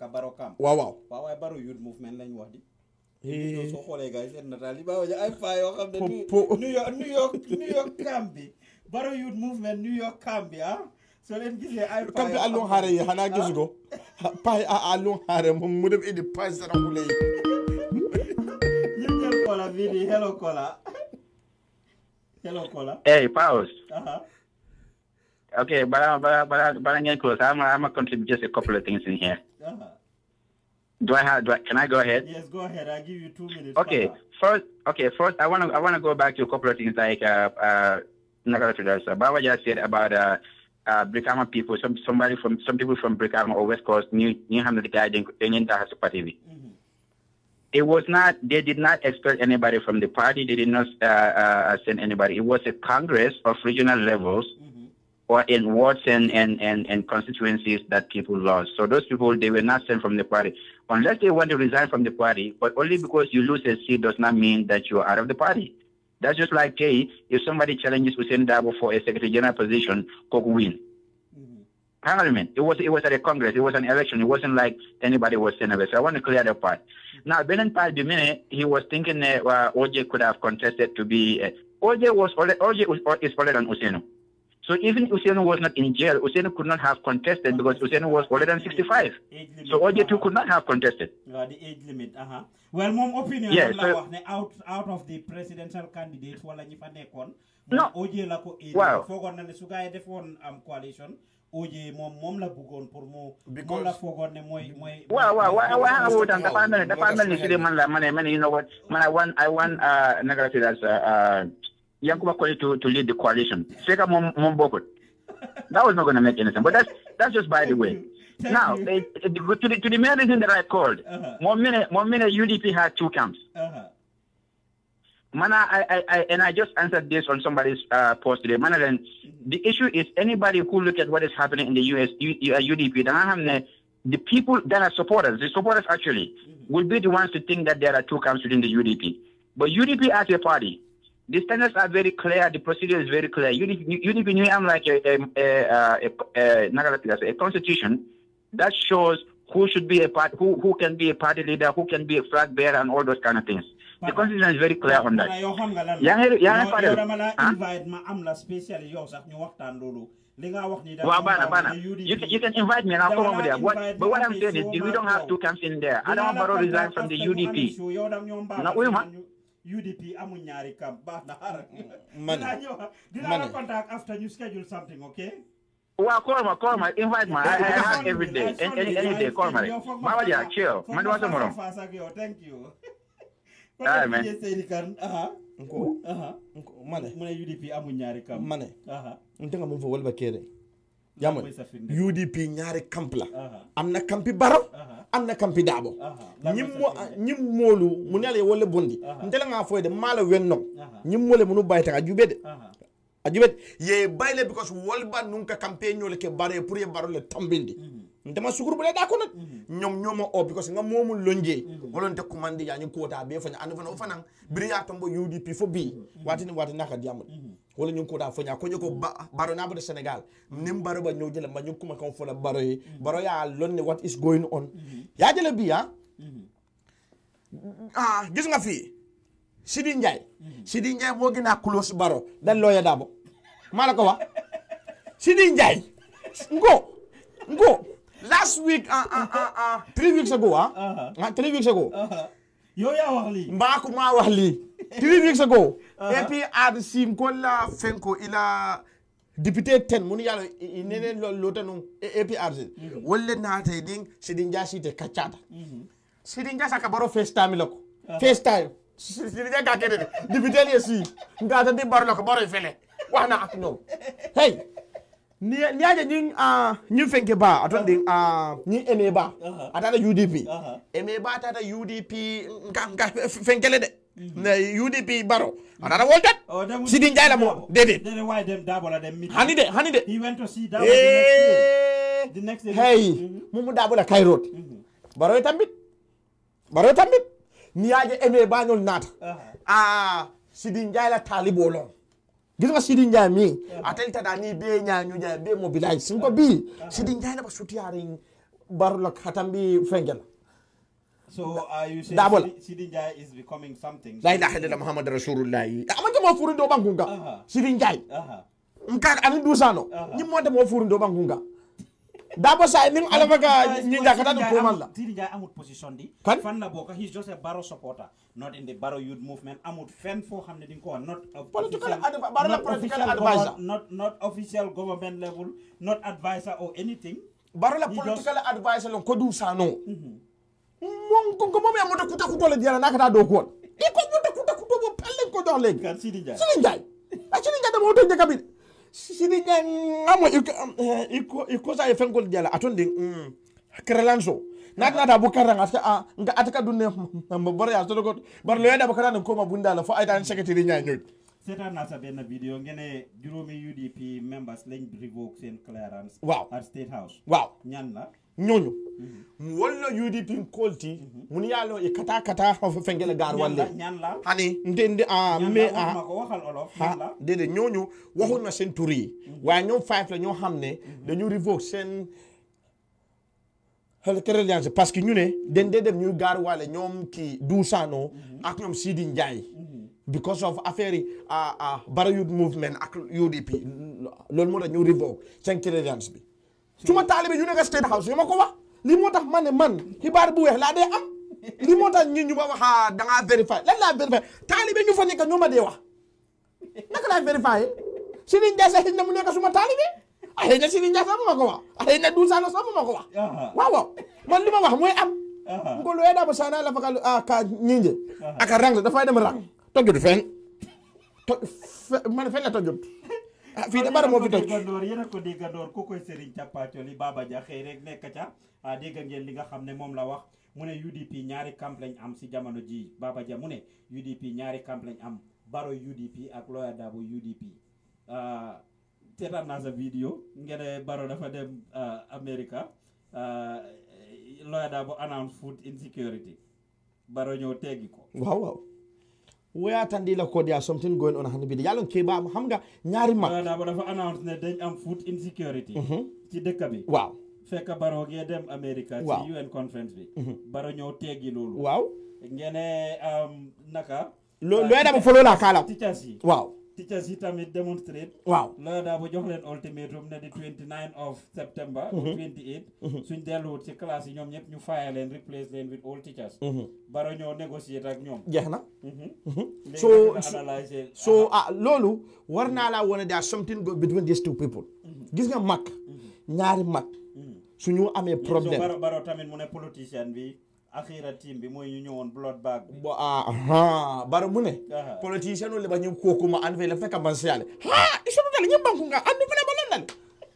a waaw waaw so let leen gisee
ay kamɓe allon haare yi hana gisugo paye a allon haare mom muɗum idi paye sara huley yimgel kola vidi hello kola hello kola
eyyi paos
ok bara bara bara bara ngeen close i'm i'm a contribute just a couple of things in here uh -huh. Do I have? Do I, can I go ahead?
Yes, go ahead. I give you two minutes. Okay. Papa.
First, okay. First, I want to I want to go back to a couple of things like uh uh Nagara Bawa just said about uh uh, people, some somebody from some people from Brikama or West Coast new knew him guy in Tahasupativi. It was not. They did not expect anybody from the party. They did not uh, uh, send anybody. It was a congress of regional levels, mm-hmm. or in wards and, and, and, and constituencies that people lost. So those people they were not sent from the party, unless they want to resign from the party. But only because you lose a seat does not mean that you are out of the party. That's just like, hey, if somebody challenges Hussein Dabo for a Secretary General position, Cook win. Mm -hmm. Parliament, it was it was at a Congress, it was an election, it wasn't like anybody was senator. So I want to clear that part. Mm -hmm. Now, Benin Palbimine, he was thinking that uh, OJ could have contested to be. Uh, OJ was OJ is already on Useno. So even Useno was not in jail, Useno could not have contested because Useno was older than 65. Limit, so OJ2 uh -huh. could not have contested.
Yeah, the age limit, uh-huh. Well, mom opinion, yeah, so, out, out of the presidential candidate, wala nyifa nekon, no. OJ lako age, wow. fogon na suga edefon um, coalition, OJ mom mom la bugon pour mo, mom la fogon ne moy, moy, wow, wow, wow, wow, wow, wow, the family, the family, man la,
man, man, you know what, man, I want, I want, uh, negative as, uh, uh, Yankuba Kole to, to lead the coalition. Seka Mumbokot. That was not going to make any sense. But that's, that's just by the way. now, eh, eh, they, to, the, to the main reason that I called, uh-huh. one minute, one minute UDP had two camps. Uh-huh. Mana, I, I, I, and I just answered this on somebody's uh, post today. Mana, then, the issue is anybody who look at what is happening in the US U, uh, UDP, the people that are supporters, the supporters actually, mm-hmm. will be the ones to think that there are two camps within the UDP. But UDP as a party, the standards are very clear. The procedure is very clear. UDP-NUIAM, like a, a, a, a, a constitution that shows who should be a part, who, who can be a party leader, who can be a flag bearer, and all those kind of things. The constitution is very clear on that. you
can you can invite me and I'll come over there. What, but what I'm saying is we don't have two camps in there. I don't want Barrow resign from the UDP. nga uyu ma. UDP amuñ ñaari kam baax na xaaral. <laughs> man dinaa ñëw dinaa la contact after ñu schedule
ma call ma invite ma <laughs> I have UDP <laughs>
amuñ ñaari
kam. la. am na campi baro. anna kampi daaɓo ñimmo ñimmolu munala e wolle bondi ntelaga foyde maala wennon ñimmole munu baytaga juɓede a juɓet ye bayle because wolba nun ka campagnole ke bare pour ye barole tambindi mhm. ntema sukuru bule da konat mhm. ñom ñoma o because nga momul lonje mhm. wolon te commande ya ñu quota be fanya an fana o fanan biri ya tombo UDP fo bi watini watini naka diamul wala ñu ngi ko daa foña ko ñoko ba baro na bude senegal nim baro ba ñoo jël ma ñu kuma kan fola baro yi baro ya lon ne what is going on mm-hmm. yaa jël bi ya ah, mm-hmm. ah nga fii Sidi Ndiaye mm-hmm. Sidi Ndiaye moo gën a close baro dan looya daabo maa la ko wax Sidi Ndiaye ngo ngo last week ah, ah, three weeks ago ah uh-huh. three weeks ago uh-huh. yow yaa wax lii mbaaku maa wax lii <laughs> three weeks ago APRC ah. kolla fenko ila député ten mun yalo nene lol lotanu APRC wolle naate din sidin jasite kaccata sidin jasa ka baro FaceTime lako ah. FaceTime sidin jaka kede député le si ngata di baro lako baro fele waxna ak ñoom hey niaje ñin uh, ah, ñin fenke ba aton din uh, uh-huh. ñin ah, eme ba uh -huh. atata udp -huh. eme ba atata udp nka nka fenkele de mm-hmm. udp baro atata woldat oh, sidi njay la mo dedet hani de hani de he went to see dabo hey. the next day la kairot mm -hmm. baro tambit baro tambit niaje eme ba ñol nata uh-huh. ah -huh. sidi njay la gis nga Sidi Ndiaye mi atel tada ni be nya nyu nya mobilize sun ko bi Sidi Ndiaye na ba suti yarin barula hatambi fengel So are you saying Dabol.
Sidi Njai is becoming
something? La ilaha illallah Muhammad Rasulullah. Ama jama furu do bangunga. Sidi Njai. Aha. Nkar ani dusano. Ni mo dama furu do bangunga. daa Sarr ni mu alama ka di
kan fan la a Barrow supporter not ne di nga ko wax not political Barrow la political adviser not not official government level not adviser or anything Barrow la political adviser
lon ko du sano mm-hmm. moom ko moom yaa mota kuta kuto la diyana nakata doo koon i ko mota kuta kuto pelle ko jox léegi Sidi Ndiaye Sidi Ndiaye ah, a Sidi sidiamo ikosa um, eh, e fenkol jala atonde hmm, kerelanso natnata bo karranga ah, a nga ataka dunne borya soto goto bar loyade abo karane koma bundala fo aytan secrétaire ñañoƴ
seetaan naa sa benn vidéo ngeen juróomi UDP members lañ revoke seen clearance. waaw at
mi wolla udp kolti mun yaalo e kata kata hofo fengele gar walle hani ndendi a me a ha dede ñooñu waxuñma seen tur yi mhm. waaye ñoom five la ñoo xam ne mhm. dañu revoke seen crédence parce que ñu ne den dee dem ñuy gaar waale ñoom kii Duusaano mhm. ak ñoom Sidi Ndiaye because of affaire yi ah, ah, bara youth movement ak UDP loolu moo tax ñu revoke seen crédence bi suma taalibe ñu ne nga house ñu ma ko wax li motax mané man xibar bu weex la dé am li motax ñu ñu ba waxa da nga vérifier lan la vérifier talibé ñu fa nek ñoo ma dee wax nak la vérifier Serigne Ndiaye sax xëy na mu nek suma talibé ay na Serigne Ndiaye sax mu ma wax ay na Doudou Sané sax mu wax waaw waaw man li ma wax moy am ko ya. looyee daa ba saana la ah, kal a ka ñinje ya. aka rang fay dem rang tojut fen to man fen la tojut ah, fi da bar mo fi toj
yéen a ko déggandoor ku koy Serigne Thiapathioly Baba Dia rek nekk ca Ah, dégg ngeen li nga xam ne moom la wax mu ne UDP ñaari camp lañ am si jamono ji Baba Jah mu ne UDP ñaari camp lañ am Barrow UDP ak Lawyer Darboe UDP ah, seetaan naa sa vidéo nga ne Barrow dafa dem ah, America Lawyer Darboe announce food insecurity Barrow ñëw teggi ko
waaw waaw
woyaatandi la ko there is something going on xam bi yàlla kii ba xam nga ñaari mag Lawyer Darboe dafa announce ne dañ am food insecurity mm-hmm. ci dëkk bi fekk Barrow ngeen dem America
ci UN conference bi mhm. Barrow ñëw teggi loolu waaw ngeene um, naka Lawyer ah, Darboe follow la kaalaw teachers yi waaw teachers yi tamit demonstrate waaw Lawyer Darboe jox leen ultimatum ne di 29 of September 28 mhm. mhm. suñ delluwut ci classe yi ñoom ñëpp ñu fire leen replace leen with all teachers Barrow ñoo négocier ak ñoom
jeex na so so ah loolu war naa laa wane there something between these two people gis nga mag ñaari mag suñu amee problème baro
baro tamit mu ne politicien bi akhira team bi mooy ñu ñëwoon blood bag bi ah,
ah, mu ne politicien no le ba ñu ko kuma an fe le fe kaman siale ha isuru dal ñu banku nga andu fele ba lan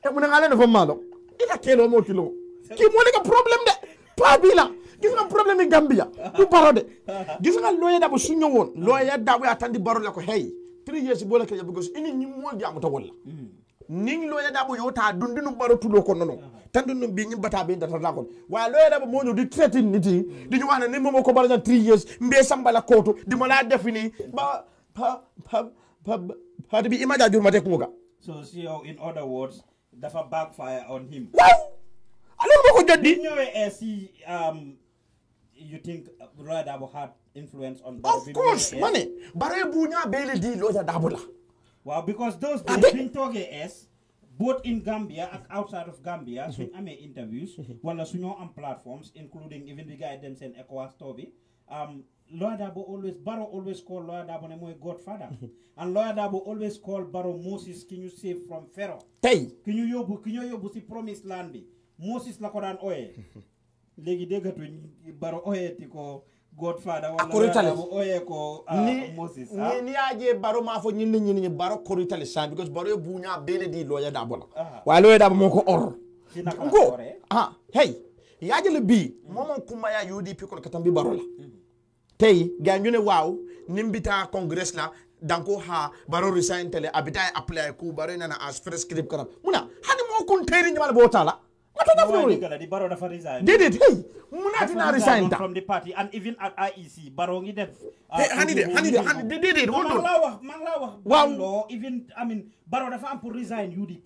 te mu ne ngale no fama do ita kelo mo kilo ki mo le ka problème de pa bi la gis nga du baro de <laughs> gis nga lawyer dabo su ñëwoon lawyer dabo ya tandi baro la ko hey three years bo la ke ya bugos ini ñi mo jaamu ta wala hmm. ning lawyer dabo yo ta dundinu baro tulo ko nono tandu ɗum mbi ñim bata ɓe datata kon wa loyera ɓe moƴo di traité nit yi diñu wana ni momo ko ɓaraña three years mbiye sambala koto dimala defini ba pa pa pa hade ɓi imaja jurmate kuuga
so so in other words dafa backfire on him wow
alon moko joddi ñowe e
eh, si um, you think uh, Roy Dabo had influence on Of course, money.
Bare bunya bele di loja Dabo la.
Well, because those things been talking is both in Gambia ak <laughs> outside of Gambia <laughs> suñ amee interviews wala suñoo am platforms including even bi gars dem seen ECOWAS tour bi um, Lawyer Darboe always Barrow always call Lawyer Darboe ne mooy godfather <laughs> and Lawyer always call Barrow Moses ki ñu save from Pharaoh tey ki ñu yóbbu ki ñu yóbbu si promised land bi Moses la ko daan ooyee
léegi déggatuñ Barrow ooyeeti ko godfather because baro bu nya bele di loya da bola wa loya or ngo ah hey yaje le bi udp ko katambi baro la mhm. tay ganjune waw nimbita congress la danko ha baro resign tele abita apply ku baro nana as first script kana muna hani mo kun tayri nyama botala What on earth no
The Barrow dafa resign. Déedéet hey mu naati naa resign ta. From the party and even at IEC Barrow ngi def. Hani de hani de hani déedéet hold on. Maa wax maa la wax. Waaw even I mean Barrow dafa am pour resign UDP.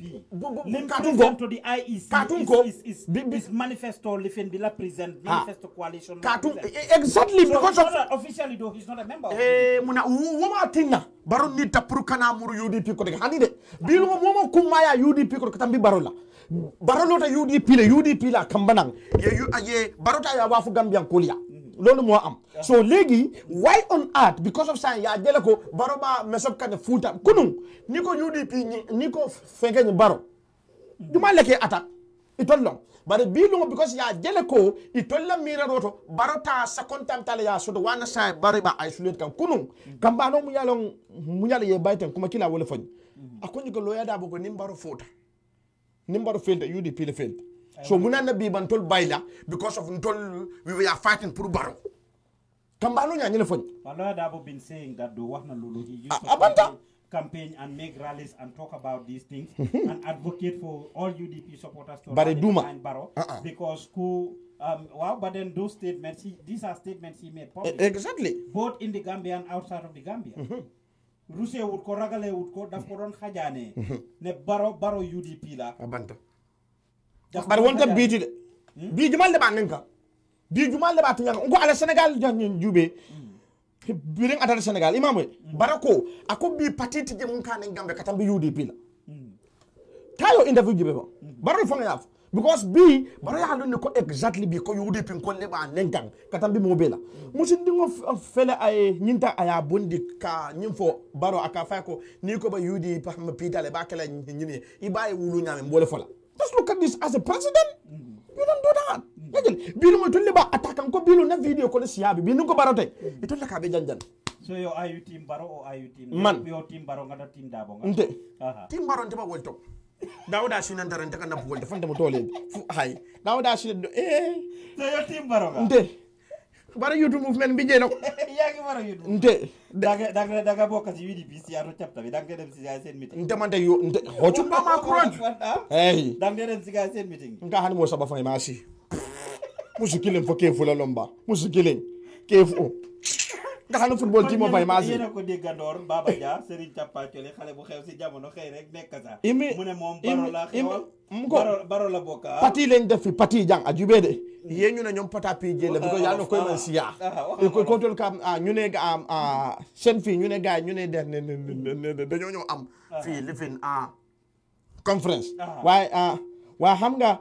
Lim present to the IEC. Katun ko is manifesto lifen bi
la present manifesto
coalition. Katun e- exactly because of officially though he's not a member. Eh
muna woma tinna. baro ni tapuru kana muru UDP ko de hanide bilmo momo kumaya UDP ko tambi barola barolota UDP le UDP la kambanan ye ye barota ya wafu gambian kolia loolu moo am so léegi why on earth because of ça yaa jële ko baro ba mesop kane fuuta kunun ni UDP ni ko fenkeñ baro duma lekkee attaque But bare bilungo because ya jele ko itolla mira roto barota sakontam tala ya soto wana sa bare ba isolate kan kunung kamba no mu yalong mu yalla ye bayten kuma kila wala fany mhm. akoni ko loya da boko nimbaro fota nimbaro felta UDP le felta so munana bi ban tol bayla because of ntol we were fighting pour baro kamba no nya nyele fany loya da bo
been saying that do wahna lulu he used campaign and make rallies and talk about these things mm-hmm. and advocate for all UDP supporters to but Duma. uh -uh. because who um, but then those statements, he, these are statements he made public. Exactly. Both in the Gambia and outside of the Gambia. Mm-hmm. Russia would ko ragale would call daf ko mm-hmm. ne
baro baro UDP la abanta ah, bar wonta biiti de hmm? bi jumal de ba nenka bi jumal de ba tanga ala senegal jan jubé birin atare senegal imamwe mm. barako ako bi patiti je mun kanen gambe katambi udp la mm. tayo interview jibe ba mm. baro fanga yaf because bi baro ya halu ko exactly bi ko udp ko leba nengang katambi mobe la musin dingo uh, fele ay nyinta aya bondi ka nyimfo baro aka fa ko ni ko ba udp pidale ba kala nyini ibaye wulu nyame mbole fola just look at this as a president You don't do that. Yakin bilu mo tulli ba a ko bilu na video ko siya bi binu ko barote. Itu la kabe janjan.
So yo Man. Nte. Team baro nte ba wolto.
Dawda shi nan taranta kan na wolto fanta mo tole. Hai. Dawda shi eh. So yo team baro Nte. bara youtube movement bi jeyna <laughs> ko yaangi wara youtube nte daga daga daga bokk ci wi di bi ci yaro chapter bi dang ngay dem ci ga sen meeting nte man day yo nte ho ci ba ma ko ronj hey dang ngay dem ci ga sen meeting nga han mo sa ba fay e ma si musu kilen fo ke fu e la lomba musu kilen ke fu e oh. nga xam ne football ji moo bay maas yi yéen a
ko déggandoor Baba Dia Serigne Thiapathioly xale bu xew si jamono xëy rek nekk sa mu ne moom baro
la xewal baro la bokk ah. pati lañ def fi pati jàng a jubee de mm. yee ñu ne ñoom pata pi jël la bi na koy ah, mën si yaa ah, ko kontol kam ñu ne seen fii ñu ne gars ñu ne de ne dañoo ñëw am fii li fin conférence waaye waaye xam nga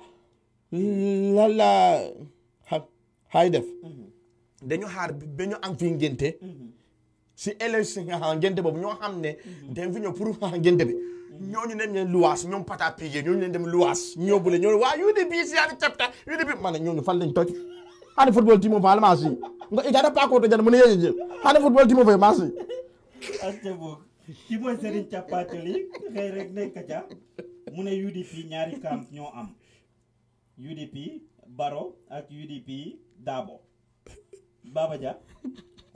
la la xay def mm-hmm. dañu xaar ba ñu am fi ngénte si élection ngénte boobu ñoo xam ne dañ fi ñëw pour ngénte bi ñooñu leen leen luwaas ñoom pata pige ñooñu leen dem luwaas ñoo bule ñoo waa UDP si yaani capta UDP man ñooñu fan lañ toj hani football team fa alma si ngo igada pa ko to jan mu ne yeje hani football team fa ma si
aste bo ki mooy Serigne Thiapathioly xëy rek nekk ca mu ne UDP ñaari camp ñoo am UDP Barrow ak UDP Baba ja.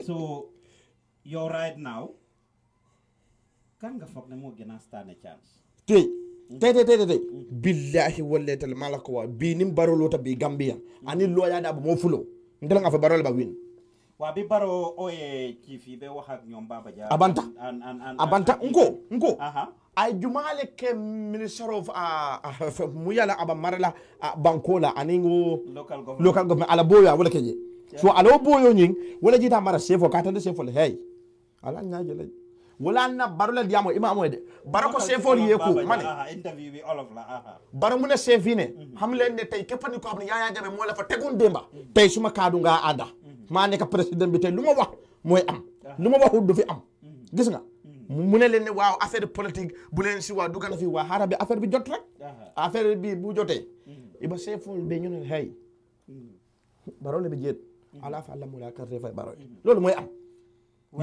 so you right now kan nga foog ne mo gëna a chance.
Mm. tey tey tey tey tey billahi walleetal maa wa bi nim barolo ta bi Gambia mm. ani loya da ba moo fulo ndela nga fa barol ba win
wa bi baro oye ci fi be wax ak ñom Baba ja abanta abanta nko
nko ay jumaale ke minister of ah, ah, mu yàlla aba marala ah, banko la ani ngo local government ala boya wala keje so ala boyo nyin wala jita mara sefo ka tande sefo hey ala nya jele wala na barola diamo imamo de barako sefo ye ko mane la aha baro mun sefi xam len ne tay kepani ko xam ne yaaya jabe mo la fa tegun demba tay suma kadu nga ada ma nekk président bi tay luma wax mooy am luma waxu du fi am mhm. gis nga mhm. mu ne leen ne waaw affaire politique bu leen si waa na fi waa xaaral bi affaire bi jot rek. affaire bi bu jotee. Mhm. i ba seeful be ñu hey. baro bi jeet. Mhm. ala fa allah mula karre fay baro loolu mooy am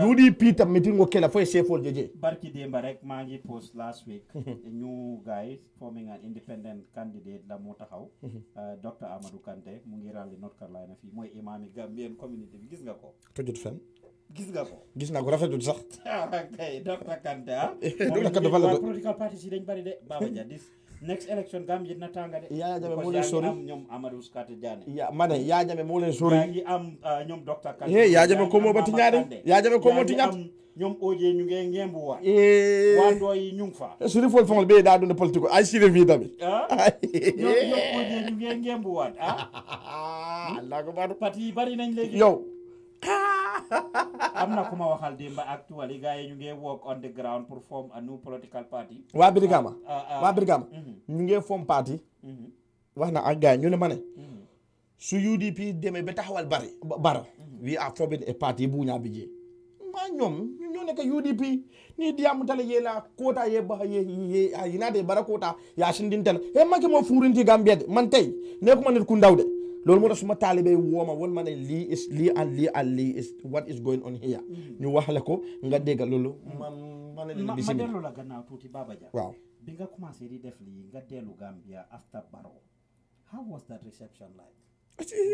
UDP tam meeting ko kela foy sefol jeje
barki demba rek maa ngi post last week a <laughs> mhm. new guy forming an independent candidate la moo taxaw mhm. euh, docteur Amadou Kanté mu ngi ràlli North Carolina fii mooy imaami Gambien community bi gis nga ko tojut fen gis nga ko gis naa ko rafetul sax <laughs> ah kay docteur Kanté ah <laughs>
docteur Kanté wala political
parties yi dañ bari de Baba Jah next election Gambie dina tànga de. Yaya Jammeh moo leen sori am ñoom Amadou yaa ngi am uh, eh, ko moo ba ti ñaari Yaya Jammeh ko moo ti ñaat. ñu ngi ngembu wa. Eh. waandoo yi ñu ngi eh, suri
fol fongol bee daa dund politique ay sire fii wa
ah. <laughs> ah? <laughs> allah ko yi bari nañ léegi
yow. Ah!
am na ku ma waxal démb actually gars yi ñu ngi form a new political party. waa ah,
ah, ah. Mhm.
Mhm.
na ak ñu ne ma ne. Mhm. su UDP demee ba taxawal bari bara we are forming a party bu ñaa bijee maa ñoom ñoo nekk UDP ni diyamutale ye la kota ye ba ye ye a yinade bara kota ya shindintele he make mo furinti gambia de man tey nekkuma nit ku ndaw de loolu moo tax suma taalibee woo ma ma lii is lii and lii lii is what is going on here mm-hmm. ñu wax ko nga dégg loolu
ma ma ne leen ma dellu la waaw bi nga commencé di def lii nga dellu Gambia after Barrow how was that reception like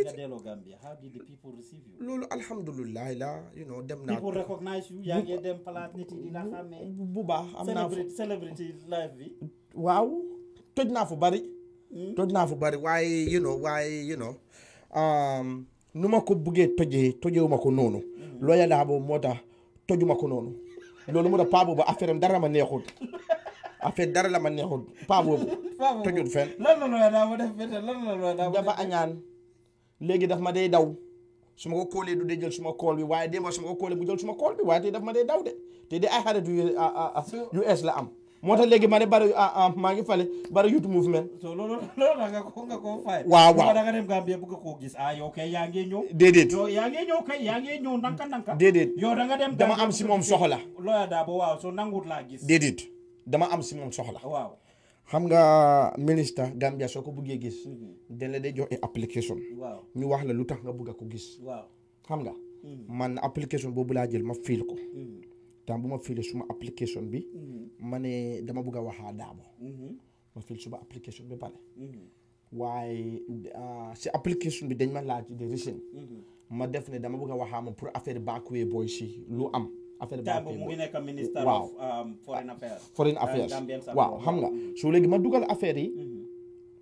nga delloo Gambia how did the people receive you loolu
alhamdulilah la you know dem naa people recognize you yaa ngi dem palaat nit yi bu baax am naa celebrity life bi waaw toj naa fu bari Mm. toj naa fu bari waaye you waaye you know um, nu ma ko buggee tojee tojewu ko noonu mm. looya daa boobu moo tax toju ko noonu loolu moo tax paa boobu affaire dara ma neexul affaire dara la ma neexul paa boobu <laughs> tojul fenn lan la ma def lan la looya daa ma def dafa añaan léegi daf ma day daw su ma ko koolee du dee jël suma kool bi waaye démb su ma ko koolee bu jël suma kool bi waaye daf ma day daw de te de ay xarit yu US la am moo ta léegi ma ne bari ah, ah maa ngi fale bari youth movement. so waaw
waaw da nga dem Gambia bëgg koo gis ah yow yaa ngi ñëw.
déedéet yaa
ngi ñëw yaa ngi ñëw ndanka ndanka. déedéet dama am si moom soxla. looya daa ba soo nanguut laa gis. déedéet
dama am si moom soxla. waaw xam nga ministre Gambia soo ko bëggee gis. Mhm. den la day jox application. waaw ñu wax la lu tax nga bëgg ko gis. xam nga. Mhm. man application boobu laa jël ma fiil ko. Mhm. temps bu ma file suma application bi. Mhm. ma ne dama bugg a waxaa Darboe. Mhm. ma file suma application bi pare. Mhm. waaye ah, si application bi dañ ma laaj de reason. ma def ne dama bugg a waxaa ma pour affaire backway boy si lu am. affaire backway boy mu ngi nekk ministre of
um, waaw xam nga
soo léegi ma dugal affaire yi.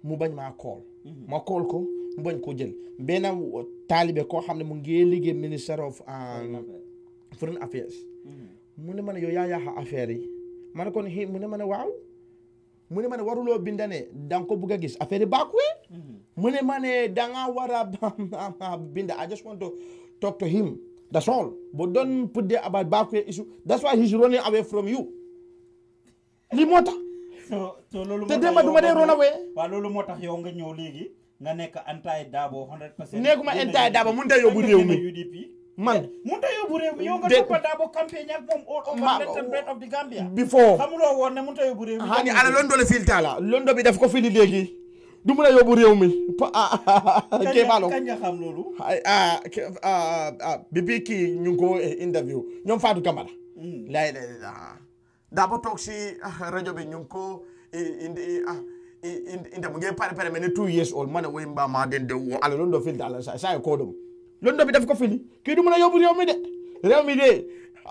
mu bañ maa kool. ma kool ko mu bañ ko jël benn taalibe koo xam ne mu ngi liggéey ministre of um, foreign affairs. mu ne ma ne yow yaa yàq affaire yi ma ne kon hi mu ne ma ne mu ne ma ne waruloo binda ne da nga ko bugg gis affaire baak baakuwee. Mm-hmm. mu ne ma ne da nga a binda I just want to talk to him that's all but don't put there about baakuwee issue that's why he's running away from you li moo tax. te loolu
moo tax te démb duma dee run away.
waaw loolu moo tax yow nga ñëw léegi nga nekk antaay daabo 100 pour a
mi man
munta yóbbu réew mi yow nga tuba
Dabo
campaign ak moom over length and breadth of before xamuloo ala londo le
filta la bi daf ko fili léegi du mun a yóbbu réew mi kebaalo kañ nga xam loolu bi bii kii ñu ngi ko interview ñoom Fatou Camara lay lay toog si rajo bi ñu ngi ko indi indi mu ngi pare pare mene den de wo ala londo filta la saa ko dum loolu bi daf ko fini kii du mën a yóbbu réew mi de réew mi de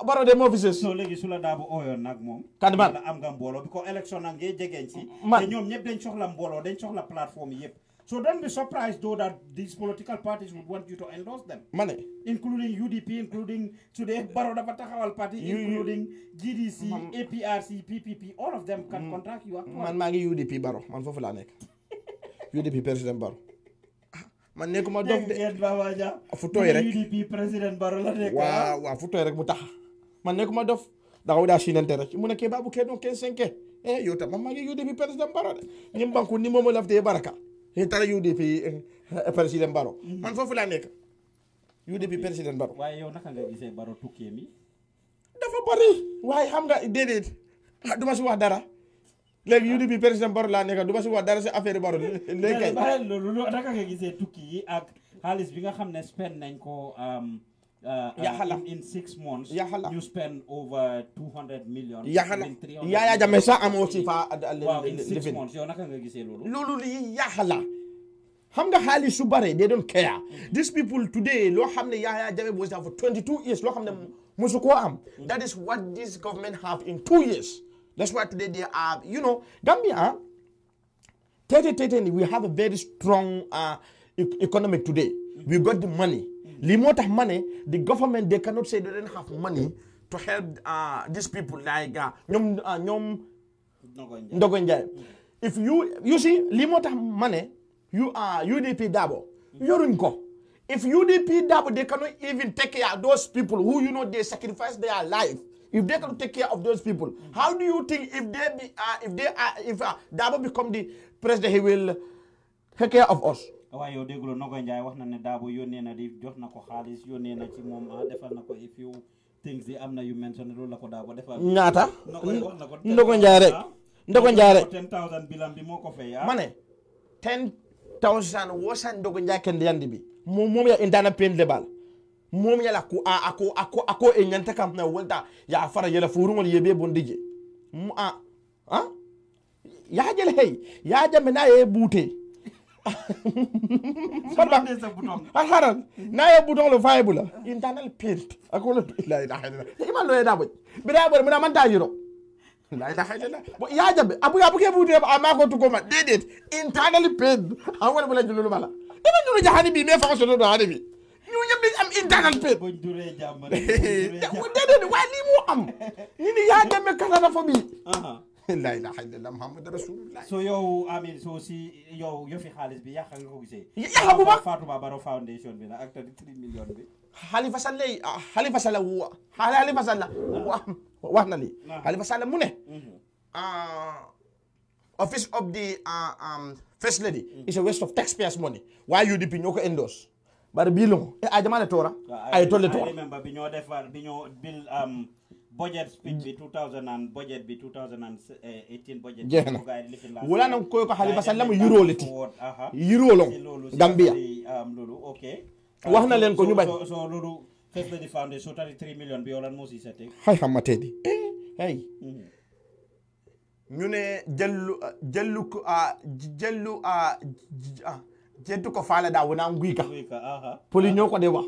baro
de moo fi léegi su la daa bu ooyoon nag am nga mbooloo bi ko élection nag ngay jegeeñ si man te ñoom ñëpp dañ soxla mbooloo dañ soxla plateforme yëpp so don't be surprised though that these political parties would want you to endorse them ma including UDP including today baro dafa taxawal parti including GDC APRC PPP all of them can mm. contract you man maa ngi
UDP baro man foofu laa nekk UDP <laughs> président baro man nekkuma dof de ah, fu tooy rek président Barrow la nekk waaw ah. waaw fu tooy rek mu tax man nekkuma dof daxaw daa sinante rek mu ne ke babu ke ɗon ken senke e eh, yo tan mamma ke UDP président Barrow de ñim banku ni momo lafde baraka he eh, tara UDP eh, président Barrow mm-hmm. man foofu laa nekk UDP président Barrow waaye yow naka nga gisee Barrow tukkee mi dafa bari waaye xam nga déedéet ah, duma si wax dara léegi yu ni bi président Barrow laa nekk du ma si wax dara si affaire Barrow léegi kay
loolu naka nga gisee tukki ak xaalis bi nga xam spend nañ ko yaxala in six months yaxala you spend over two hundred million yaxala
Yaya Jammeh sax amoo si fa waaw in six months yow naka nga gisee loolu loolu li yaxala xam nga xaalis su bare they don't care mm-hmm. these people today loo xam ne Yaya Jammeh was there for 22 years loo xam ne musu koo am mm-hmm. that is what this government have in two years that's why today they are, you know, Gambia, 30, we have a very strong uh, economy today. We got the money. The of money, the government, they cannot say they don't have money to help uh, these people like uh, Nyom, uh, Nyom Ndogonjai. If you, you see, the of money, you are UDP double. You're in go. If UDP double, they cannot even take care of those people who, you know, they sacrifice their life if they can take care of those people, how do you think if they be, uh, if they are, if uh, Dabo become the president, he will take care of us? waaye yow déglu Nogoy Njaay wax na ne
Dabo yónnee na di jox na ko xaalis yónnee na ci moom ah, defal na ko if you things yi am na yu mentionné loolu la ko Dabo defal. ñaata
Nogoy Njaay rek ah. Nogoy Njaay rek.
ten thousand bilam bi moo ko fay ah. ma ne
ten thousand wosan Nogoy Njaay kenn yandi bi moom moom yaa indaana pain lebal mom yala ko a ako ako ako e nyanta kam na wanda ya fara yala furungol yebe bondije mu a ha ya jele hey ya jame na ye bute barba har har na ye buton lo viable internal paint ako lo la ilaha illa a lo e da bo bida bo mun man ta yiro
la ilaha illa
bo ya jabe abu abu ke bute amma ko to ko ma dedet internal paint awon bula jululu mala ima nuru jahani bi me fa ko so do hanibi ñu ñep it doesn't pay. déedéet waaye lii
moo am. ñu <laughs> ni yaa demee Canada fa bii.
la ilaha illallah muhammad rasulullah.
so yow Amin so si yow yofi xaalis bi yàq nga ko gisee. yàq bu ma Fatouba Barrow Foundation
bi nag ak tamit 3 million bi. Halifa Saleh ah, Halifa Saleh wa ah, Halifa Saleh uh-huh. wax na lii. Uh-huh. Halifa Saleh mu ne. Mm-hmm. Ah, office of the um, first lady. Mm-hmm. is a waste of taxpayers' money. waaye UDP ñoo ko endorse. bare biiliŋo e eh, a jamane toora a ah, ye tolle toora
bi ñoo defar bi ñoo bil um, budget speed bi 2000 and budget bi 2018 budget jeex na wala nan koy ko halifa sallamu yuro le ti
yuro long gambia
lolu um,
wax na leen ko ñu bañ
so lolu fefle di million bi yolan mo si sete eh?
hay xam matedi eh, hey mm-hmm. ñu ne jellu jellu ah, a ah, jellu a jettuko faaleɗa wona guyka poliño ko de wa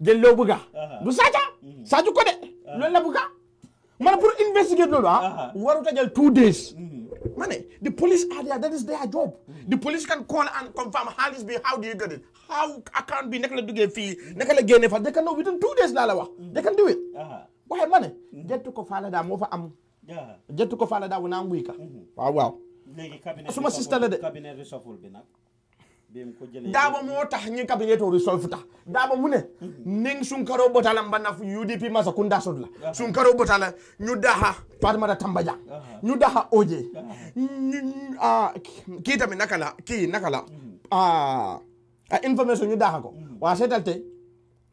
jello buga ndu saca mhm. saju ko de lolla buga mana pour investigate lolu ah, ha waruta jal two days mhm. mane the police are there that is their job the police can call and confirm haalis bi how do you get it how account bi naka la duggee fii naka la génne fa they can know within two days laa la wax mhm. they can do it waaye mane jettu ko faaleɗa moo fa am jettu ko faaleɗa wona guyka waaw waaw suma sista la de cabinet daaba moo tax ñiŋ kabinet o resolfuta daaba mu ne mhm. niŋ sunkaroo bota la mbanna UDP masa kunda sodu la sunkaroo bota la ñu daha Fatoumata Tambaja ñu daha OJ ah, kii tamit naka la kii naka la mhm. a ah, ah, information ñu daha ko mhm. waa seetal te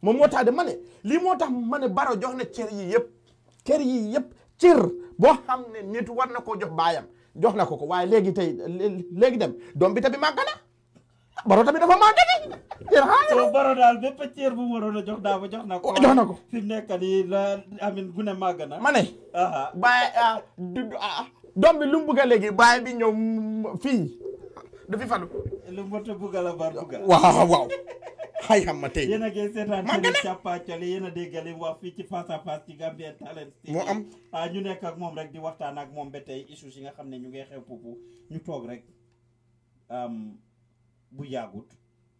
moom moo tax de ma lii moo tax ma ne baro jox na cër yi yëpp cër yi yëpp cër boo xam ne nit war na koo jox baayam jox na ko ko waaye léegi tey léegi dem doom bi tamit màgg baro tamit dafa manqué ni
yéen xaar so baro daal bépp cër bu mu waroon a jox daa ba jox na ko jox na fi mu nekk la amin gune màgg
na ma ne bàyyi ah doom ah, ah. bi lu mu bëgg a léegi bàyyi bi ñëw fii du fi falu lu mbota bëgg la bar bëgg waaw waaw hay hamma tey eh. yéen
a ngi seetaan télé càppaacoli yéen a déggali wax fii ci face à face ci Gambian Talents moo am ah ñu nekk ak moom rek di waxtaan ak moom ba tey issues yi nga xam ñu ngi xew puupu ñu toog rek bu yàggut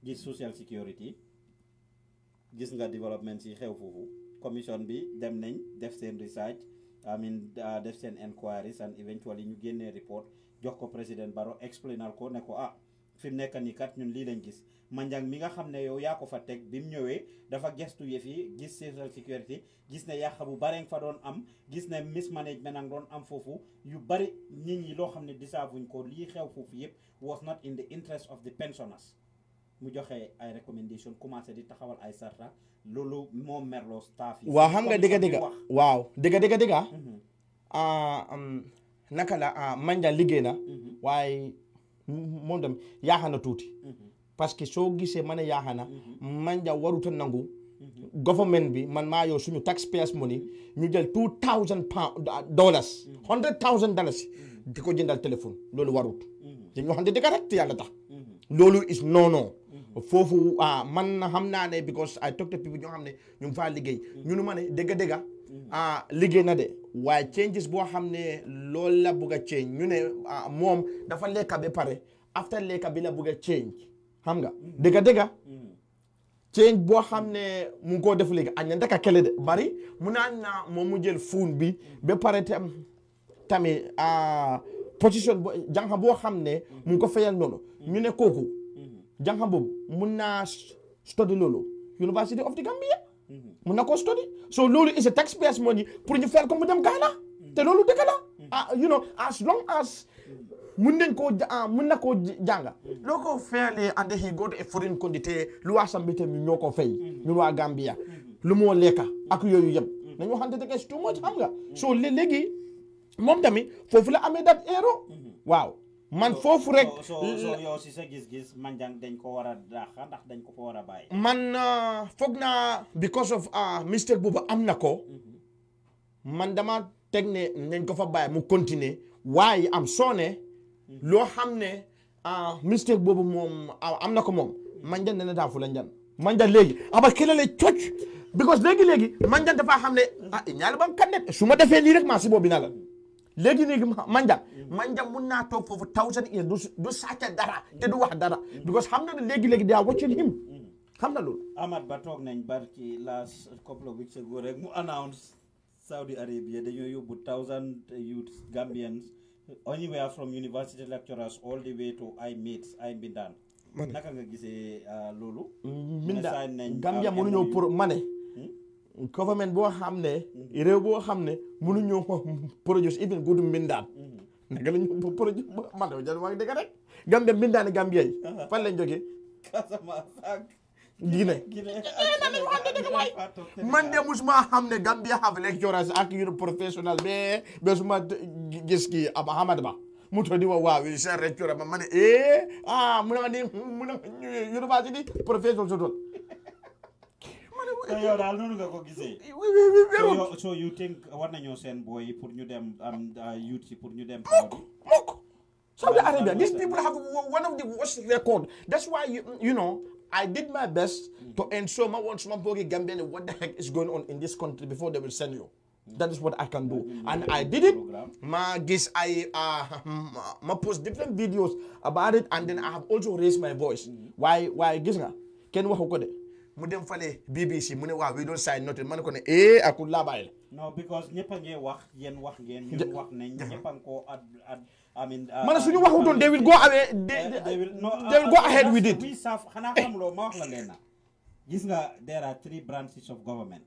gis social security gis nga development si xew foofu commission bi dem nañ def seen research I mean uh, def seen inquiries and eventually ñu génnee report jox ko président Barrow explainal ko ne ko ah fi mu nekk nii kat ñun lii lañ gis Manjang mi nga xam ne yow yaa ko fa teg bi mu ñëwee dafa gestu yëf gis social security gis ne yàq bu bare nga fa doon am gis ne mismanagement nga doon am foofu yu bari nit ñi loo xam ne disaavuñ ko lii xew foofu yëpp was not in the interest of the mu joxe ay recommendation commencé di taxawal ay sarta loolu moo merloo staff yi xam nga dëgga dëgga
waaw dëgga dëgga dëgga mm-hmm. ah, naka la ah, Manja liggéey na mm-hmm. waaye moom tam yaaxana tuuti mm-hmm. parce que soo gisee ma ne yaaxana Manja waruta nangu government bi man maa yow suñu taxpayers money ñu jël two thousand pound dollars hundred thousand dollars di ko jëndal téléphone loolu warut dañu waxante dëgg rek te yàlla tax mhm. loolu is non non mhm. foofu ah, man na xam naa ne because I talk to people ñoo xam ne ñu faa liggéey mhm. ñunu ma ne dëgg dëgg ah. ah liggéey na de waaye changes boo xam ne loolu la bëgg change ñu ne ah, moom dafa lekka ba pare after lekka bi la bëgg a change xam nga dëgg dëgg change boo xam ne mu ngi koo def léegi añ na ndaka kele de bari mu naan na moom mu jël fuun bi ba pare tamit position bo jànxa boo xam ne mu ko fayal loolu mm-hmm. ñu ne kooku mm-hmm. jànxa boobu mun naa study loolu University of the Gambia mm-hmm. mun na ko study so loolu is a taxpayers money pour ñu fayal ko mu dem Ghana te loolu dëgg la ah you know as long as mun nañ koo ah, mun na koo jànga loo ko fayalee and he go to a foreign country te lu waa sambite mi ñoo ko fay ñun waa Gambia lu moo lekka ak yooyu yëpp nañ waxante dëgg too much xam nga so léegi moom tamit foofu la amee dat eero mhm. waaw man foofu rek. yow
si sa gis-gis Manjang dañ ko war a dàq ndax dañ ko ko war a bàyyi. man
euh, foog naa because of euh, Mr Buba am na ko mhm. man dama teg ne nañ ko fa bàyyi mu continuer waaye am soone mhm. loo xam ne euh, mistake boobu moom am na ko moom Manjang dana daa fu la njan Manjang léegi aba kelale coc because léegi-léegi Manjang dafaa xam ne ah, a ah ñaari ba kandet su ma defee lii rek maa si boobu na la léegi léegi manjang manjang mm. mun naa toog foofu thousand years du du dara te du wax dara because xam na ne léegi léegi they are watching him mm. xam na
loolu Amad Ba toog nañ barki last couple of weeks ago rek mu announce Saudi Arabia dañoo yóbbu thousand youth Gambians anywhere from university lecturers all the way to ay mates ay mbindaan naka nga gisee ah, loolu mm, mbindaan Gambia mënuñoo pour ma ne
government boo xam ne mm-hmm. boo xam ne mënuñoo produce even good mbindaan mm-hmm. naka la ñu produce <laughs> man de jël wax dëgg rek Gambia mbindaani Gambia yi uh-huh. fan lañ jógee Casamance ak Guinée man de musuma ne Gambia ak yu professionnels mais mais suma gis kii Hamad Ba mu toog di wax waaw seen
recteur ma ne
eh ah mu ne So you think noonu nga ko gisee. so you think war
nañoo seen booy pour ñu dem am um, uh, youth Put pour ñu dem. mukk mukk Saudi Arabia
these uh, people have one of the worst record that's why you, you know I did my best mm. to ensure my one small boy Gambian what the heck is going on in this country before they will send you. Mm. That is what I can do. And I did it. My guess, I uh, my post different videos about it, and then I have also raised my voice. Mm. Why, why, guess nga? Ken wa it? mu dem fale BBC mu ne waaw we don't sign nothing ma ne ko ne eh akul laabaay la.
non because ñëpp a ngi wax
yéen wax ngeen. ñu wax ne ñëpp a ngi koo ad ad. I mean, uh, man, suñu uh, waxu doon they will
go away. They, they, they will, no, they will go uh, ahead with it. We serve xanaa xam loo ma wax la leen na. gis nga there are three branches of government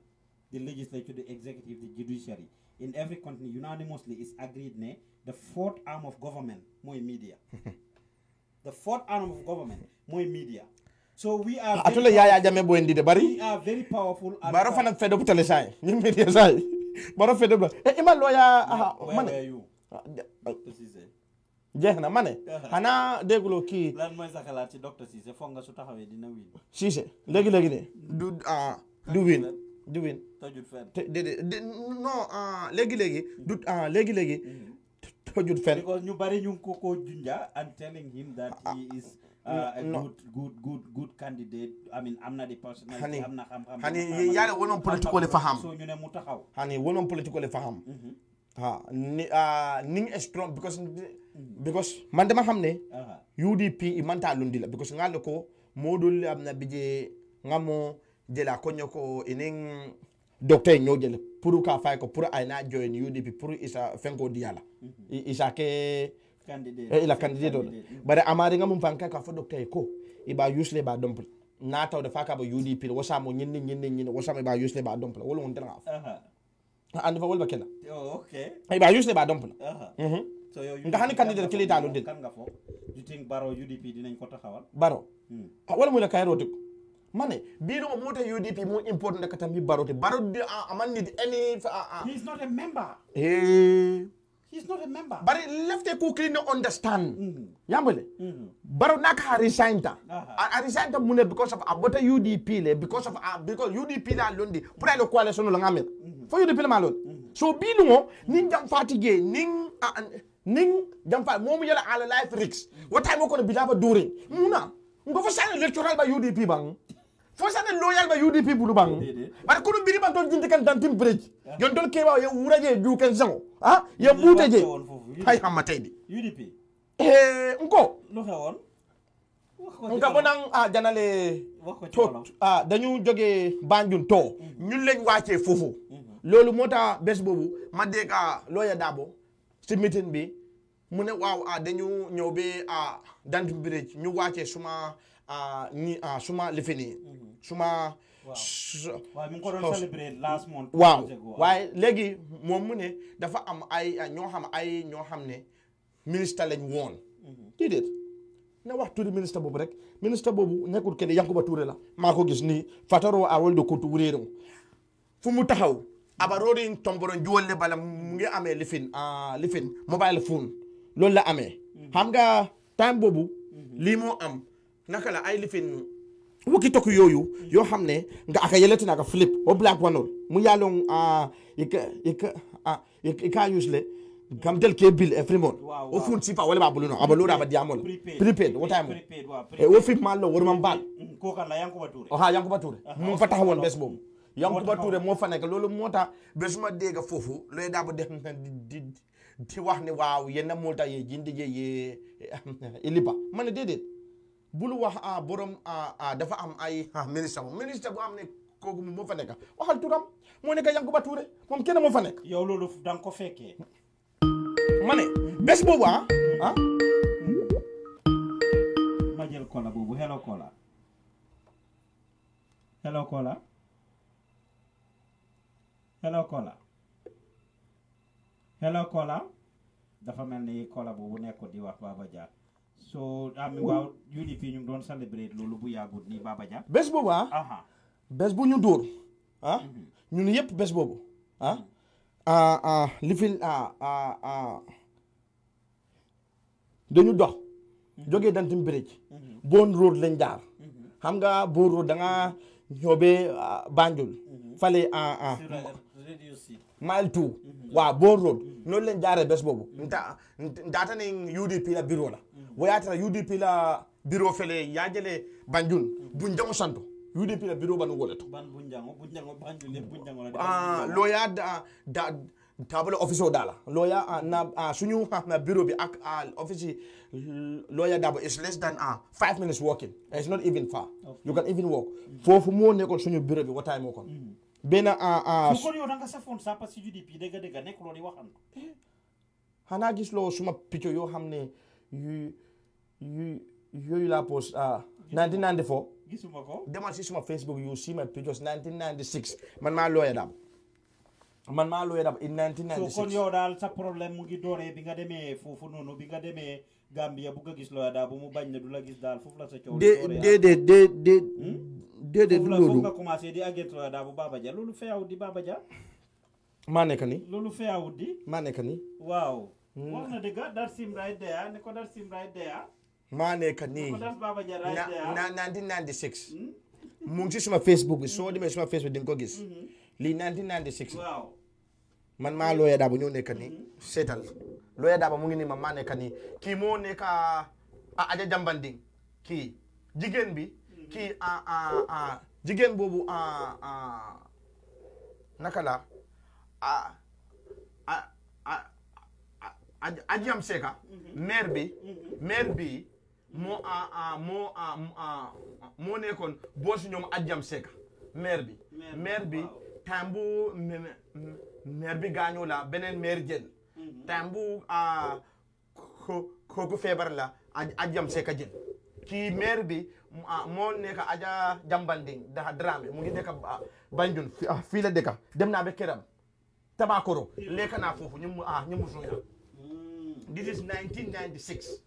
the legislature the executive the judiciary in every country unanimously is agreed ne the fourth arm of government mooy media <laughs> the fourth arm of government mooy media So we are ah, atule yaya jame
bo endide bari. We are very powerful. Baro fana fedo putale sai. Nyimbi dia sai. Baro fedo eh, ah, eh. eh, bla. E ima loya aha mane. Where are you? Dr. Cisse. Jehna mane. Hana nga
su taxawé dina win.
Cisse legi legi ne. Du ah du win. léegi win. Tojut fen. Dede non ñu bari ñu
Uh, no good good good candidate I mean am na the
personality am na xam-xam hani yaale wonon political faham so ñu ne mu taxaw hani wonon political faham ha ni uh, ning strong because because man dama xam ne UDP uh-huh. i manta lundi la because ngal ko modul am na bije ngamo jela konyo ko inin docteur ñoo jël pour ka fay ko pour ay na join UDP pour isa fenko diala
mm-hmm.
isa ke e ila candidate eh, oɗo mm. bare amariga mum fan kay ka fo ɗoktay ko iba usle ba domple natawde fa kaba udp wosamo ñinni ñinni ñinni wosamo iba usle ba domple wolo won tenga fo andi fo wolba kela
oh, iba usle ba domple mhm. nga
hani candidate kilita lundin baro a muyla kayrote ko any ah, ah. he's not a
He's not a member.
But left cookie no understand. Mm -hmm. Yambole. Mm -hmm. But naka resigned. Uh -huh. I resigned mune because of abota UDP le because of uh, because UDP la lundi. Pura lo coalition lo ngamel. For UDP la malon. Mm-hmm. So binu mo ning jam fatige ning uh, ning jam fat momu yala ala life Ricks. What time ko bi dafa during. Muna. Ngo fa sign electoral ba UDP bang. Fo sa loyal ba UDP bulu bang. Bar ko biri ban ton jindi kan dantim bridge. Yon don ke ba ye wuraje ju kan zango. ah yow buute je hay hamma taydi udp e eh, nko no hewoon nka bonan a ah, janale to a ah, dañu joge banjun to mhm. ñun lañ wàccee foofu mhm. loolu moo tax bés boobu ma dégg a ah, looya daabo si meeting bi mu ne waaw a dañu ñëw bi a Dantu Bridge ñu wàccee suma a ni a suma lifini mhm. suma waaw waaye léegi moom mu ne dafa am ay ñoo xam ay ñoo xam ne ministre lañ woon déedéet mhm. na wax turi ministre boobu rek ministre boobu nekkul kenn Yankuba Touré la maa ko gis ni fataroo a wolde ko tuuréerum fu mu taxaw abaroori in tomboron juwolle bala mu ngi amee lifin ah, lifin mobile phone loolu la amee mhm. xam nga time boobu mhm. lii moo am naka la ay lifin woki toki yooyu yoo hamne nga akayeleti na ka flip o black one mu yalong a ika ika a ika kam del ke bill e eh, fremon o fun sifa wala babulu no abalu da badiamo prepaid what time
e eh, o fi
malo wor man bal
ko kan la mm, yanko bature
a ha yanko bature mu fa taxawon bes bobu yanko bature mo fa nek lolu mota besuma dega fofu loy da ba def di di wax ne waaw yenn mota ye jindi ye eh, iliba man dedet bul wax a borom a dafa am ay ah, ministre moom ministre bu am ne kooku moo fa nekk waxal turam moo nekk Yankuba Touré moom kenn moo fa nekk. yow loolu da nga ko fekkee. ma ne bés boobu ah ah.
ma jël kola boobu hello kola hello kola dafa mel ni kola boobu nekk di wax Baba Jah. so I um, mean waaw doon celebrate loolu bu yàggut nii Baba Jah bés boobu ah
bu ñu dóor ah mhm. ñun yëpp bés boobu ah, mhm. ah, ah li fi ah, dañu dox mhm. jógee Denton Bridge Bond Road lañ jaar xam nga Bond Road da nga Banjul fale ah ah mile two mm-hmm. wa bon road noonu leen jaare bés boobu mm-hmm. nta ndata ne UDP la bureau la woyatara mm-hmm. UDP la bureau fele yajele Banjul bunjango santo UDP la bureau banu woleto
ban bunjango bunjango Banjul bunjango la ah loya
da da tabale office o dala loya ah, na ah, suñu ah, na bureau bi ak office lawyer dabo is less than uh, five minutes walking it's not even far you can even walk foofu moo nekkoon suñu bureau bi what moo kon benn a su
ko yow da nga safoon sa parce que UDP dëgg dëgg nekk loolu waxan
xanaa gis loo suma picco yoo xam ne yu yu yooyu laa post ah 1994 gisuma ko demal si suma Facebook you see my pictures 1996 man maa looya daam man maa looya daam in 1996
so kon yow daal sa problème mu ngi dooree bi nga demee foofu noonu bi nga demee Gambia bu ko gis looya daal bu mu bañ ne du la gis daal foofu la sa coow. déedéet
ah. hmm? déedéet. déedéet du loolu
foofu nga
commencé di agent looya daal bu Baba Jah loolu feeawut di Baba Jah.
maa nekk ni loolu feeawut di. maa nekk ni waaw. Hmm. wax na
dëgg that seem right there ne ko that seem right there.
maa nekk nii na nineteen ninety six hmm? mu ngi ci suma Facebook bi soo demee suma Facebook di nga ko gis. lii nineteen ninety six. waaw. man maa Lawyer Darboe ñoo nekk ni seetal Lawyer Darboe mu ngi nii man maa nekk nii kii moo nekka a aja kii jigéen bi kii a ah, ah, ah. jigéen boobu naka la a Ajam Seka maire bi maire bi moo moo moo nekkoon boosu ñoom Ajam Seka maire bi maire bi temps bu maire bi gaañoo la beneen meer jël. Mhm. temps bu ah, kooku feebar la Ajam Seka jël. kii maire bi ah, moo nekk aja Jambanding daxa Dramé mu ngi nekk ah, Banjul fi la dëkk dem naa ba këram Tabakoro lekk naa foofu ñu mu ah ñu mu suñu ah. this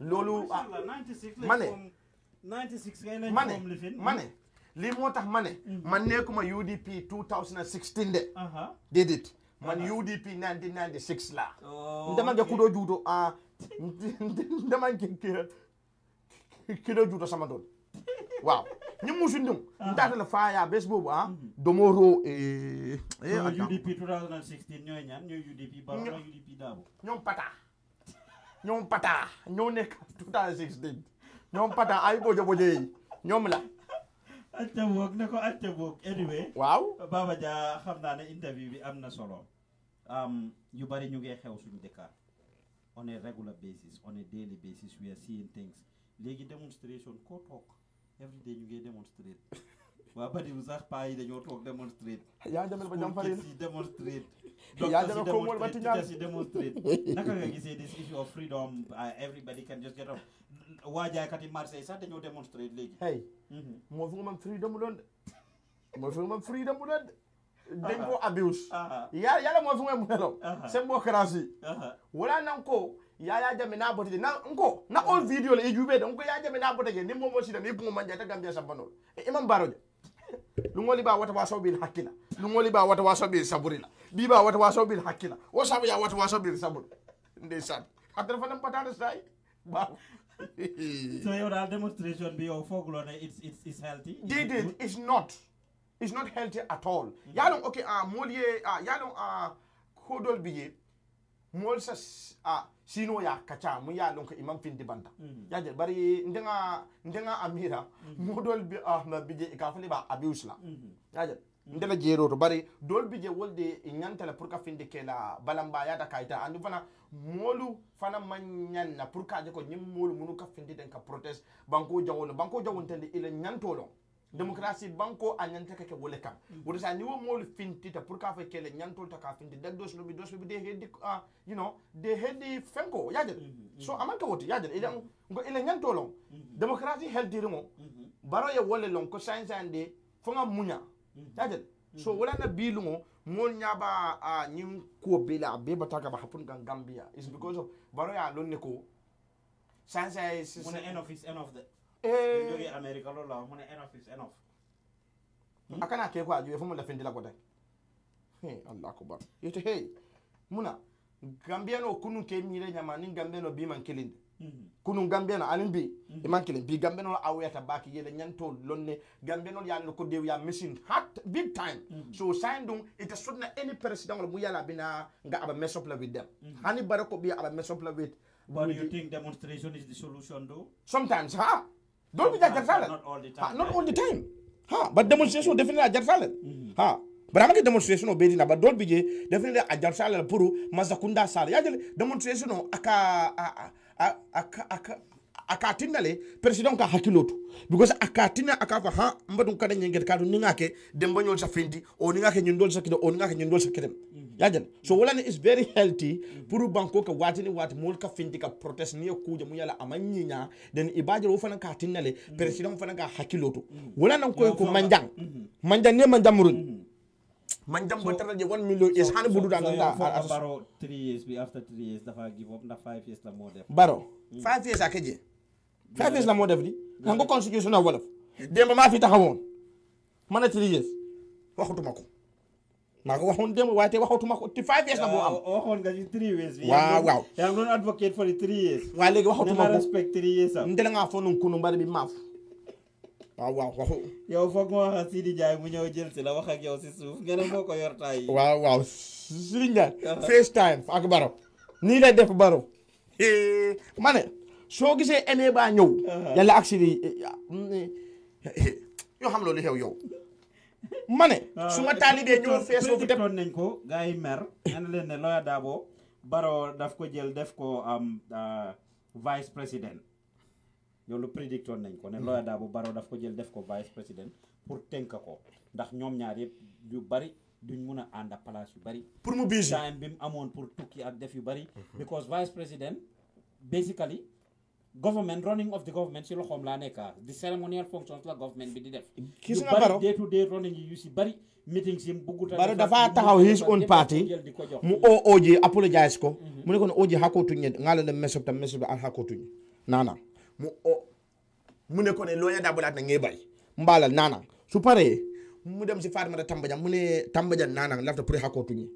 loolu ah ma lii moo tax ma ne. Mm-hmm. man nekkuma UDP 2016 de. Uh-huh. déedéet man UDP uh-huh. 1996 la. Oh, ndama nga kudo juuto ah ndama nga kudo juuto sama doon waaw. ñi musu ndum uh-huh. ndaata la faaya bés boobu ah mm-hmm. domo ro eh, eh UDP
2016 ñooy ñaan
ñooy UDP ba UDP daabo ñoom pata ñoom pata ñoo nekk 2016 ñoom pata ay bojo bojo yi ñoom la At the work, ne
ko ak ca boog anyway wow. Baba ja, xam na na interview bi am na solo um, yu bari ñu ngee xew suñu dëkka on a regular basis on a daily basis we are seeing things Legi demonstration koo toog every day ñu ngee demonstrate <laughs> waa bariwul sax pa yi dañoo toog demonstrate yaa jamel ba ñam farin si demonstrate <laughs> yaa jamel ko mool ba tiñaan si demonstrate naka nga gisee this issue of freedom uh, everybody can just get up wajay kat marseille sax dañu démonstré légui hey. Mhm. moo fi freedom lu ndé
mo fuma freedom lu ndé dañ ko abuse. la mo fuma fi nga c'est mo crasi ah, ah. wala nan ko ya jame na bote na nko na all ah. video la ijube da nko yaya jame na bote ni mo ci dem ibou manja ta gambia sa banol eh, imam baroje <laughs> lungoli ba wata waso bil hakila lungoli ba wata wa sobi saburila bi ba wata waso bil hakina wo sabu ya wata wa sobi sabur ndeysaan atrafa fanam patata sai ba so <laughs> your demonstration be your folklore it's it's it's healthy. Did it? It's not. It's not healthy at all. Mm-hmm. Yalong okay ah molie ah yalong ah kodol biye mol sa ah sino ya kacha mu yalong ka imam fin dibanda. Mm-hmm. Yaje bari ndenga ndenga amira mm-hmm. modol bi ah na biye ikafuni ba abiusla. Yaje. ndela jeeroto bari dool bi je wolde ñantala pour ka finde ke la balamba yata kayita andu fana moolu fana ma ñanna pour ka je ko ñim moolu munu ka finde den ka protest banko jawol banko jawol tende ila ñantolon démocratie banko a ñanta kake wole kam mm. woto sa ni wo moolu fintita pour ka fe kele ñantolta ka finti dag dos lobi dos lobi de heddi uh, ah, you know de heddi fenko yajel mm-hmm, mm-hmm. so amanka woti yajel ila mm-hmm. ngo ila ñantolon démocratie heldiriŋo baro ye wole lon ko sain sain de fo nga muña yajin mm-hmm. mm-hmm. so wala na bilungo mon nyaba a nyin ko bela be bata ka ba hapun gan gambia is mm-hmm. because of baro ya lonne ko sansa is when end
of is end of the
eh do ya
america lo la when end of is end of
hmm? akana ke ko ajuwe fumu la fendila ko dai hey allah akbar ite hey muna gambia no kunu ke mire nyama ni gambia no bi man kelinde kunun na mm-hmm. anin bi iman kelen bi gambiano la aweta baki yele nyanto lonne gambiano ya no ko dew ya machine hat big time mm-hmm. so sign dum it is not any president mu yala bina nga aba mess up with them mm-hmm. hani barako bi aba mess up with but you think demonstration is the solution though sometimes ha don't be that salad not all the time ha, not all the time ha but demonstration definitely a jar salad ha barama ke demonstration o bedina ba dol bije definitely a jar salad puru mazakunda salad ya demonstration aka a, a, a aka tinna le president ka hakkilotu because ka tinna a ka fa ha mbaɗum kada ñengede kaatu ningake dembañol sa fendi o ningake ñindol sa kide o ningake ñindol sa kedem yajan so wolani is very healthy pour banko ka watini wati mol ka fendi ka protest ni kuja mu yala ama ñiña den ibaje wo fana ka tinna le president fana ka hakkilotu wolanan koy ko manjang mhm. manjang ne manjamurun mhm. man jam ba tara je one million years hani budu da a so baro
3 years be after 3 years dafa give up na 5 years la mo def baro 5 mm. years akaje
5 di xam nga constitution wala ma fi taxawoon man a 3 years waxatuma ko maa ko waxoon démb waaye tey waxatuma ko te 5 years la moo am
waaw waaw
yaa ngi doon advocate ko respect nga fo non kunu mbari bi maafu waaw waaw waxu.
yow foog ma wax Sidi Ndiaye mu ñëw jël si la wax ak yow si suuf nga ne moo ko yor taay.
waaw waaw Sidi Ndiaye. face time ak Baro. nii la def Baro. ma ne soo gisee année baa ñëw. yàlla eh, mm, eh, xam loolu xew yow.
ma ne. Ah, su ma taalibee ñëw fees foofu def nañ ko gars yi mer. leen ne Lawyer Darboe Baro daf ko jël def ko ah, vice président. loolu prédictoon nañ ko ne hmm. Lawyer Darboe baro daf ko jël def ko vice président pour tënk ko ndax ñoom ñaar yëpp yu bari duñ mun a ànd place yu bari. pour mu biis time bi mu amoon pour tukki ak def yu bari. Hmm. because vice président basically government running of the government si loxoom laa nekka ah. di ceremonial functions la government bi di def. gis nga Barrow day to day running yi yu si bari meetings yi mu bugg. Barrow dafa taxaw his own party mu oo
OJ apologize ko. Mm-hmm. mu ne ko ne OJ xàkkootuñ ne ngaa leen di mesop tam mesop al xàkkootuñ nana. mu mu ne ko ne loolee daa bulaat nag ngay bay mbaalal naanang su paree mu dem si Faatumata Tambajang mu ne Tambajang naanang lafta pour hakkootuñi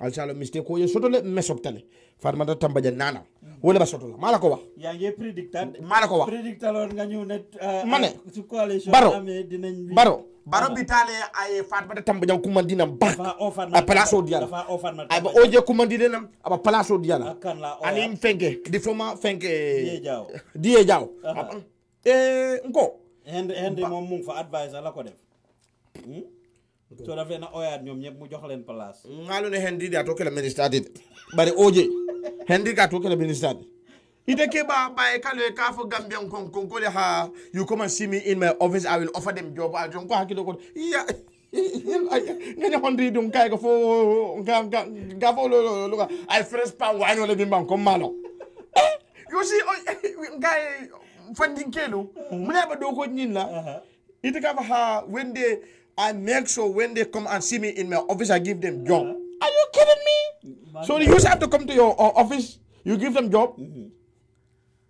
alsalo miste ko ye sotole me sobtale Faatumata Tambajang naanang mm. wala ba la maa la ko wax
yaa ngi maa la ko wax prédicteur nga ñëw ne euh, ma ne su coalition amee dinañ baro barabi
tale ay fatmata tamba ñaw kumandina bak a place o diyala aba oje kumandinenam aba place o diyala anin fenke diploma fenke diye jaw nko hende moom mu ngi fa adviser la ko def hmm? so
dafee na oyaat ñoom ñëpp mu jox leen place
ngaalu ne di a to kela ministre ati bari oje <laughs> hendi ka to kela ministre You come and see me in my office, I will offer them job. I'll jump back to Yeah. <laughs> Ngene hondi dum kai ko fo ga ga fo lo lo lo. I fresh pa wa no le bimbam kom malo. Eh, you see guy funding kelo. Never do good, nyin It cover her when they I make sure when they come and see me in my office I give them job. Uh-huh. Are you kidding me? So you have to come to your uh, office, you give them job. Mm -hmm.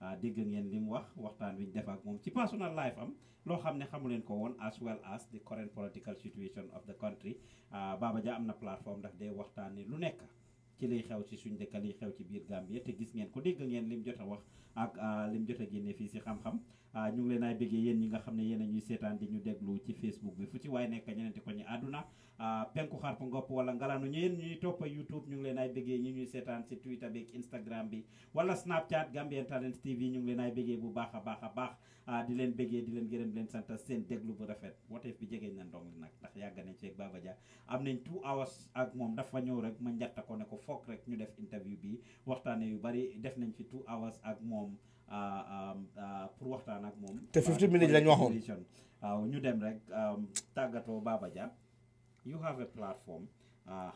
Ah, dégg ngeen li mu wax waxtaan wi ñu def ak moom ci personal life am loo xam ne xamuleen ko woon as well as the current political situation of the country ah, Baba Jah am na plateforme ndax day waxtaanee lu nekk ci liy xew ci suñ dëkk liy xew ci biir Gambie te gis ngeen ko dégg ngeen lim jot a wax ak ah, lim jot a génne fii si xam-xam. Ah, ñu ngi leen ay bëggee yéen ñi nga xam ne yéen a ñuy seetaan di ñu déglu ci Facebook bi fu ci waaye nekk ñeneen ko ñu àdduna ah, penku xarpu ngopp wala ngalaanu ñu yéen ñuy topp YouTube ñu ngi leen ay bëggee ñi ñuy seetaan ci Twitter bi ak Instagram bi wala Snapchat Gambian Talents ñu ngi leen ay bëggee bu baax a baax a baax ah, di leen bëggee di leen gërëm leen santa seen déglu bu rafet woteef bi jegee na ndong li nag ndax yàgg nañ ceeg Baba Jah am nañ two hours ak moom dafa ñëw rek ma njatta ko ne ko foog rek ñu def interview bi waxtaane yu bari def nañ fi two hours ak moom Euh, euh, euh, pour waxtaan ak moom. te 15 minutes lañ waxoon waaw ñu dem rek tàggatoo Baba Jah you have a platform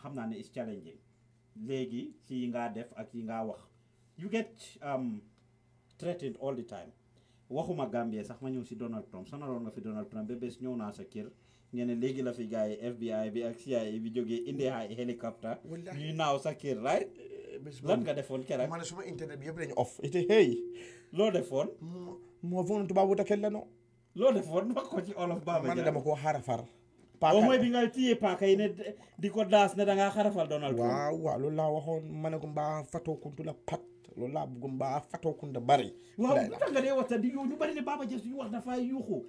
xam naa ne is challenging léegi ci yi ngaa def ak yi ngaa wax you get um, threatened all the time waxuma Gambie sax ma ñëw si Donald Trump sonaloon nga fi Donald Trump ba bés ñëw naa sa kër ngeen léegi la fi gars yi FBI bi ak yi bi jógee indi ay hélicoptère ñuy naaw sa kër right eh,
lan nga defoon keroog. ma ne suma internet bi yëpp dañu off ite hey. loo defoon. moo foog tubaabu te kenn la noo. loo defoon wax ko ci olof baa ma dama koo xarafar. paaka mooy
bi nga tiyee paaka yi ne di ko daas ne da ngaa xarafal Donald Trump. waaw waaw loolu laa waxoon ma ne ko
mbaa fatoo kuntu la pat loolu laa bëgg mbaa fatoo kuntu bari. waaw bu
tax nga dee waxtaan di ñu bari ne yuuxu.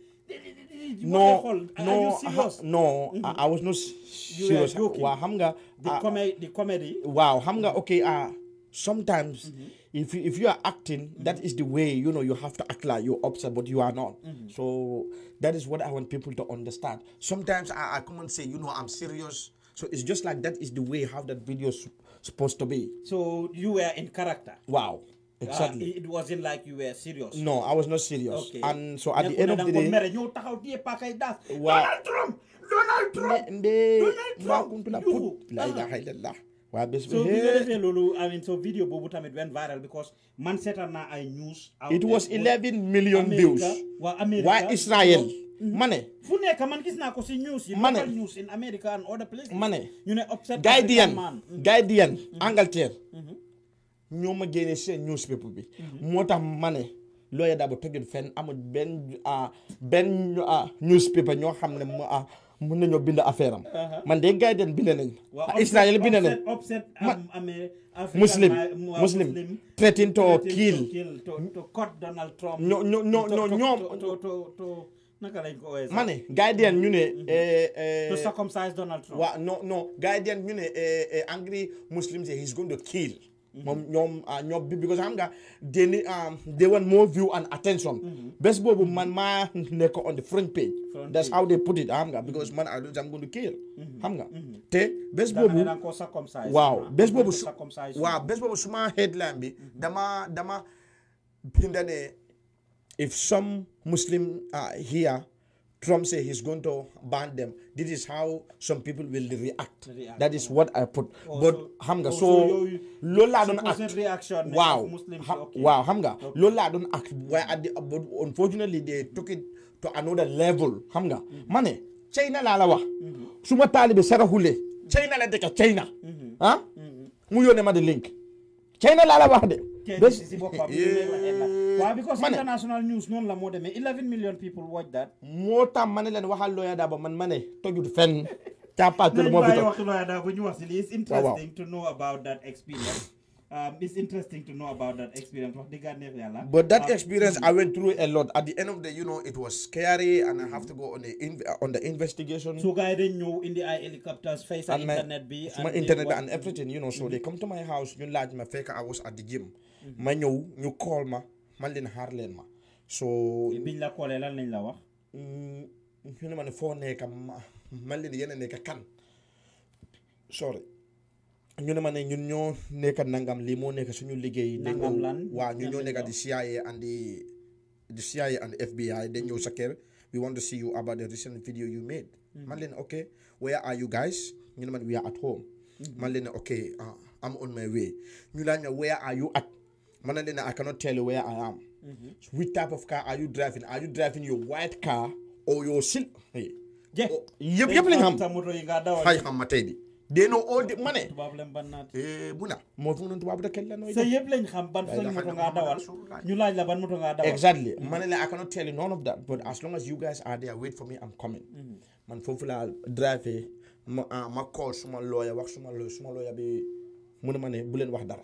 non non
was not serious. waaw xam nga. di ah, comedy di waaw xam nga ok ah, sometimes mm -hmm. if you, if you are acting mm -hmm. that is the way you know you have to act like you're upset but you are not mm -hmm. so that is what i want people to understand sometimes I, I, come and say you know i'm serious so it's just like that is the way how that video is supposed to be so you were in character wow ah, Exactly. Uh, it wasn't like you were serious. No, I was not serious. Okay. And so at the end of the day, wow. Donald Trump, Donald Trump, Donald Trump, Donald waa bés bi
bi boobu tamit went viral because man seetaan naa ay news. it was million views.
waa Amérique waa mhm. ma ne.
fu nekk man gis naa ko si news yi. ma ne local
news ma ñu ne upset Guardian mhm. Guardian mhm. Angleterre. ñoo ma génnee seen newspaper bi. moo tax ma ne. looya daa ba tojul fenn amul benn ah, benn ah, newspaper ñoo xam ne mu ah, mën nañoo bind affaire am. Uh-huh. man de gars yi den bind nañ. waaw ah, Israël bind nañ.
Eh, muslim muslim threatening to kill. to cut Donald Trump. ñoo ñoo ma ne ñu ne. Mm-hmm. Eh,
eh, to circumcise Donald Trump. waaw non ñu ne angry muslims he's kill. moom ñoom ah, ñoom bi because am nga they need ah, they want more view and attention mm-hmm. bés boobu man maa nekk on the front page that's how they put it xam nga because man I am going to kill xam nga mm-hmm. te bés boobu
waaw bés boobu su waaw
bés boobu suma headline bi mm-hmm. dama dama binda ne if some Muslim ah, here Trump say he's going to ban them. This is how some people will react. react that is what I put. Oh, but so, Hamga, oh, so, so Lola don't act. Reaction wow. Muslims, ha okay. Wow, Hamga. Okay. Lola don't act. Where but unfortunately, they took it to another level. Hamga. Mm -hmm. Mane, China lalawa. Mm-hmm. Suma talib sarahule. China la deka China. Mm -hmm. Huh? Mm -hmm. Muyo nema the link. China lalawa de. This is <laughs> Why? Eh, because international news non la mode 11 million people watch that. moo tax ma ne leen waxal Lawyer Darboe man ma ne tojul fenn. càppaatul moo fi
toog it's interesting to know about that experience.
Um, it's interesting to know about that experience. But that um, experience, mm. I went through a lot. At the end of the, you know, it was scary, and I have to go on the on the investigation. So I didn't know in the helicopters, face and, my, internet be and my internet and everything, you know. So mm -hmm. they come to my house. You know, like my faker, I was at the gym. My new, you call me man leen xaar leen ma so biñ
la koolee lan lañ la wax
ñu ne ma ne foo nekka man leen yéen a nekka kan sorry ñu ne ma ne ñun ñoo nekka nangam lii moo nekk suñu liggéey nangam lan waaw ñun ñoo nekka di CIA and di CIA and FBI dañ ñëw sa kër we want to see you about the recent video you made mm. man leen ok where are you guys ñu ne ma we are at home
mm-hmm. man
leen ok uh, I'm on my way ñu laaj ma where are you at man, I cannot tell you where I am. Mm -hmm. which type of car are you driving? Are you driving your white car or your sil? Hey. Yeah. Oh, yep, yep, ham. They know all the money. Eh, buna. Mo funu
tubabu da kella no. Say yep lañ xam ban fon moto nga dawal. Ñu laaj la ban dawal. Exactly. Man mm-hmm.
la I cannot tell you none of that, but as long as you guys are there wait for me, I'm coming. Mm Man fofu la drive eh, ma uh, ma call suma lawyer wax suma lawyer suma lawyer bi mu ne ma ne bu wax dara.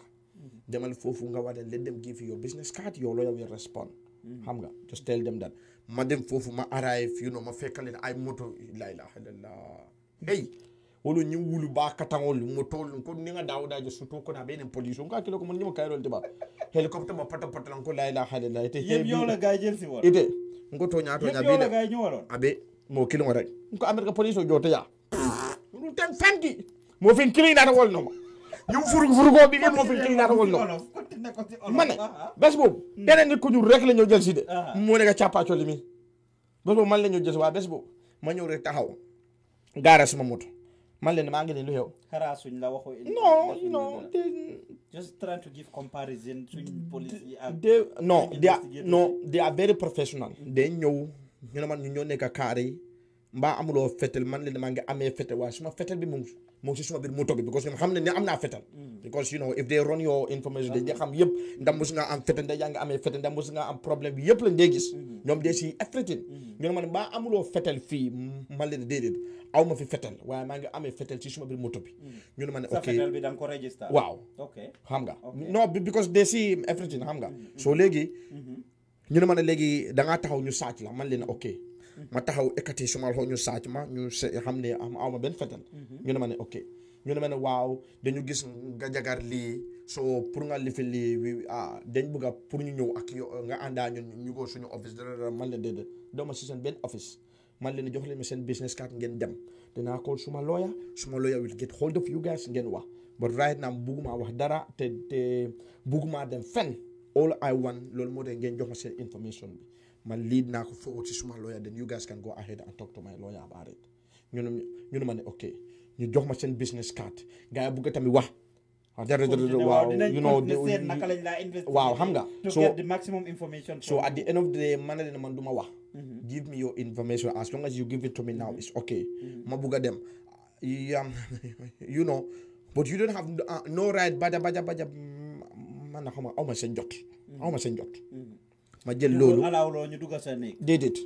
demal foofu nga war a let them give you your business card your lawyer will respond. Hmm. xam nga just tell them that ma dem foofu ma arrive you know ma fekk ay moo la ilaha illallah hey wolo ñi wulu ba katangol motol ko ni nga dawda ko na benen police ko akilo ko mon ñima kayrol te ba helicopter ma pata pata ko la ilaha illallah ite yeb yo abe mo kilo rek ko america police o jota ya ñu tan fanti mo fin kilo na wol no ñu furu furu ko bi moo fi kii naata wol no ma ne bés boobu yeneen hmm. nit ku ñuul rek la ñoo jël si de ah. moo nekk càppaacoo li mi bés boobu man la ñoo jël si waa bés boobu ma ñëw rek taxaw gaara suma moto man leen maa ngi ne lu yow xaraasuñ la
waxu non non
just trying to give comparison suñ police yi
ak non they are very professional dañ ñëw ñu ne man ñu ñoo nekk kaar yi mbaa amuloo fetel man li damaa ngi amee fetel waaye suma fetel bi mu ngi mu ngi si suma biir moto bi because ñoom am naa fetel hmm. because you am fetel ndax yaa ngi amee fetel ndax mos am problème bi yëpp hmm. hmm. ma man leen déedéet aw ma fi fetel waaye maa ngi amee fetel si suma biir moto bi ñu ne ma ne ok fetel bi da nga ko register waaw xam nga non léegi ñu ne ma ne léegi da taxaw ñu sàcc la man leen ok ma taxaw ekkati suma loxo ñu sàcc ma ñu se xam ne am aw ma benn fetal mhm. ñu ne ma ne ok ñu ne ma ne waaw dañu gis nga jagar lii soo pour nga lifi lii ah, dañ bëgg pour ñu ñëw ak yow nga àndaa ñun ñu ko suñu office dara man la déedéet doo ma si seen benn office man leen jox leen ma seen business card ngeen dem dinaa call suma lawyer suma lawyer will get hold of you guys ngeen wax but right now bugguma wax dara te te bugguma dem fenn all I want loolu moo tax ngeen jox ma seen information bi My lead naa ko what is my lawyer then you guys can go ahead and talk to my lawyer about it You know, you know ma ok You jox my seen business card gars yi bëgg tamit wax waaw you know Wow. xam nga so the
maximum information
so at the end of the day man leen man du my wax mm-hmm. give me your information as long as you give it to me now mm-hmm. it's okay ma mm-hmm. bëgg them. Yeah. Um, <laughs> you know but you don't have uh, no right baja baja baja mm, man how much? How much? ma seen ma jël loolu alawloo ñu dugg sa néeg déedéet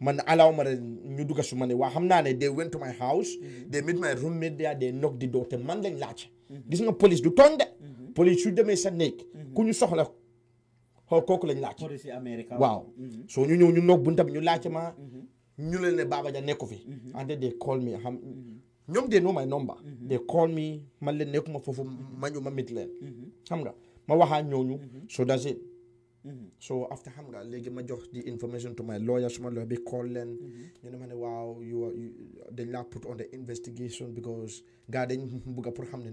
man alaw ma ñu dugg su ma ne waa xam naa ne they went to my house mhm. they meet my roommate there they knock the door te man lañ laaj mhm. gis nga police du tonde mhm. police su demee sa néeg ku ñu soxla xool kooku lañ laaj waaw soo ñu ñëw ñu noog bunta bi ñu laaj ma ñu leen ne Baba Jah fi and they call me xam ñoom de know my number they call me man leen nekkuma foofu ma ma mit xam nga ma waxaa ñooñu so that's it Mm-hmm. so after xam I léegi ma jox the information to my lawyer suma lawyer be calling. Mm-hmm. You know, man. Wow, you you are dañ put on the investigation because garden buga bugga pour xam ne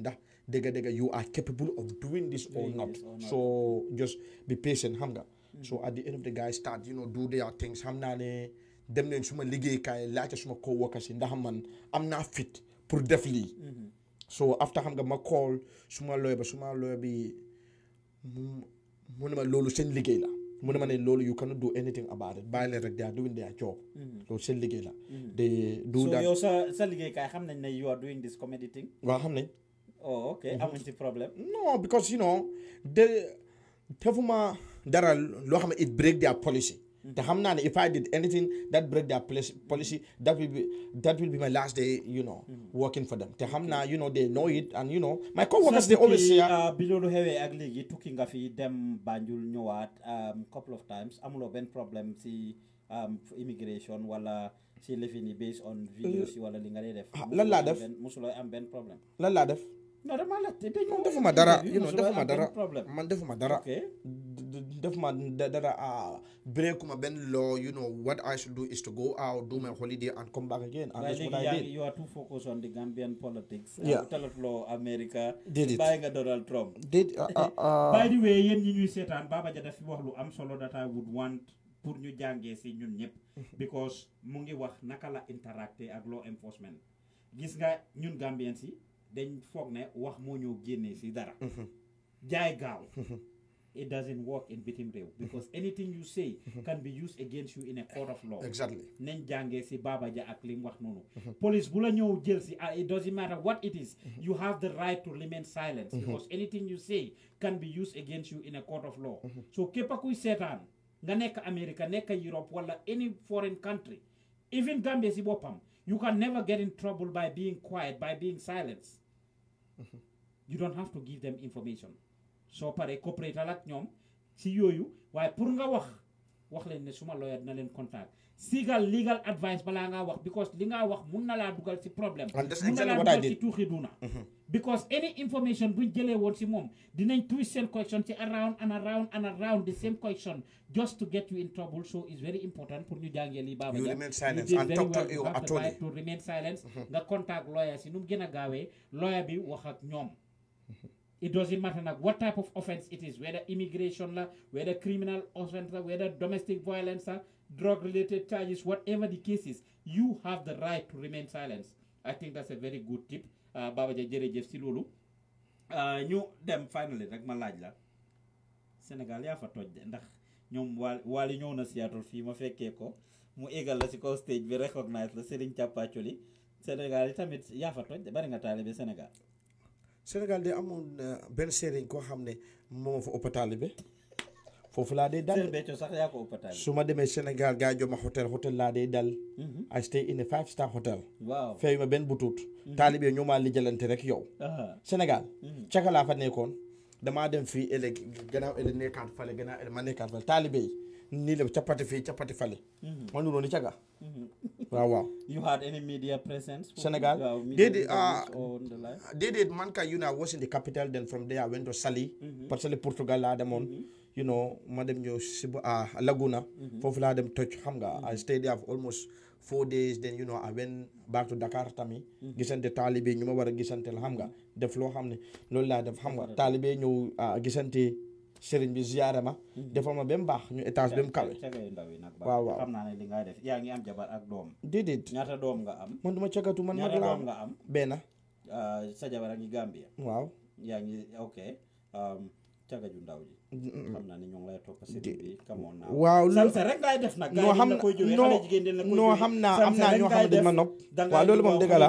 dega, dëgga you are capable of doing this or not so just be patient xam so mm-hmm. at the end of the guy start you know do their things xam naa ne dem leen suma liggéeykaay laajte suma co-workers yi ndax man am not fit pour def so after xam nga ma call suma lawyer ba suma lawyer be. Mm, mu ne ma loolu la ne ma you cannot do anything about it bàyyi rek they are doing their job. Mm. loolu seen liggéey la. Mm. they do that so yow
sa sa liggéey
kaay xam nañ ne you are doing this comedy thing. waaw xam nañ.
oh ok amuñ mhm. ci problem?
no because you know they defuma dara loo xam ne it break their policy. The Hamna, if I did anything that break their policy, that will be that will be my last day, you know, hmm. working for them. The Hamna, you know, they know it, and you know, my co-workers, they always say. Uh, Below the
heavy ugly, you took in them banjul what, um couple of times. I'm problem see um immigration wala. si living based on videos yi eh, wala li nga dee def
lan laa def
musuloo am benn problème lan laa def
a dama laajte you know defuma
dara man def ma dara a ah, break ma ben law you know what i should do is to go out do my holiday and come back again and that's what i did
you are too focused on the gambian politics yeah
uh, law america did it buying donald trump did uh, uh, <laughs> uh, by the
way yen ñi ñuy sétane baba ja daf wax lu am solo that i would want pour ñu jàngee ci ñun ñëpp mm-hmm. because mu ngi wax naka la interacter ak law enforcement gis nga ñun gambiens yi dañ foog ne wax moo ñoo génnee si dara mm-hmm. jaay gaaw mm-hmm. it doesn't work in bitim rew <laughs> because anything you say can be used against you in a court of law exactly Nen jange si baba ja ak li wax police bu la ñëw jël si it doesn't matter what it is you have the right to remain silent because anything you say can be used against you in a court of law so képp a kuy seetaan nga nekk America nekk Europe wala any foreign country even Gambia si bopam. you can never get in trouble by being quiet by being silent <laughs> you don't have to give them information soo paree coopérative ak ñoom si yooyu waaye pour nga wax wax leen ne suma lawyer dina leen contact sigal legal advice balaa ngaa wax because li ngaa wax mun na laa dugal si problème mun na laa dugal si tuuxi duuna mm-hmm. because any information buñ jëlee woon si moom dinañ twist seen question ci around and around and around the same question just to get you in trouble so it's very important pour ñu jàngee lii baaba you remain silent and talk to your attorney remain silence mm-hmm. nga contact lawyer gën gaawee lawyer bi wax ak ñoom mm-hmm. It doesn't matter like what type of offense it is, whether immigration, la, whether criminal offense, la, whether domestic violence, la, drug-related charges, whatever the case is, you have the right to remain silent. I think that's a very good tip. Uh, Baba Jere si loolu You uh, them finally like ma laaj la Sénégal yaa fa toj de ndax ñoom waal ñëw na Seattle ma ko mu égal la si kaw stage bi recognize la Serigne Thiapathioly Sénégal tamit yaa fa toj de bari nga Sénégal
Sénégal de amoon benn sëriñ koo xam ne moom fa ëpp taalibe foofu laa dee dal su ma demee Sénégal gaa jox ma hôtel hôtel laa dee dal mhm. I stay in a five star hotel fay ma benn butut mhm. taalibe ñoo maa lijjalante rek yow Sénégal mhm. caka fa nekkoon damaa dem fii ëllëg gannaaw ëllëg nekkaat fale gannaaw ëllëg ma nekkaat fale taalibe yi nii la capati fii capati fale. ma mhm. nu ni
mhm.
Senegal uh, déedéet ah, déedéet man ka you know I was in the capital then from there I went to Saly. Mhm. parce Portugal laa demoon. you ma dem ñëw si ba ah, Laguna. foofu laa dem toj xam nga I stayed there for almost four days then I went back to Dakar tamit. gisante taalibe ñu ma war a gisanteel xam nga def loo xam ne loolu laa def xam nga taalibe ñëw ah, gisante. sëriñ bi ziyaare ma. defal ma bem baax ñu étage ba mu kawe.
waaw waaw xam naa ne li ngay def yaa ngi am jabar ak doom. déedéet ñaata doom nga am.
man duma cagatu man ma doom nga am. benn.
Ah, sa jabar a ngi Gambia. waaw yaa ngi ok um, cagaju ndaw ji. xam naa ne ñu ngi lay topp si bi kamoon naa waaw salse rek ngay def nag noo xam noo xam naa am naa ñoo ma nopp waaw loolu moom dëgg la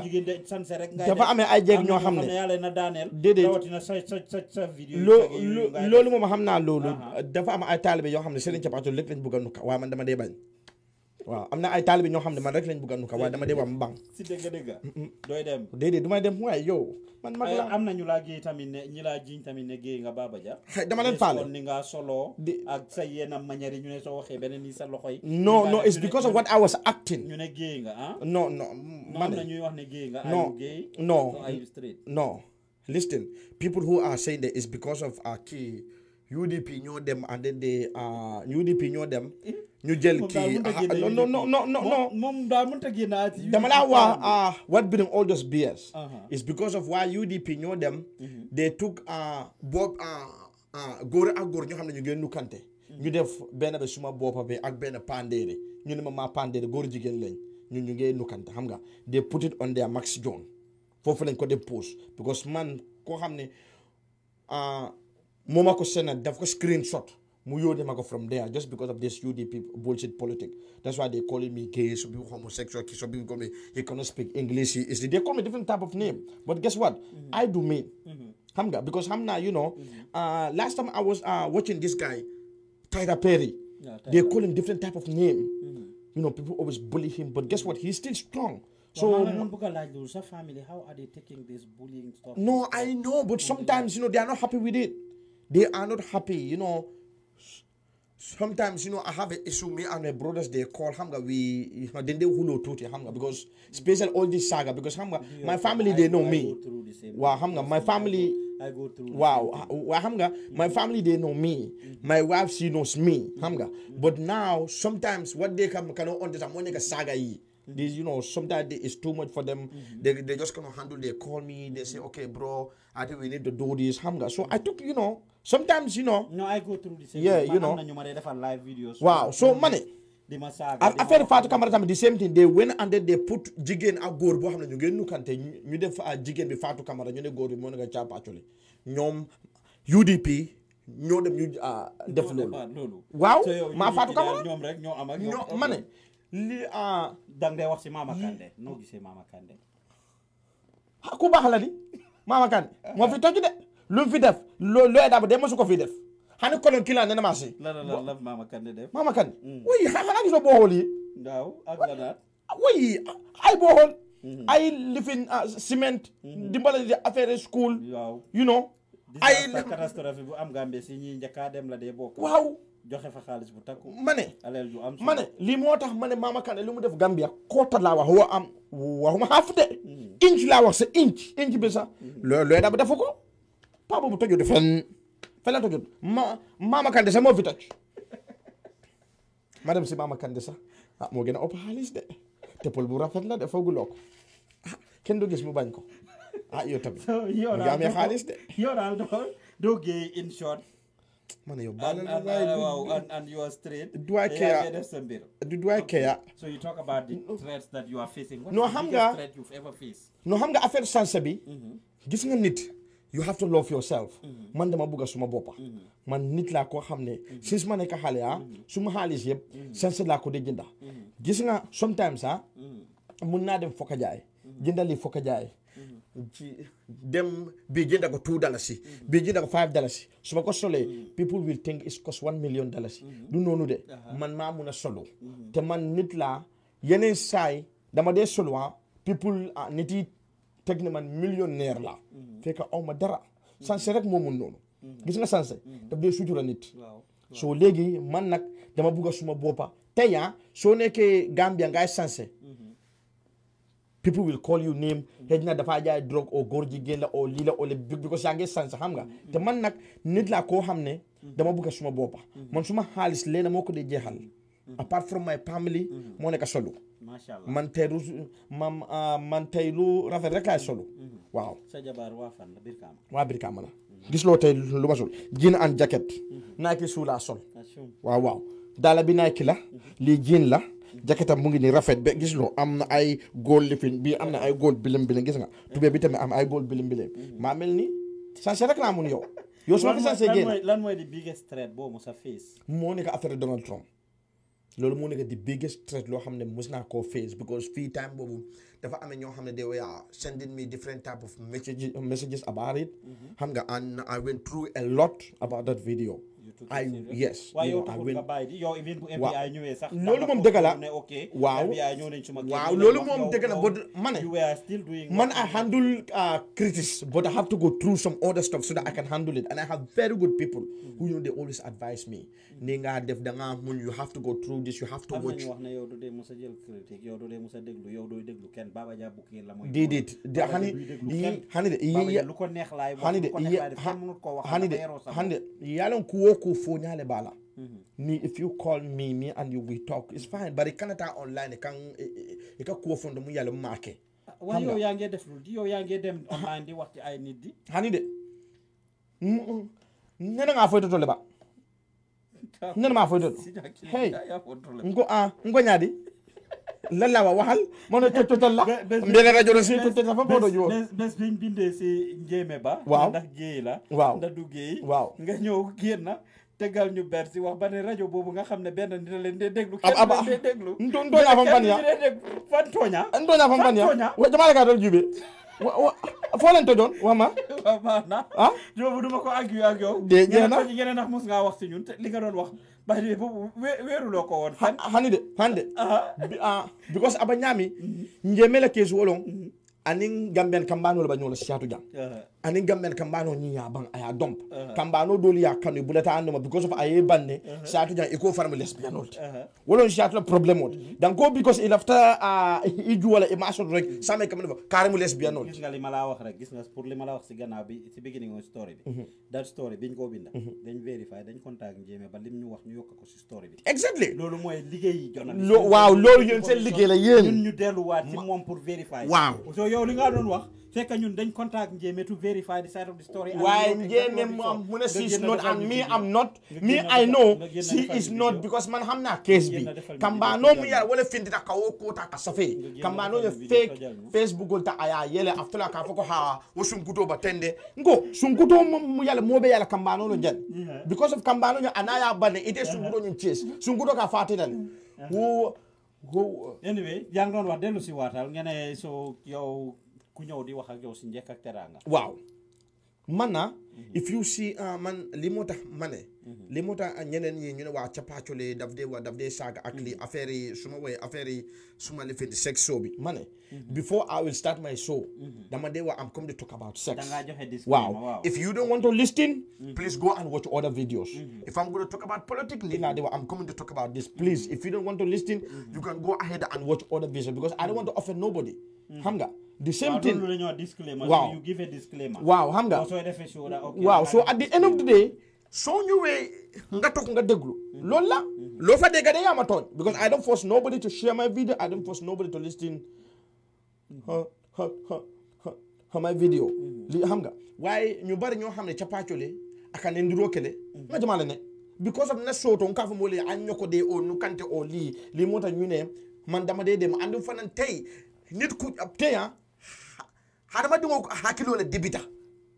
sanse rek ngay dafa amee ay jeeg ñoo xam ne yàlla na daaneel
déedéet rawatina sa sa sa vidéo loolu moom xam naa loolu dafa am ay taalibe yoo xam ne seen capaatu lépp lañ bëgg a nukka waaye man dama dee bañ waaw am na ay taalibe ñoo xam ne man rek lañ bëgg a nuka waaye dama dee wax mu bang
si dégg dem
déedéet du waaye yow man ma la
am na ñu laa géey tamit ne ñi laa jiiñ tamit ne géey nga Baba Jah dama leen faale ni nga solo ak sa yenn manière yi ñu ne waxee beneen yi sa loxo yi non non it's because of what
I was acting ñu ne géey nga ah non non man na ñuy wax ne géey nga non non non listen people who are saying that is because of a key UDP ñoo dem and then they uh, ñoo dem. ñu jël kii non non non non non. moom a génnaat. dama laa wax ah, what bring all those BS. Uh-huh. is because of why UDP ñoo dem. Mm-hmm. they took uh, boob uh, góor ak góor ñoo xam ne ñu ngi nukkante. Mm-hmm. ñu def benn bi suma boppa be ak benn pandeere ñu ne ma maa pandeere góor jigéen lañ ñun ñu ngi nukkante xam nga they put it on their max zone foofu lañ ko def pause because man koo xam ne. moma ko send and daf ko screenshot mu yode ma from there just because of this UDP bullshit politic that's why they calling me gay some people homosexual some people call me he cannot speak English he is they call me different type of name but guess what mm -hmm. I do me
xam mm-hmm.
nga because hamna you know mm-hmm. uh, last time I was uh, watching this guy Tyler Perry
yeah, Tyler. they call
him different type of name mm-hmm. you know people always bully him but guess what he's still strong so how
are they taking this bullying stuff? no,
I know, but sometimes you know they are not happy with it. They are not happy, you know. Sometimes, you know, I have an issue, me and my brothers, they call Hamga, we, you know, then they hulo to Hamga, because special all this saga, because Hamga, my family, they know me. Wow, Hamga, my family,
I go through. Wow,
wow Hamga, my family, they know me. Mm-hmm. My wife, she knows me, mm-hmm. Hamga. Mm-hmm. But now, sometimes, what they can, cannot understand, when they can saga, this you know sometimes it's too much for them mm -hmm. they, they just cannot handle they call me they say okay bro i think we need to do this hamga so i took you know sometimes you know. no I go through the
same. waaw so ma ne. di ma saaga
affaire Fatou Camara tamit the same thing they went and put jigéen ak góor boo xam ne ñu ngeen nukkante ñu def jigéen bi Fatou Camara ñu ne góor bi moo ne nga caapaacule ñoom UDP ñoo dem ah, def loolu. waaw maa Fatou Camara ñoom rek ñoo am ak ñoom ma ne
ah, wax si Mama Kandeh noo gisee Mama
ah, ku baax la di Mama Kandeh moo de. lu mu fi def loo looy daabu ko fi def hani kono kilan nana masi
la la la mama kande def mm. boo xool yi waaw
ay boo xool mm-hmm. ay lifin ah, ciment mm-hmm. dimbala di affaire school waaw you know
ay catastrophe bu am Gambie si ñi dem la dee bokk waaw joxe fa xaalis bu takku ma ne alal
ma lii moo tax ma ne Mama Kandeh li def Gambia koota laa wax wa am waxuma xaaf de mm-hmm. inch laa wax sa inch inch bi sax looy looy defu ko paa boobu tojut fenn fenn la ma maama Kande sax moo fi toj ma dem si maama Kande ah, moo gën a ëpp xaalis de te pol bu rafet la de fooguloo ko ah, kenn du gis mu bañ ko ah yow tamit. yow daal amee xaalis de. yow daal doo uh, du ay eh, kaya du du
nga no xam
nga affaire sanse bi. Mm-hmm. gis nga nit. you have to love yourself mm-hmm. man dama bëgg suma bopa. Mm-hmm. man nit laa koo xam mm-hmm. since ma nekk xale ah suma xaalis yëpp sense la ko de jënda gis nga sometimes ah mun naa dem fokka jaay jëndali fokka jaay dem bii ko two dalasi bii ko five dollars Suma ma ko solee people will think it's cost one million dollars du noonu de uh-huh. man maa mun a te man nit laa yeneen saay dama ah, people ah, niti. teg na man millionnaire la mm-hmm. fekk aw ma dara mm-hmm. sanse rek moo mun noonu
mm-hmm. gis
nga sanse daf dee sutura nit soo léegi man nag dama bugg a suma boppa tey ah soo nekkee Gambia ngay sanse people will call you name xëy na dafaa jaay drogue oo góor jigéen la oo lii la oo le because yaa ngi sanse xam nga te man nag nit laa koo xam ne dama bugg a suma boppa man suma xaalis leena moo ko dee jeexal apart from my family moo nekk solo macha allah man tey lu ma ah, man tey lu rafet rek laay solu mm-hmm. waaw
sa jabar waa fan la Brikama
waa Brikama la mm-hmm. gis loo tey lu ma sol jean and jacket mm-hmm. Nike shoe laa sol ah, waaw waaw daala bi Nike la lii jean la jaketam mu ngi nii rafet ba gis loo am na ay góol lifin bii am na ay góol bilim bilim gis nga tubéb bi tamit am ay góol bilim bilim maa mel ni changé rek laa mun yow yow soo ko changé génn
lan mooy di biggest threat boo mu sa face
moo nekk affaire Donald Trump loolu moo nekk di biggest threat loo xam ne mos naa koo face because fii time boobu dafa amee ñoo xam ne they were sending me different type of messages messages about it. Mm-hmm. xam nga and I went through a lot about that video. I yes waaye yow taxul nga bàyyi
di even bu FBI ñëwee sax loolu moom dëgg la ok waaw FBI ñëw nañ suma waaw loolu moom
dëgg but ma you were still doing man I handle uh, critics but I have to go through some other stuff so that I can handle it and I have very good people who you know they always advise me ni def da mun you have to go through this you have to watch wax
ne yow du dee musa jël critique yow du dee musa déglu yow doo déglu kenn Baba Jah Bokey la mooy déedéet xani xani de lu ko neex laay xani
de xani de yàlla ku woo kufunya le bala. Mm-hmm. Ni if you call me me and you, we talk it's fine but it canata online it can it can kuwa fondo mu yalo make. Wa yo yange def
di yo yange dem online di wakti ay nit di.
Hani de. Nena nga foto to le ba.
Nena ma foto. Hey. Ngo
a ah, ngo nyadi. lan laa waxal ma ne tottotal la mbene rajo na suñu tottotal fa moo doon
bés biñ bindee si njéeme ba waaw ndax géey la waaw ndax du waaw nga ñëw génn tegal ñu ber si wax ba ne rajo boobu nga xam ne benn nit leen dee déglu kenn leen dee déglu
ndooñaa fam fan ya fan tooñaa ndooñaa fam fan ya wa jamaa la kaa doon jubee wa foo leen tojoon ma waaw baax na. ah Diop du ma ko àgg ak yow. de jeex na ngeen ndax mos ngaa wax si ñun te li nga doon wax. ba de boobu weeruloo ko woon. fan hani de hani de. Ah. bi ah because aba ñaami. Mhm. njéemé la keesu wolong. ani gambian kambaani wala ba ñoo la siyaatu jàng. ani government kan bano nyi ya ban aya dump kan bano doli ya kanu bulata anduma because of aye banne sa to jan iko farm lesbian old wolon sha to problem old dan go because il after a iju wala imation rek same kam no karam lesbian
old gis
nga li mala wax rek gis nga pour li mala wax ci gannaaw bi ci beginning of story bi mhm. that story biñ ko binda mhm. dañ verify dañ contact njéme ba lim ñu wax ñu yokk ko ci story bi exactly loolu mooy liggéey journalist waaw loolu yéen seen liggéey la yéen ñun ñu delluwaat ci moom pour verify waaw so yow li nga doon wax fekk ñun dañ contact Njéemé to verify the side of the story. and me am
not. me I know she is not because man xam naa case bi. kambaanoo mu yàlla wala findita ka wo kota ka safe kambaanoo ye fake facebook ta a y'a yɛlɛ a fɔla k'a fɔ ko haa o sunkuto ba tɛn dɛ nko sunkuto mu yàlla moo yala yàlla kambaanoo lo jɛn because of kambaanoo ɲɛ a n'a y'a ban dɛ i tɛ sunkuto ɲɛ chase sunkuto ka a tɛ na dɛ
ku ñëw di wax ak yow si njëkk ak teraanga.
waaw man na. Mhm. if you see ah, man li moo tax ma ne. Mhm. li moo tax ñeneen ñi ñu ne waa cappaacule daf dee waa daf dee saaga ak lii mhm. affaire yi suma woy affaire yi suma lifin sex show bi ma ne. before I will start my show. dama dee waa am come to talk about sex. if you don't want to listen. please go and watch other videos. if I'm going to talk about politics lii naa am coming to talk about this please if you don't want to listen. you can go ahead and watch other videos I don't want to offend nobody. the same thing waaw waaw xam nga waaw so at the end of the day soo ñëwee nga toog nga déglu mhm. loolu la mhm. loo fa dégg de yaa ma tooñ because I don't force nobody to share my video I don't force nobody mhm. xam nga waaye ñu bari ñoo xam ne le aka ne ndiroo kele ma jamaale ne because of na soto nka fa mo le an ko de o nu kante o li moo tax ñu ne man dama dee dem andu fanan tey nit ku ab tey ah, hadamadenw hakiliw la dibi ta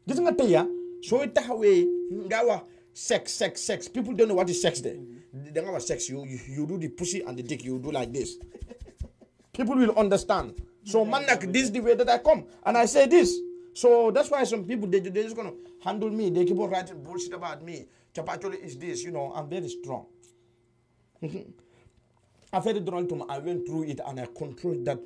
gis nga tey ya soo taxawee nga wax sex sex sex people don't know what is sex there da nga wax sex you, you you do the pussy and the dick you do like this people will understand so man like this the way that I come and I say this so that's why some people they they just gonna handle me they keep on writing bullshit about me Chapacholi is this you know I'm very strong. I've heard it Donald Trump I went through it and I controlled that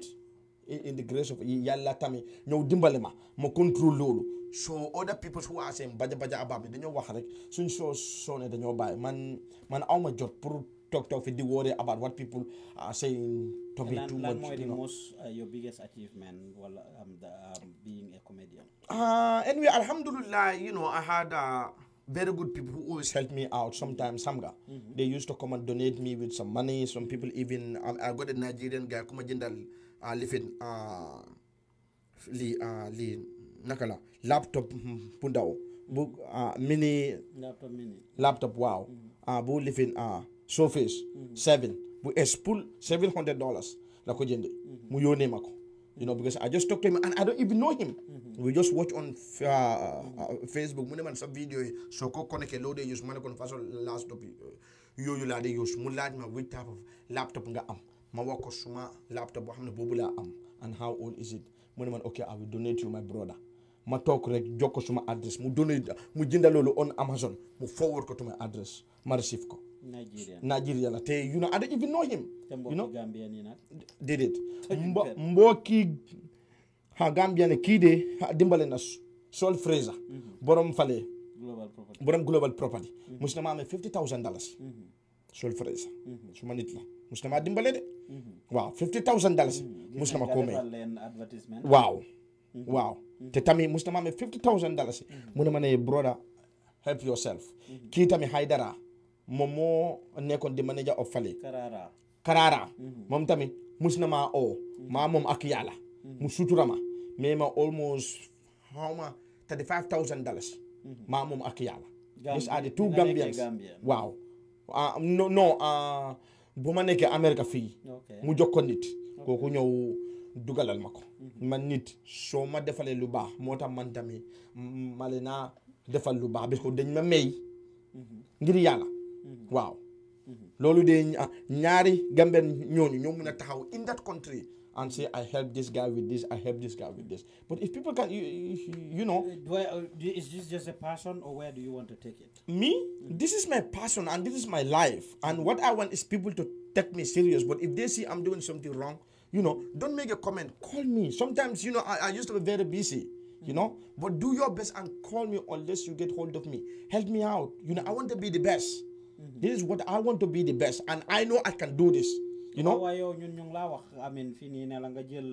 in the grace of yàlla tamit ñëw dimbali ma ma contrôle loolu so other people who are saying baja baja about me dañoo wax rek suñ soo soone dañoo bàyyi man man awma jot pour talk talk fi di worry about what people are saying to be too much you know. most
uh, your biggest achievement well um, the, um, being a
comedian uh, anyway alhamdulillah you know i had uh, very good people who always helped me out. Sometimes Samga, mm -hmm. they used to come and donate me with some money. Some people even um, I got a Nigerian guy, come Kumajindal. lifin li li naka la laptop bu ndaw bu mini laptop waaw mm-hmm. bu lifin surface mm-hmm. seven bu es pul seven hundred dollars la ko jënde mm-hmm. mu yónnee ma ko you know because I just talked to him and I don't even know him we just watch on uh, uh, Facebook mu ne man sa vidéo yi soo ko connecté loo dee ma ne kon façon laptop yooyu laa dee use mu laaj ma which type of laptop nga am ma wax ko suma laptop boo xam ne boobu laa am and how old is it mu ne man ok I will donate you my brother ma toog rek jox ko suma adresse mu donate mu jënda loolu on Amazon mu forward ko to my address ma receive ko.
Nigeria
la te you know I even know him. mbokki
Gambian yi nag.
déedéet ha kii de dimbale na Sol Fraser. Mhm. borom fale. global global property. Mhm. mos na ma dollars. Mhm. Sol Fraser. suma nit la. mus na maa dimbale de. Mhm. waaw fifty thousand dalasi. mus mhm. na waaw. Mhm. te tamit mus na maa may fifty thousand dalasi. mu ne ma ne brother help yourself. kii tamit Haidara moom moo nekkoon di manager of Fale. Karara Karara. moom tamit mus na maa oo. maa moom ak yàlla. mu sutura ma mais ma almost xaw ma thirty five thousand dalasi. maa moom ak yàlla. two Gambians waaw. Ah, no no. Ah, bu ma nekkee Amérique fii. mu jox nit. kooku ñëw dugalal ma ko. man nit soo ma defalee lu baax moo tax man tamit ma leen naa defal lu baax parce que dañ ma may. Mhm. ngir yàlla.
Mhm. waaw. Mhm.
loolu de ñaari gamben ñooñu ñoo mun a taxaw in that country. and say I help this guy with this, I help this guy with this. But if people can, you you, Do know, uh, is this just a passion or where do you want to take it? Me, this is my passion and this is my life, and what I want is people to take me serious. But if they see I'm doing something wrong, you know, don't make a comment. Call me. Sometimes you know I, I used to be very busy. You know, but do your best and call me unless you get hold of me. Help me out. You know, I want to be the best. Mm-hmm. This is what I want to be the best, and I know I can do this you know
waaw yow ñun ñu ngi laa wax amin fii nii ne la nga jël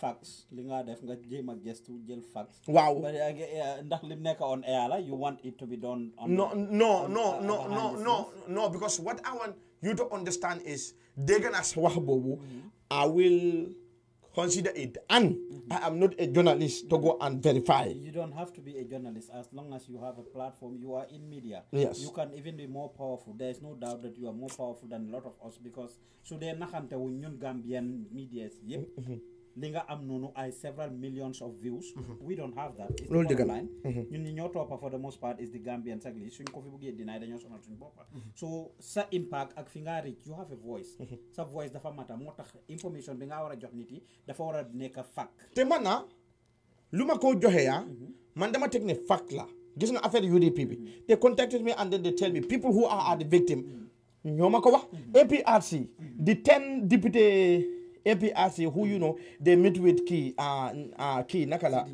fax li nga def nga jéem a gestu jël fax. waaw eh, eh, eh, ndax lim nekk on air la you want it to be done. on no no no no no
no no because what I want you to understand is dégg naa wax boobu mm-hmm. I will consider it. And mm -hmm. I am not a journalist to go and verify. You
don't have to be a journalist as long as you have a platform. You are in media. Yes. You can even be more powerful. There is no doubt that you are more powerful than a lot of us because so they're not Gambian media. Yep. Mm-hmm. Linga nga am noonu ay several millions of views mhm. we don't have that it's the bottom line mhm. ñun ñi ñoo toppa for the most part is the Gambian sag li suñ ko fi buggee dinaay dañoo sonal suñ boppa mhm. so sa impact ak fi nga reach you have a voice sa voice dafa mata moo tax
information bi nga war a jox nit yi dafa war nekk fact te man na lu ma ko joxe yaa ah, man dama teg ne fact la gis nga affaire UDP bi they contacted me and then they tell me people who are the victim ñoo ma ko wax APRC the ten député APRC who you know they meet with Key uh, uh Key Nakala.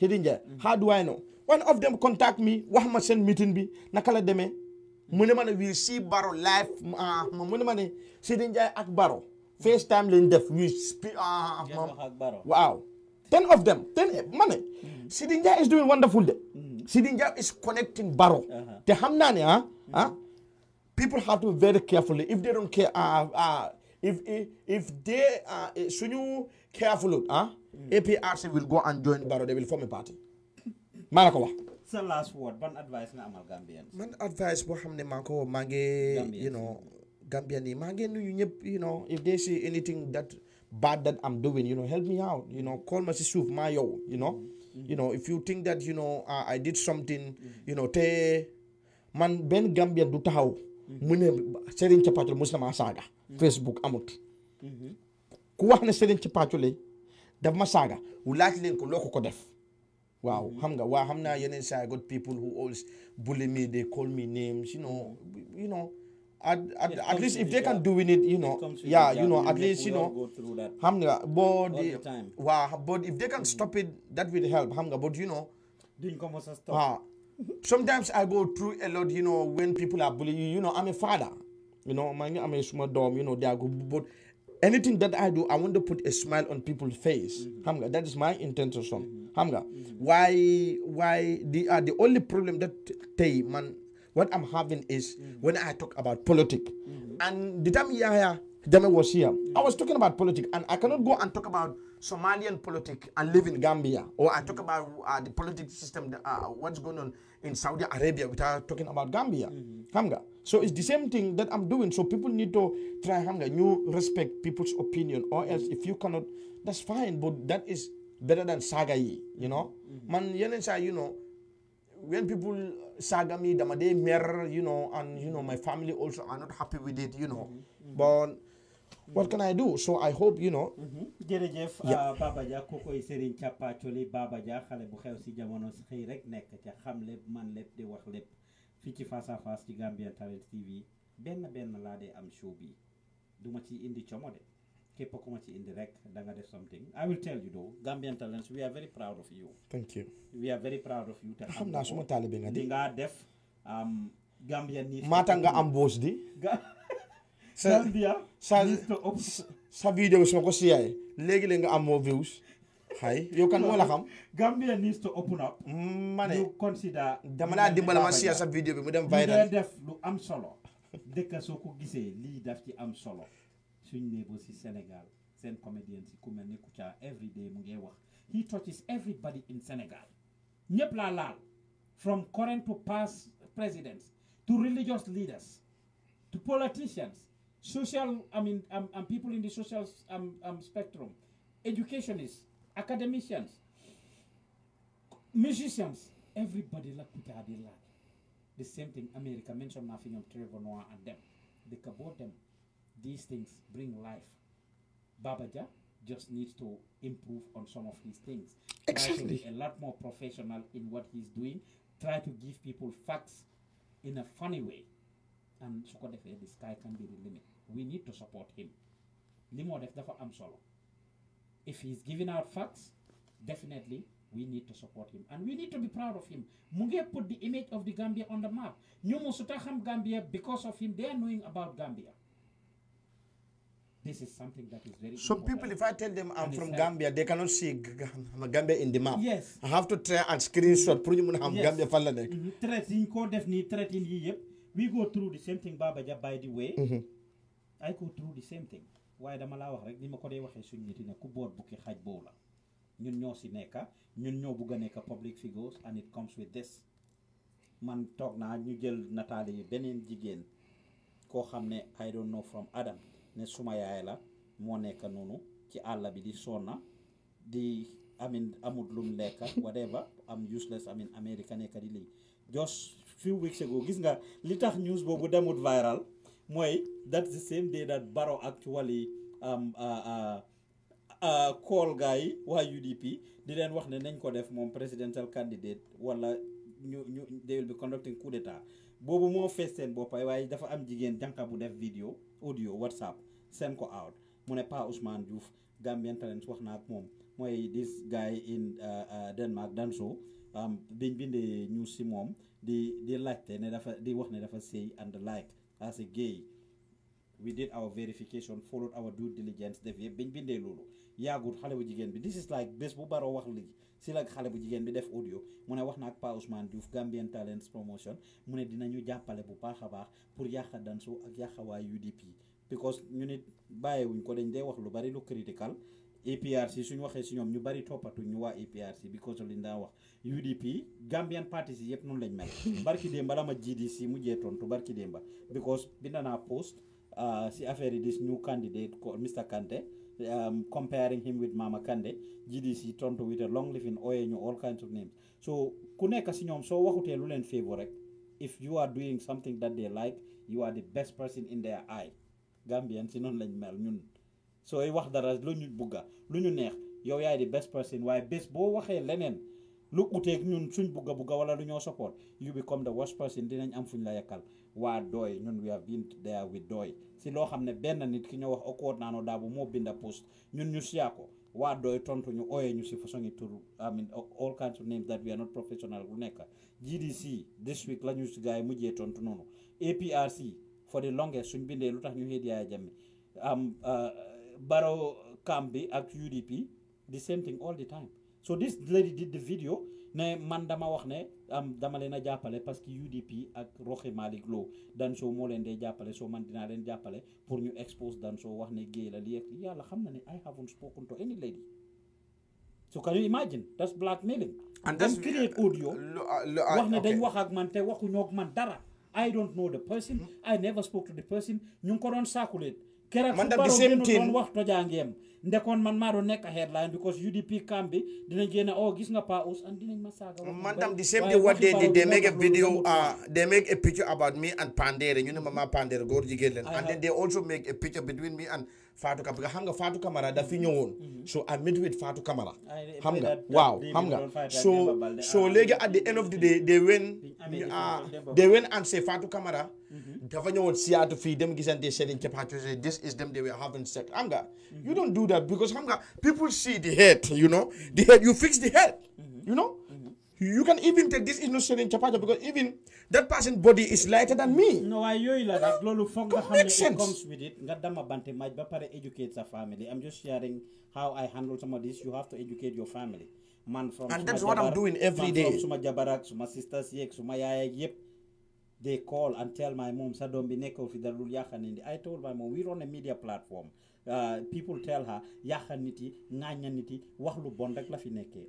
Hidinja. Mm -hmm. How do I know? One of them contact me. Wahma send meeting be Nakala deme. Mune mane we see Baro life. Uh, mune mane Hidinja Baro. First time in the we speak. Uh, uh wow. Ten of them. Ten money. Sidinja mm. is doing wonderful. Day. Sidinja mm. is connecting Baro. The Hamnani, huh? People have to be very carefully. If they don't care, uh, uh, if if, they eh, suñu careful ah. Hmm. APRC will go and join Barrow they will form a party. <laughs> maa la ko
wax.
man advice boo xam ne maa ko maa ngi. Gambian yi maa ngi nuyu ñëpp you know if they see anything that bad that I'm doing help me out call ma si suuf maa yow you hmm. if you think that ah, I did something. Hmm. te man benn Gambian du taxaw. mu ne Serigne Thiapathioum mos na maa saaga. Facebook amut mhm. ku wax ne Serigne ci pàccu lay daf ma saaga wu laaj leen ko loo def waaw mhm. xam nga waa xam naa yeneen saa got people who always bully me they call me names you know you know at, at, it at least if they can do in it you know yeah you know at least you know xam nga boo time. Wow, but if they can mm-hmm. stop it that will help xam but you know duñ ko mos stop waaw sometimes I go through a lot you know when people are bullying you you know I'm a father you know, man, I'm a small you know, they are good. But anything that I do, I want to put a smile on people's face. Mm -hmm. that is my intention. Mm Hamga. -hmm. Why why the uh, the only problem that they man what I'm having is mm-hmm. when I talk about politics. And the time Yahya Deme was here, I was talking about politics and I cannot go and talk about Somalian politics and live in Gambia, or I talk about uh, the political system, uh, what's going on in Saudi Arabia without talking about Gambia. Mm -hmm. Hunger, so it's the same thing that I'm doing so people need to try hunger. You respect people's opinion or else if you cannot that's fine but that is better than saga you know mm-hmm. man yeneen saa you know when people saga me dama dey mer you know and you know my mm-hmm. family also are not happy with it you know mm-hmm. but what can I do? So I hope you know. jërëjëf ah, Baba
Baba Jah xale bu xew si jamono xëy rek man lépp di wax lépp. fii ci face à face ci Gambia Talent TV benn benn laa dee am show bi duma ci indi como de képp ku ma ci indi rek da nga def something I will tell you though Gambian Talents we are very proud of you. thank you we are very proud of you. te xam naa suma taalibe nga di nga def.
Um, Gambian maata nga am boos di. Gambia. sa sa sa vidéo su ma ko siyaay léegi-léegi nga am moo views. Hi. You can moo come.
Gambia needs to open up. ma you consider. dama laa dimbala ma siya sa vidéo
bi mu dem viral. li def
lu am solo. dëkk soo ko gisee lii am solo. suñ néegó si Sénégal Sen comedian. si ku mel ne every day mu he touches everybody in Senegal. ñëpp laa from current to past presidents to religious leaders to politicians social i mean um, um, people in the social um, um, spectrum educationists academicians, musicians, everybody like Peter had The same thing, America mentioned nothing of Trevor Noah and them. They cabot them. These things bring life. Babaja just needs to improve on some of his things. Exactly. a lot more professional in what he's doing. Try to give people facts in a funny way. And so the sky can be the limit. We need to support him. Limo def am solo if he's giving out facts, definitely we need to support him. And we need to be proud of him. Muge put the image of the Gambia on the map. Nyumusutaham Gambia, because of him, they are knowing about Gambia.
This is something that is very Some important. people, if I tell them I'm and from Gambia, they cannot see Gambia in the map. Yes. I have to try and screenshot. Yes. Gambia mm -hmm.
We go through the same thing, Baba, by the way. Mm -hmm. I go through the same thing. waaye dama laa wax rek ni ma ko dee waxee suñ nit yi ne ku boot bukki xaj boobu la ñun ñoo si nekka ñun ñoo bugg a nekka public figures and it comes with this man toog naa ñu jël nataali yi beneen jigéen koo xam ne I don't know from Adam ne suma yaay la moo nekk noonu ci àll bi di sonna di amin amut lum lekka whatever am useless amin America nekka di lii just few weeks ago gis nga li tax news boobu demut viral mooy that's the same day that Barrow actually um, uh, uh, uh, call gars yi waa UDP di leen wax ne nañ ko def moom presidential candidate wala ñu ñu they will be conducting coup d'état boobu moo fees seen boppay waaye dafa am jigéen jànka bu def vidéo audio whatsapp seen ko out mu ne Pa Ousman Joof Gambian Talents wax naa ak moom mooy this guy in Denmark Danso um, biñ bindee ñu si moom di di laajte ne dafa di wax ne dafa sëy and like as a gay we did our verification followed our due diligence def yëpp bañ bindee loolu yaagut xale bu jigéen bi this is like bés bu baroo wax li si la xale bu jigéen bi def audio mu ne wax na ak Pa Ousmane Diouf Gambian Talents Promotion mu ne dinañu jàppale bu baax a baax pour yàqa dansu ak yàqawaay UDP because ñu nit bàyyiwuñ ko dañ dee wax lu bari lu critical APRC suñu waxe ci ñom ñu bari topatu ñu wa APRC because li Linda wax UDP Gambian parties yépp non lañ mel <laughs> barki demba la ma GDC mujjee tontu barki demba because binda na post uh, si affaire yi new candidate Mr Kante um, comparing him with Mama Kande GDC tontu with a long living ooyee ñu all kinds of names so ku nekk so ñom so waxuté lu leen favor rek if you are doing something that they like you are the best person in their eye Gambian si non lañ mel ñun sooy wax dara lu ñu bugga lu ñu neex yow yaay di best person waaye bés boo waxee leneen lu uteeg ñun suñ bugga bugga wala lu ñoo support you become the worst person dinañ am fuñ la yekkal waa doy? ñun we have been there with doy. si loo xam ne benn nit ki ñoo wax okoot naanoo daa bu moo binda post ñun ñu siyaa ko waa dooy tontu ñu ooyee ñu si façon yi tur I mean all kinds of names that we are not professional lu nekk GDC this week la ñu si gars yi mujjee tontu noonu APRC for the longest suñ bindee lu tax ñu xeet yaaya jàmmi am uh, Baro Kambi at UDP the same thing all the time so this lady did the video ne mandama dama ne am dama leen a jàppale UDP ak roche maliglo. Dan so moo leen dee jàppale soo man dinaa leen jàppale pour ñu expose Danso wax ne géey la li yegg yàlla ne I haven't spoken to any lady so can you imagine that's blackmailing. and that's create audio. Uh, uh, uh, wax ne dañ man te man dara. I don't know the person. Mm-hmm. I never spoke to the person ñu ngi keroog man tam di same team wax tojangeem ndekoon man maa doon nekk a headline because UDP camp dinañ génn oh gis nga Pa Ouss and dinañ ma saaga man tam di same team what they they make a video uh,
they make a picture about me and Pandere ñu ne ma maa Pandere góor jigéen leen and then they also make a picture between me and fatu Camara xam hanga Fatou Camara uh, daf fi ñëwoon. Mm-hmm. so I met with fatu kamara hanga wow hanga so so ah, léegi at the end of the day they went. Uh, they went and say Fatou Camara. Mm-hmm. dafa ñëwoon siyaatu fii dem gisante seen capacité chapati. this is them they were having sex Hanga, you mm-hmm. don't do that because hanga people see the head you know the head you fix the head you know. You can even take this innocent in because even that person's body is lighter than me. No, I you like that. Lolo, fuck sense. comes
with it. Gadama bante might bapare educates the family. I'm just sharing how I handle some of this. You have to educate your family. Man from and that's what I'm doing every day. man day. Suma Jabarak, Suma sisters, yek, Suma yaya, yep. They call and tell my mom, Sadom Bineko Fidarul Yakhanindi. I told my mom, we run a media platform. Uh, people tell her yàqal nit yi ŋaañal nit yi wax lu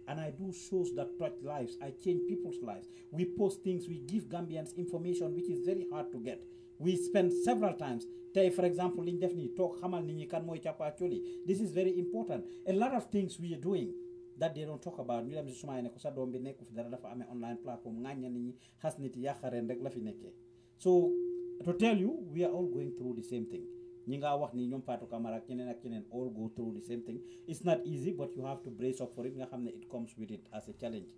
and I do shows that touch lives I change people's lives we post things we give Gambians information which is very hard to get we spend several times tey for example in definitely talk. Hamal xamal ñi kan mooy càppaacoli this is very important a lot of things we are doing that they don't talk about ñu dem si ne ko sa doom fi dara dafa online platform ŋaañal ñi xas rek la fi so to tell you we are all going through the same thing wax ni ak all go through the same thing it's not easy but you have to brace up for it nga it comes with it as a challenge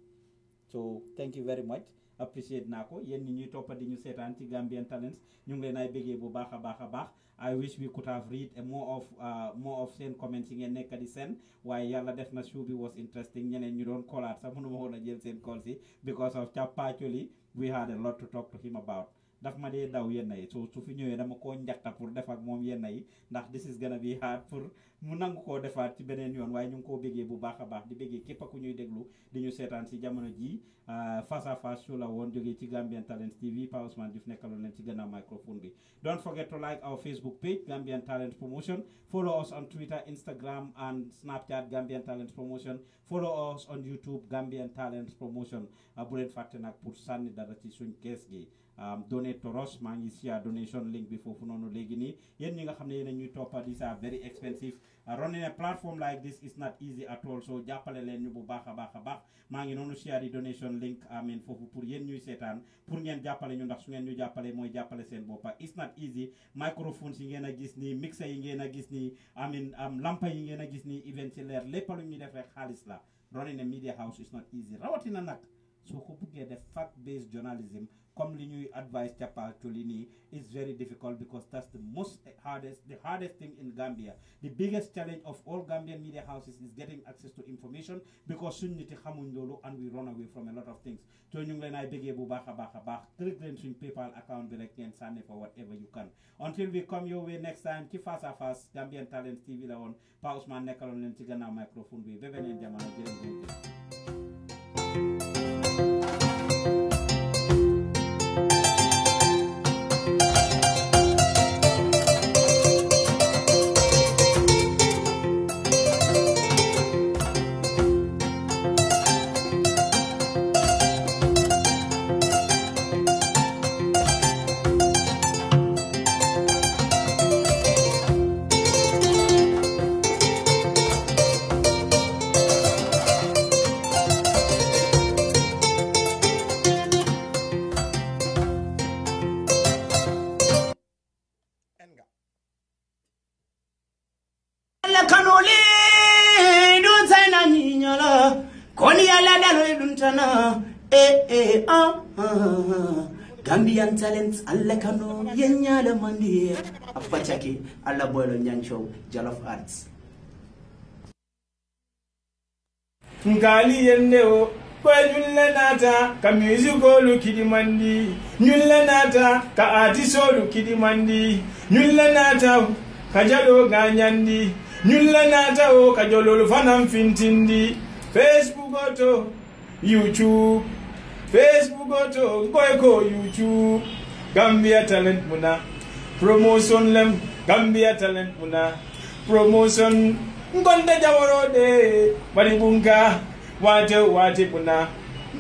so thank you very much appreciate naa ko ñi ñuy toppa ñu seetaan ci Gambian Talents ñu ngi leen ay bëggee bu baax I wish we could have read more of uh, more of Sen comments yi ngeen nekk di seen waaye yàlla def na show bi was interesting ñeneen ñu doon kolaat sax mënuma woon a jël seen call si because of actually we had a lot to talk to him about daf ma dee daw yenn yi so su fi ñëwee dama koo njakta pour def ak moom yenn yi ndax this is gonna be hard pour mu nangu koo defaat ci beneen yoon waaye ñu ngi koo béggee bu baax a baax di béggee képp ku ñuy déglu di ñu seetaan si jamono ji euh, face à face su la woon jógee ci Gambian Talents TV Pa Ousman Joof nekkaloon leen ci gannaaw microphone bi don't forget to like our Facebook page Gambian Talent Promotion follow us on Twitter Instagram and Snapchat Gambian Talent Promotion follow us on YouTube Gambian Talent Promotion ah, bu leen fàtte nag pour sànni dara ci suñ kees gi Um, donate to us maa ngi share uh, donation link bi foofu noonu léegi nii yéen ñi nga xam ne yéen ñuy toppa these are very expensive uh, running a platform like this is not easy at all so jàppale leen ñu bu baax a baax a baax maa ngi noonu share donation link amen foofu pour yéen ñuy seetaan pour ngeen jàppale ñu ndax su ngeen ñu jàppale mooy jàppale seen boppa it's not easy microphones yi ngeen a gis nii mixer yi ngeen a gis nii amen am um, lampa yi ngeen a gis nii event lépp lu ñuy def xaalis la running a media house is not easy rawatina nag So, ko buggee def fact based journalism comme li ñuy advice to nii is very difficult because that's the most hardest the hardest thing in Gambia the biggest challenge of all Gambian media houses is getting access to information because suñ niti xamuñ loolu and we run away from a lot of things so ñu ngi leen ay bëggee bu baax a baax a baax click leen suñ PayPal account bi rek ngeen sànni fa whatever you can until we come your way next time ci face à face Gambian Talent TV la woon Pa Ousmane nekkaloon leen ci gannaaw microphone bi ba beneen jamono jërëjëf
ያን ታሌንት አለ ከኖ የኛ ለማን
አባቻኬ አላ ቦሎኛን ሾው
ጃሎፍ አርትስ ngali yende o kwa nyulle nata ka musicolu kidimandi nyulle nata ka artisolu kidimandi nyulle nata ka ganyandi nyulle nata o fintindi facebook oto youtube facebook oto ngoy youtube gambia talent muna promotion lem gambia talent muna promotion wate wate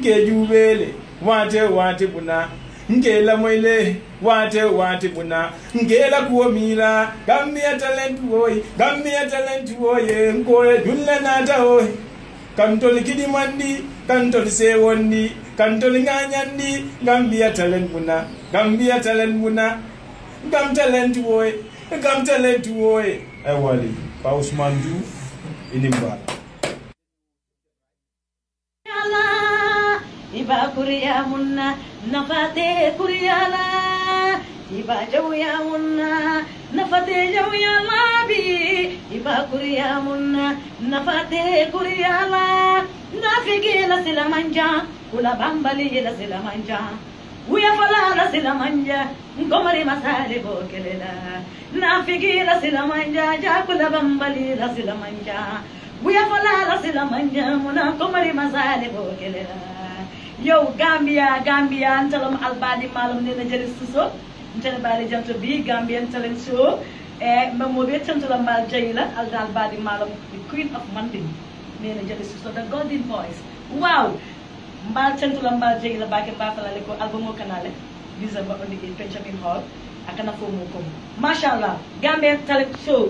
nke jubele wate wate muna nke la wate nke gambia talent woy gambia talent woy kantol giɗimanɗi kantol sewonɗi kantol gañanɗi ngam mbiya talen muna gambia talent muna gam talent woy gam talent woy ay wali ba ousmane du inimbala
ala iba kuryamuna nafate lah. iba jawya munna nafate jawya labi iba kuriya munna nafate kuriya la nafigi la silamanja kula bambali la silamanja uya fala la silamanja ngomari masale bokelela nafigi la silamanja ja kula bambali la silamanja uya fala la silamanja muna ngomari masale bokelela yow gambia gambia ntalam albani malam nena jeli suso ntere baali janto bi Gambian talent show e eh, mammo ɓe tentola mbal jayila aldal baɗi malam the queen of mandin nene jadi suso the golden voice wow mbal tentola mbal jayila bake mbafalale ko album o kanale disa baɗo ndigi benjamin hall akana fo mo kom machallah Gambian talent show